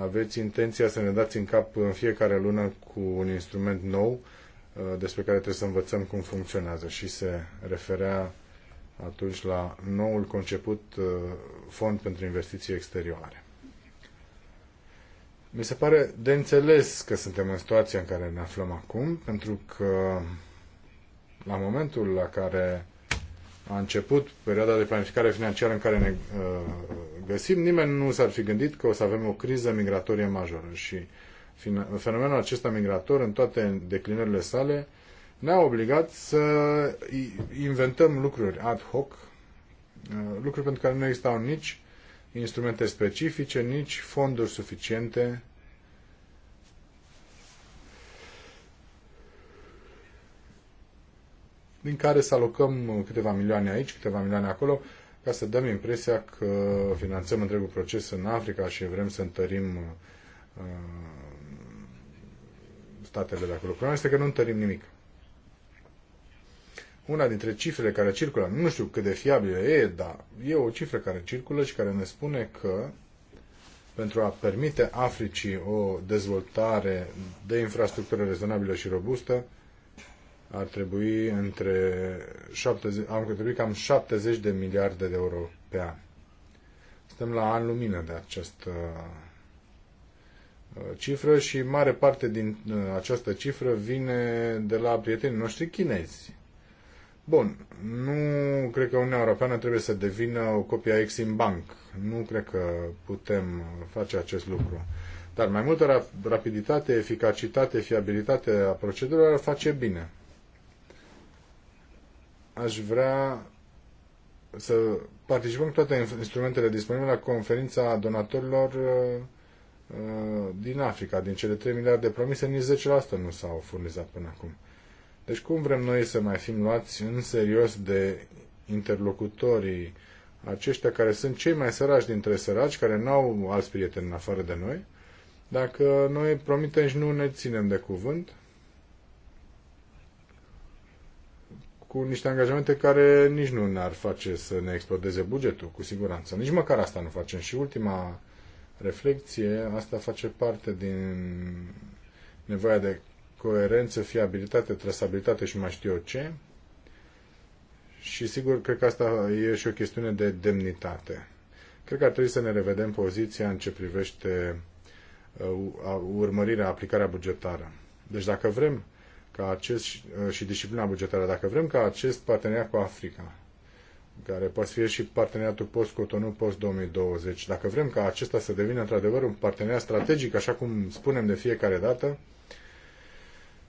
Speaker 4: aveți intenția să ne dați în cap în fiecare lună cu un instrument nou uh, despre care trebuie să învățăm cum funcționează și se referea atunci la noul conceput uh, fond pentru investiții exterioare. Mi se pare de înțeles că suntem în situația în care ne aflăm acum, pentru că la momentul la care a început perioada de planificare financiară în care ne uh, găsim, nimeni nu s-ar fi gândit că o să avem o criză migratorie majoră și fenomenul acesta migrator în toate declinările sale ne-a obligat să inventăm lucruri ad hoc, uh, lucruri pentru care nu existau nici instrumente specifice, nici fonduri suficiente din care să alocăm câteva milioane aici, câteva milioane acolo, ca să dăm impresia că finanțăm întregul proces în Africa și vrem să întărim uh, statele de acolo. Problema este că nu întărim nimic. Una dintre cifrele care circulă, nu știu cât de fiabilă e, dar e o cifră care circulă și care ne spune că pentru a permite Africii o dezvoltare de infrastructură rezonabilă și robustă, ar trebui între 70, am trebui cam 70 de miliarde de euro pe an. Suntem la an lumină de această uh, cifră și mare parte din uh, această cifră vine de la prietenii noștri chinezi. Bun, nu cred că Uniunea Europeană trebuie să devină o copie a Exim Bank. Nu cred că putem face acest lucru. Dar mai multă rapiditate, eficacitate, fiabilitate a procedurilor face bine aș vrea să participăm cu toate instrumentele disponibile la conferința donatorilor uh, uh, din Africa. Din cele 3 miliarde promise, nici 10% nu s-au furnizat până acum. Deci cum vrem noi să mai fim luați în serios de interlocutorii aceștia care sunt cei mai săraci dintre săraci, care n-au alți prieteni în afară de noi, dacă noi promitem și nu ne ținem de cuvânt, cu niște angajamente care nici nu ne-ar face să ne explodeze bugetul, cu siguranță. Nici măcar asta nu facem. Și ultima reflexie, asta face parte din nevoia de coerență, fiabilitate, trasabilitate și mai știu eu ce. Și sigur, cred că asta e și o chestiune de demnitate. Cred că ar trebui să ne revedem poziția în ce privește uh, urmărirea, aplicarea bugetară. Deci dacă vrem ca acest uh, și disciplina bugetară, dacă vrem ca acest parteneriat cu Africa, care poate fi și parteneriatul post-Cotonou, post-2020, dacă vrem ca acesta să devină într-adevăr un parteneriat strategic, așa cum spunem de fiecare dată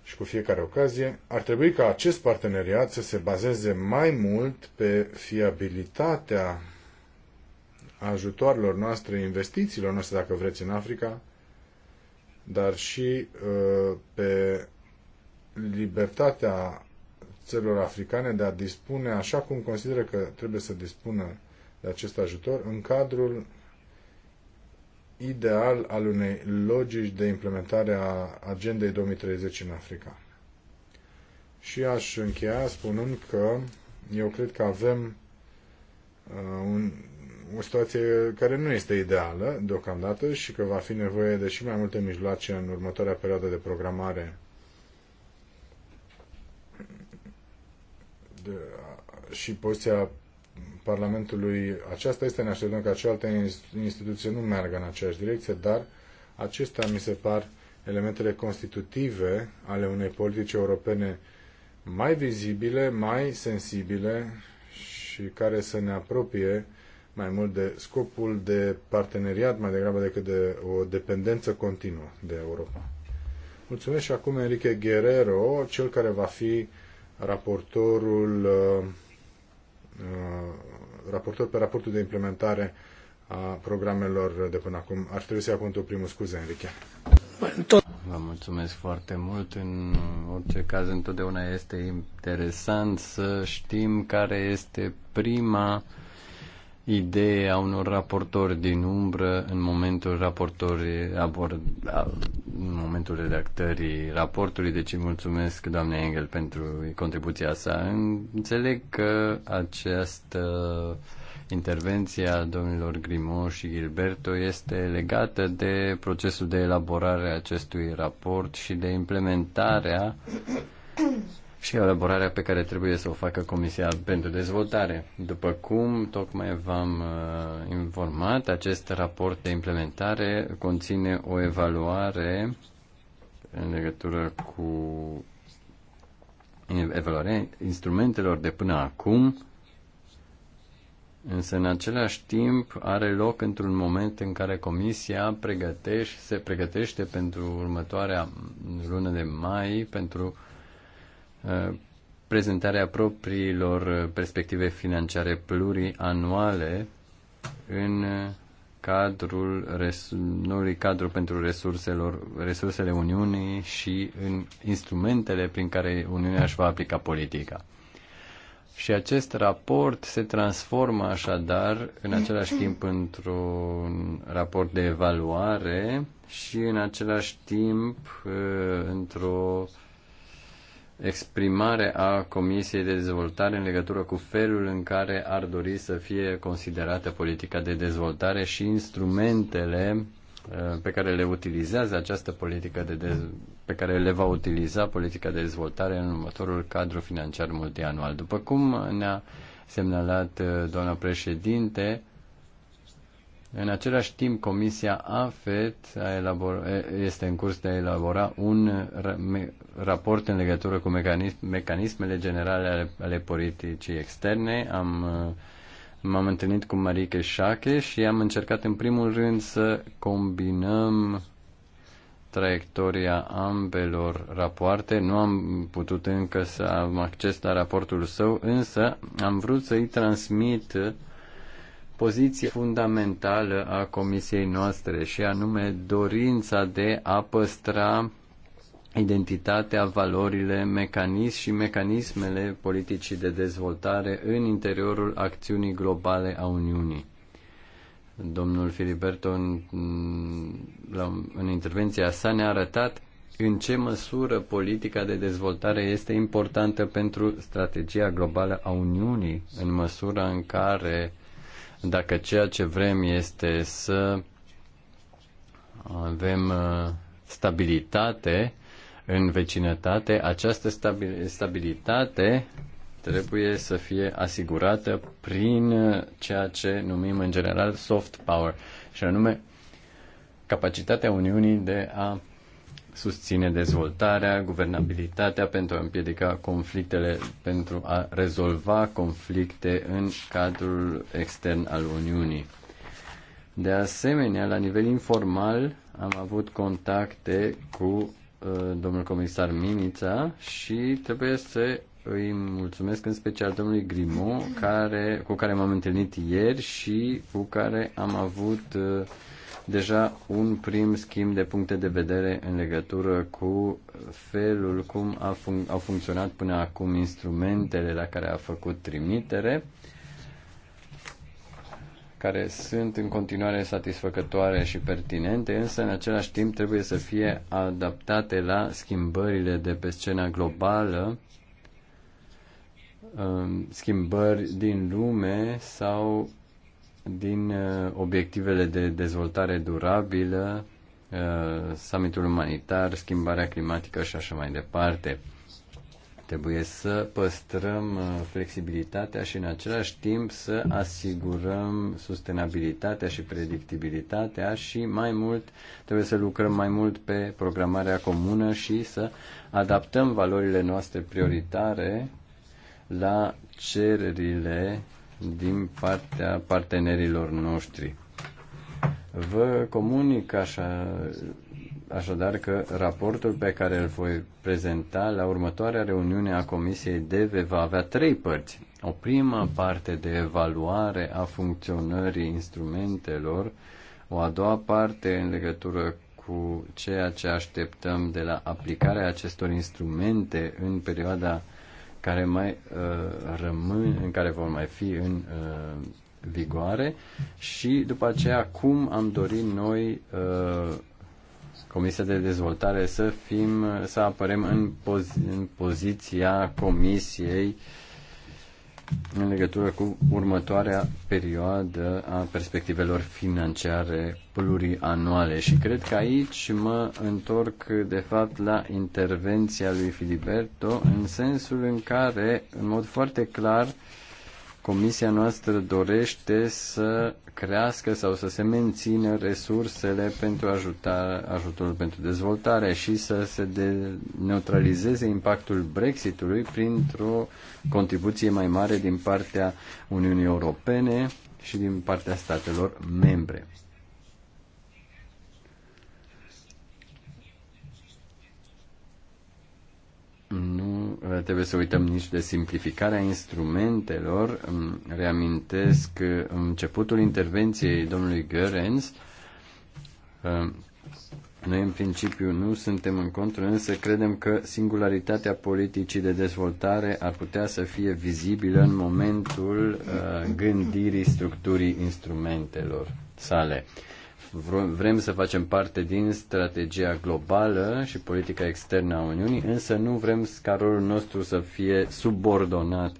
Speaker 4: și cu fiecare ocazie, ar trebui ca acest parteneriat să se bazeze mai mult pe fiabilitatea ajutoarelor noastre, investițiilor noastre, dacă vreți, în Africa, dar și uh, pe libertatea țărilor africane de a dispune așa cum consideră că trebuie să dispună de acest ajutor în cadrul ideal al unei logici de implementare a Agendei 2030 în Africa. Și aș încheia spunând că eu cred că avem uh, un, o situație care nu este ideală deocamdată și că va fi nevoie de și mai multe mijloace în următoarea perioadă de programare și poziția Parlamentului aceasta este, ne așteptăm ca celelalte instituții nu meargă în aceeași direcție, dar acestea mi se par elementele constitutive ale unei politici europene mai vizibile, mai sensibile și care să ne apropie mai mult de scopul de parteneriat mai degrabă decât de o dependență continuă de Europa. Mulțumesc și acum Enrique Guerrero, cel care va fi raportorul, uh, raportor pe raportul de implementare a programelor de până acum. Ar trebui să ia cuvântul primul. Scuze, Enrique.
Speaker 2: Vă mulțumesc foarte mult. În orice caz, întotdeauna este interesant să știm care este prima idee a unor raportori din umbră în momentul raportorii, abord, în momentul redactării raportului, deci mulțumesc doamne Engel pentru contribuția sa. Înțeleg că această intervenția a domnilor Grimo și Gilberto este legată de procesul de elaborare a acestui raport și de implementarea și elaborarea pe care trebuie să o facă Comisia pentru Dezvoltare. După cum tocmai v-am uh, informat, acest raport de implementare conține o evaluare în legătură cu evaluarea instrumentelor de până acum, însă în același timp are loc într-un moment în care Comisia pregătește, se pregătește pentru următoarea lună de mai pentru prezentarea propriilor perspective financiare plurianuale în cadrul noului cadru pentru resurselor, resursele Uniunii și în instrumentele prin care Uniunea își va aplica politica. Și acest raport se transformă așadar în același timp într-un raport de evaluare și în același timp uh, într-o uh, exprimare a Comisiei de Dezvoltare în legătură cu felul în care ar dori să fie considerată politica de dezvoltare și instrumentele uh, pe care le utilizează această politică de dez... pe care le va utiliza politica de dezvoltare în următorul cadru financiar multianual. După cum ne-a semnalat uh, doamna președinte, în același timp, Comisia AFET este în curs de a elabora un raport în legătură cu mecanism, mecanismele generale ale, ale politicii externe. Am, uh, m-am întâlnit cu Marike Șache și am încercat în primul rând să combinăm traiectoria ambelor rapoarte. Nu am putut încă să am acces la raportul său, însă am vrut să-i transmit uh, poziție fundamentală a comisiei noastre și anume dorința de a păstra identitatea, valorile, mecanism și mecanismele politicii de dezvoltare în interiorul acțiunii globale a Uniunii. Domnul Filiberto în, în intervenția sa ne-a arătat în ce măsură politica de dezvoltare este importantă pentru strategia globală a Uniunii, în măsura în care uh, dacă ceea ce vrem este să avem uh, stabilitate în vecinătate, această stabilitate trebuie să fie asigurată prin ceea ce numim în general soft power, și anume capacitatea Uniunii de a susține dezvoltarea, guvernabilitatea pentru a împiedica conflictele, pentru a rezolva conflicte în cadrul extern al Uniunii. De asemenea, la nivel informal, am avut contacte cu uh, domnul comisar Mimița și trebuie să îi mulțumesc în special domnului Grimo, care, cu care m-am întâlnit ieri și cu care am avut uh, deja un prim schimb de puncte de vedere în legătură cu felul cum a fun- au funcționat până acum instrumentele la care a făcut trimitere, care sunt în continuare satisfăcătoare și pertinente, însă în același timp trebuie să fie adaptate la schimbările de pe scena globală um, schimbări din lume sau din uh, obiectivele de dezvoltare durabilă, uh, summitul umanitar, schimbarea climatică și așa mai departe. Trebuie să păstrăm uh, flexibilitatea și în același timp să asigurăm sustenabilitatea și predictibilitatea și mai mult trebuie să lucrăm mai mult pe programarea comună și să adaptăm valorile noastre prioritare la cererile din partea partenerilor noștri. Vă comunic așa, așadar că raportul pe care îl voi prezenta la următoarea reuniune a Comisiei DV va avea trei părți. O primă parte de evaluare a funcționării instrumentelor, o a doua parte în legătură cu ceea ce așteptăm de la aplicarea acestor instrumente în perioada care mai uh, rămân, în care vor mai fi în uh, vigoare și după aceea cum am dorit noi uh, Comisia de Dezvoltare să fim, să apărem în, pozi, în poziția Comisiei uh, în legătură cu următoarea perioadă a perspectivelor financiare plurianuale și cred că aici mă întorc de fapt la intervenția lui Filiberto în sensul în care, în mod foarte clar, Comisia noastră dorește să crească sau să se mențină resursele pentru ajuta, ajutorul pentru dezvoltare și să se de, neutralizeze impactul Brexitului printr-o contribuție mai mare din partea Uniunii Europene și din partea statelor membre. Nu eh, trebuie să uităm nici de simplificarea instrumentelor. Reamintesc eh, începutul intervenției domnului Görens. Eh, noi, în principiu, nu suntem în contră, însă credem că singularitatea politicii de dezvoltare ar putea să fie vizibilă în momentul gândirii structurii instrumentelor sale vrem să facem parte din strategia globală și politica externă a Uniunii, însă nu vrem ca rolul nostru să fie subordonat.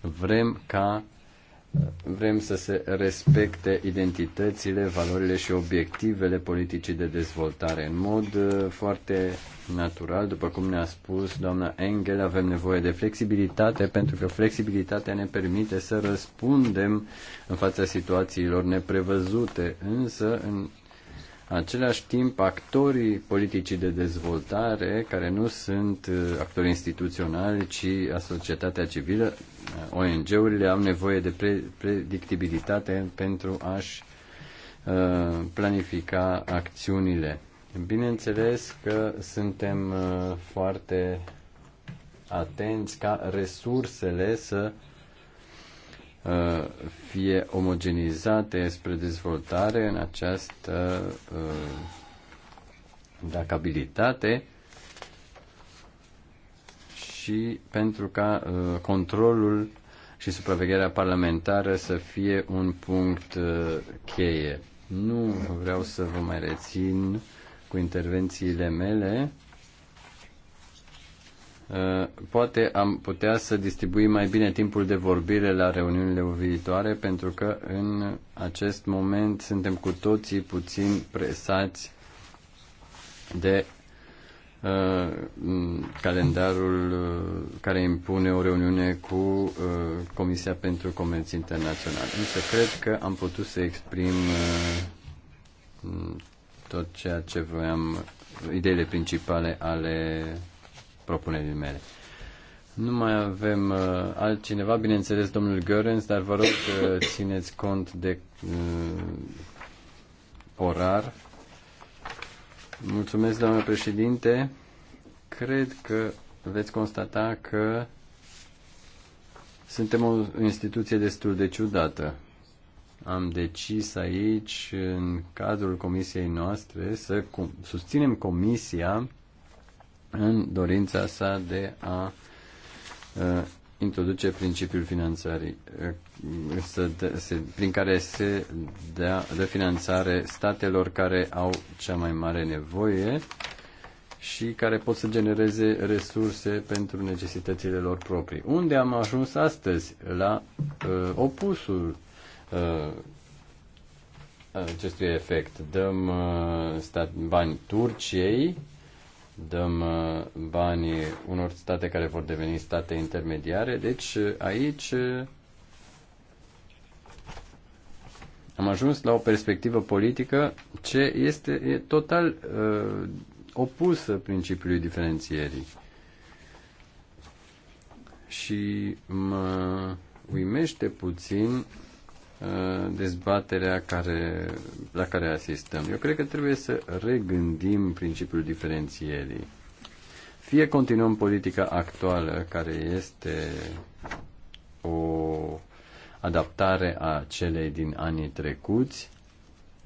Speaker 2: Vrem ca Vrem să se respecte identitățile, valorile și obiectivele politicii de dezvoltare. În mod uh, foarte natural, după cum ne-a spus doamna Engel, avem nevoie de flexibilitate pentru că flexibilitatea ne permite să răspundem în fața situațiilor neprevăzute, însă în același timp, actorii politicii de dezvoltare, care nu sunt uh, actori instituționali, ci a uh, societatea civilă, uh, ONG-urile au nevoie de predictibilitate pentru a-și planifica acțiunile. Bineînțeles că suntem foarte atenți ca resursele să uh, Uh, fie omogenizate spre dezvoltare în această uh, dacabilitate și pentru ca uh, controlul și supravegherea parlamentară să fie un punct cheie. Nu vreau să vă mai rețin cu intervențiile mele. Eh, poate am putea să distribuim mai bine timpul de vorbire la reuniunile viitoare, pentru că în acest moment suntem cu toții puțin presați de uh, calendarul uh, care impune o reuniune cu uh, Comisia pentru Comerț Internațional. Însă cred că am putut să exprim tot ceea ce voiam, ideile principale ale propunerile mele. Nu mai avem uh, altcineva, bineînțeles, domnul Görens, dar vă rog să uh, țineți cont de uh, orar. Mulțumesc, doamnă președinte. Cred că veți constata că suntem o instituție destul de ciudată. Am decis aici, în cadrul comisiei noastre, să susținem comisia în dorința sa de a uh, introduce principiul finanțării uh, să de, se, prin care se dea de finanțare statelor care au cea mai mare nevoie și care pot să genereze resurse pentru necesitățile lor proprii. Unde am ajuns astăzi? La uh, opusul uh, acestui efect. Dăm uh, stat, bani Turciei dăm uh, bani unor state care vor deveni state intermediare. Deci uh, aici uh, am ajuns la o perspectivă politică ce este e total uh, opusă principiului diferențierii. Și mă uimește puțin Uh, dezbaterea care, la care asistăm. Eu cred că trebuie să regândim principiul diferențierii. Fie continuăm politica actuală, care este o adaptare a celei din anii trecuți.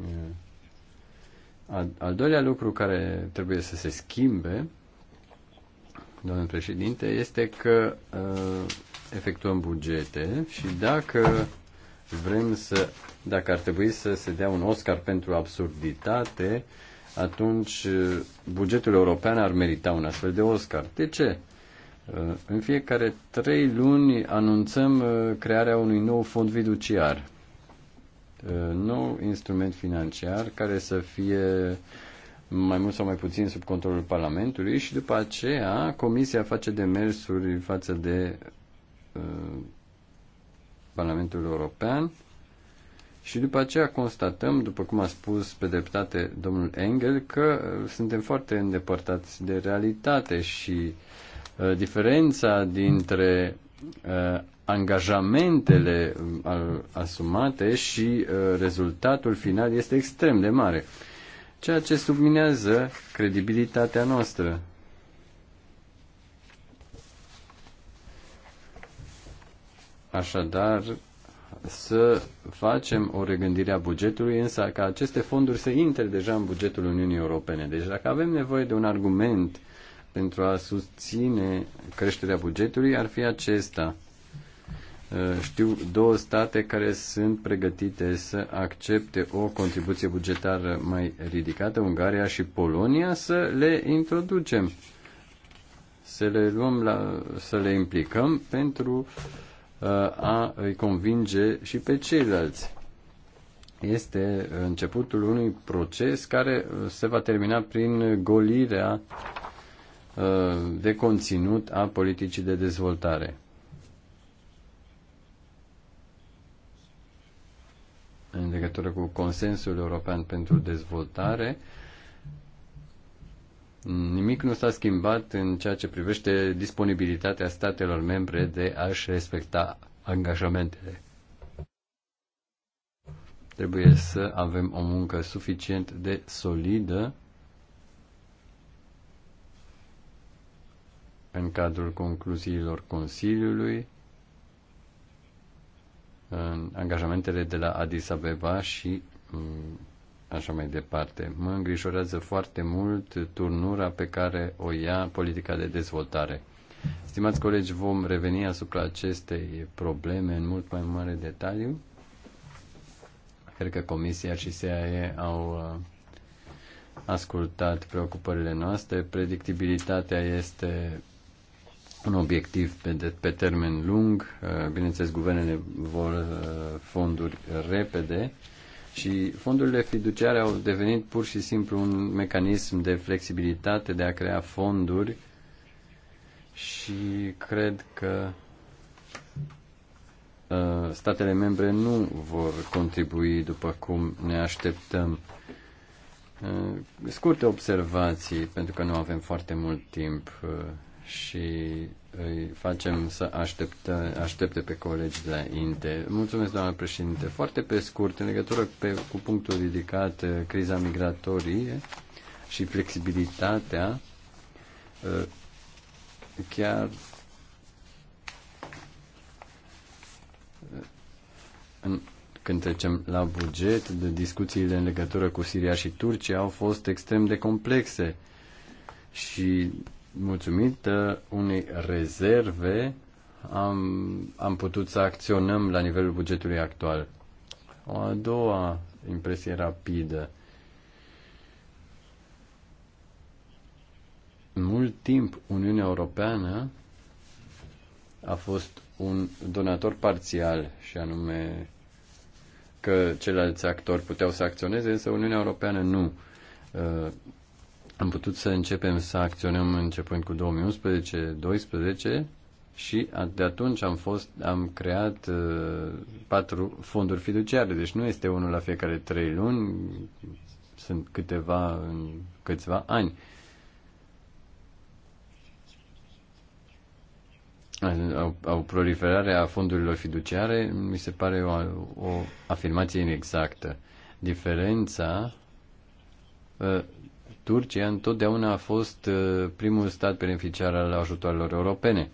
Speaker 2: Uh, al doilea lucru care trebuie să se schimbe, domnul președinte, este că uh, efectuăm bugete și dacă vrem să, dacă ar trebui să se dea un Oscar pentru absurditate, atunci uh, bugetul european ar merita un astfel de Oscar. De ce? Uh, în fiecare trei luni anunțăm uh, crearea unui nou fond fiduciar, nou instrument financiar care să fie mai mult sau mai puțin sub controlul Parlamentului și după aceea Comisia face demersuri față de Parlamentul European și după aceea constatăm, după cum a spus pe dreptate domnul Engel, că uh, suntem foarte îndepărtați de realitate și uh, diferența dintre uh, angajamentele uh, asumate și uh, rezultatul final este extrem de mare, ceea ce subminează credibilitatea noastră Așadar, să facem o regândire a bugetului, însă ca aceste fonduri să intre deja în bugetul Uniunii Europene. Deci dacă avem nevoie de un argument pentru a susține creșterea bugetului, ar fi acesta. Uh, știu două state care sunt pregătite să accepte o contribuție bugetară mai ridicată, Ungaria și Polonia, să le introducem, să le luăm, la, să le implicăm pentru uh, Uh, a îi convinge și pe ceilalți. Este începutul unui proces care uh, se va termina prin golirea uh, de conținut a politicii de dezvoltare. În legătură cu consensul european pentru dezvoltare, Nimic nu s-a schimbat în ceea ce privește disponibilitatea statelor membre de a-și respecta angajamentele. Trebuie să avem o muncă suficient de solidă în cadrul concluziilor Consiliului, în angajamentele de la Addis Abeba și mm, așa mai departe. Mă îngrijorează foarte mult turnura pe care o ia politica de dezvoltare. Stimați colegi, vom reveni asupra acestei probleme în mult mai mare detaliu. Cred că Comisia și SAE au uh, ascultat preocupările noastre. Predictibilitatea este un obiectiv pe, pe termen lung. Uh, bineînțeles, guvernele vor uh, fonduri repede și fondurile fiduciare au devenit pur și simplu un mecanism de flexibilitate, de a crea fonduri și cred că uh, statele membre nu vor contribui după cum ne așteptăm. Uh, scurte observații, pentru că nu avem foarte mult timp uh, și îi facem să aștepte aștepte pe colegi de la INTE. Mulțumesc, doamna președinte. Foarte pe scurt, în legătură pe, cu punctul ridicat, eh, criza migratorie și flexibilitatea, eh, chiar eh, în, când trecem la buget, de discuțiile în legătură cu Siria și Turcia au fost extrem de complexe și mulțumită unei rezerve, am, am putut să acționăm la nivelul bugetului actual. O a doua impresie rapidă. Mult timp Uniunea Europeană a fost un donator parțial și anume că ceilalți actori puteau să acționeze, însă Uniunea Europeană nu. Uh, am putut să începem să acționăm începând cu 2011-2012 și de atunci am, fost, am creat uh, patru fonduri fiduciare, deci nu este unul la fiecare trei luni, sunt câteva în câțiva ani. O proliferare a fondurilor fiduciare mi se pare o, o afirmație inexactă. Diferența uh, Turcia întotdeauna a fost uh, primul stat beneficiar al ajutoarelor europene.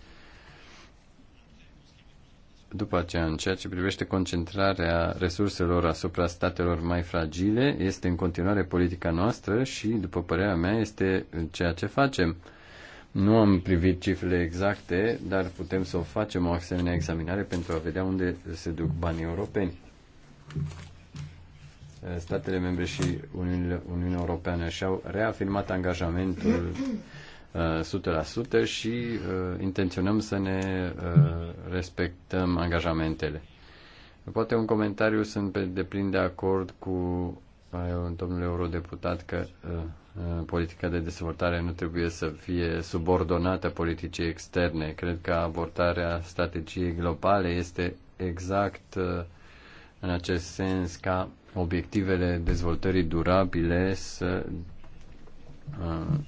Speaker 2: După aceea, în ceea ce privește concentrarea resurselor asupra statelor mai fragile, este în continuare politica noastră și, după părerea mea, este ceea ce facem. Nu am privit cifrele exacte, dar putem să o facem o asemenea examinare pentru a vedea unde se duc banii europeni statele membre și Uniunile, Uniunea Europeană și-au reafirmat angajamentul 100% uh, și uh, intenționăm să ne uh, respectăm angajamentele. Poate un comentariu sunt pe deplin de acord cu uh, domnul eurodeputat că uh, uh politica de dezvoltare nu trebuie să fie subordonată politicii externe. Cred că abordarea strategiei globale este exact uh, în acest sens ca obiectivele dezvoltării durabile să uh,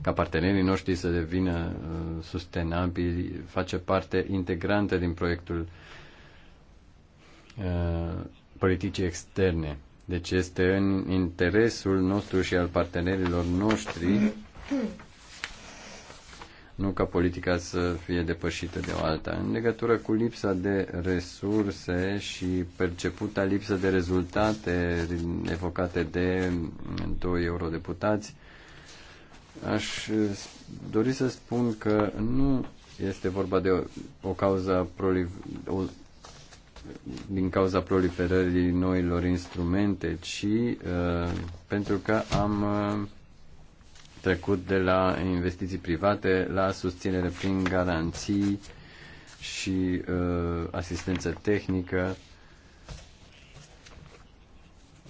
Speaker 2: ca partenerii noștri să devină uh, sustenabili face parte integrantă din proiectul uh, politicii externe. Deci este în interesul nostru și al partenerilor noștri nu ca politica să fie depășită de o alta. În legătură cu lipsa de resurse și perceputa lipsă de rezultate evocate de doi eurodeputați, aș dori să spun că nu este vorba de o, o cauză o, din cauza proliferării noilor instrumente, ci uh, pentru că am uh, trecut de la investiții private la susținere prin garanții și uh, asistență tehnică.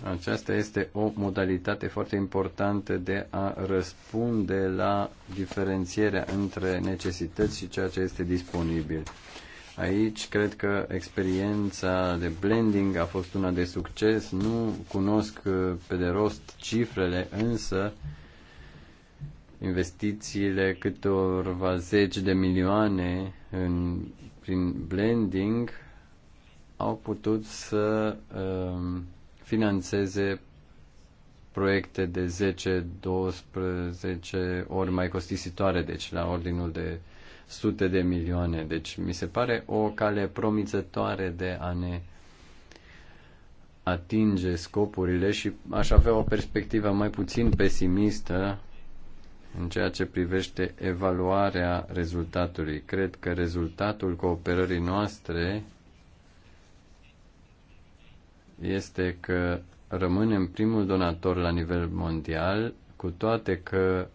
Speaker 2: Aceasta este o modalitate foarte importantă de a răspunde la diferențierea între necesități și ceea ce este disponibil. Aici cred că experiența de blending a fost una de succes. Nu cunosc uh, pe de rost cifrele, însă uh, investițiile câtorva zeci de milioane în, prin blending au putut să um, financeze proiecte de 10-12 ori mai costisitoare, deci la ordinul de sute de milioane. Deci mi se pare o cale promițătoare de a ne atinge scopurile și aș avea o perspectivă mai puțin pesimistă în ceea ce privește evaluarea rezultatului, cred că rezultatul cooperării noastre este că rămânem primul donator la nivel mondial, cu toate că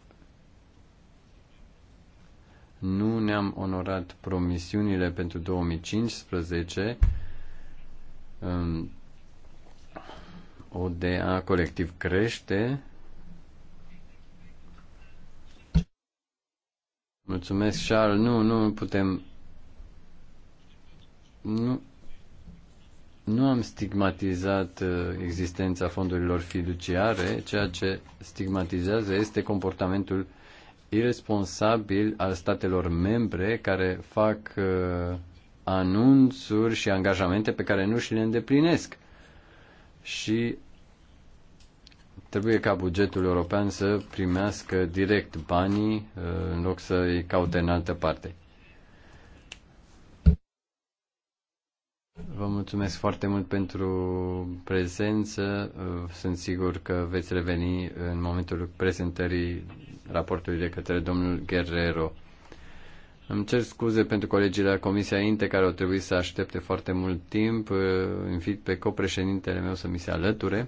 Speaker 2: nu ne-am onorat promisiunile pentru 2015. Um, ODA colectiv crește Mulțumesc, Charles. Nu, nu putem... Nu, nu am stigmatizat uh, existența fondurilor fiduciare, ceea ce stigmatizează este comportamentul irresponsabil al statelor membre care fac uh, anunțuri și angajamente pe care nu și le îndeplinesc. Și Trebuie ca bugetul european să primească direct banii uh, în loc să îi caute în altă parte. Vă mulțumesc foarte mult pentru prezență. Uh, sunt sigur că veți reveni în momentul prezentării raportului de către domnul Guerrero. Îmi cer scuze pentru colegii de la Comisia Inte care au trebuit să aștepte foarte mult timp. Uh, invit pe copreședintele meu să mi se alăture.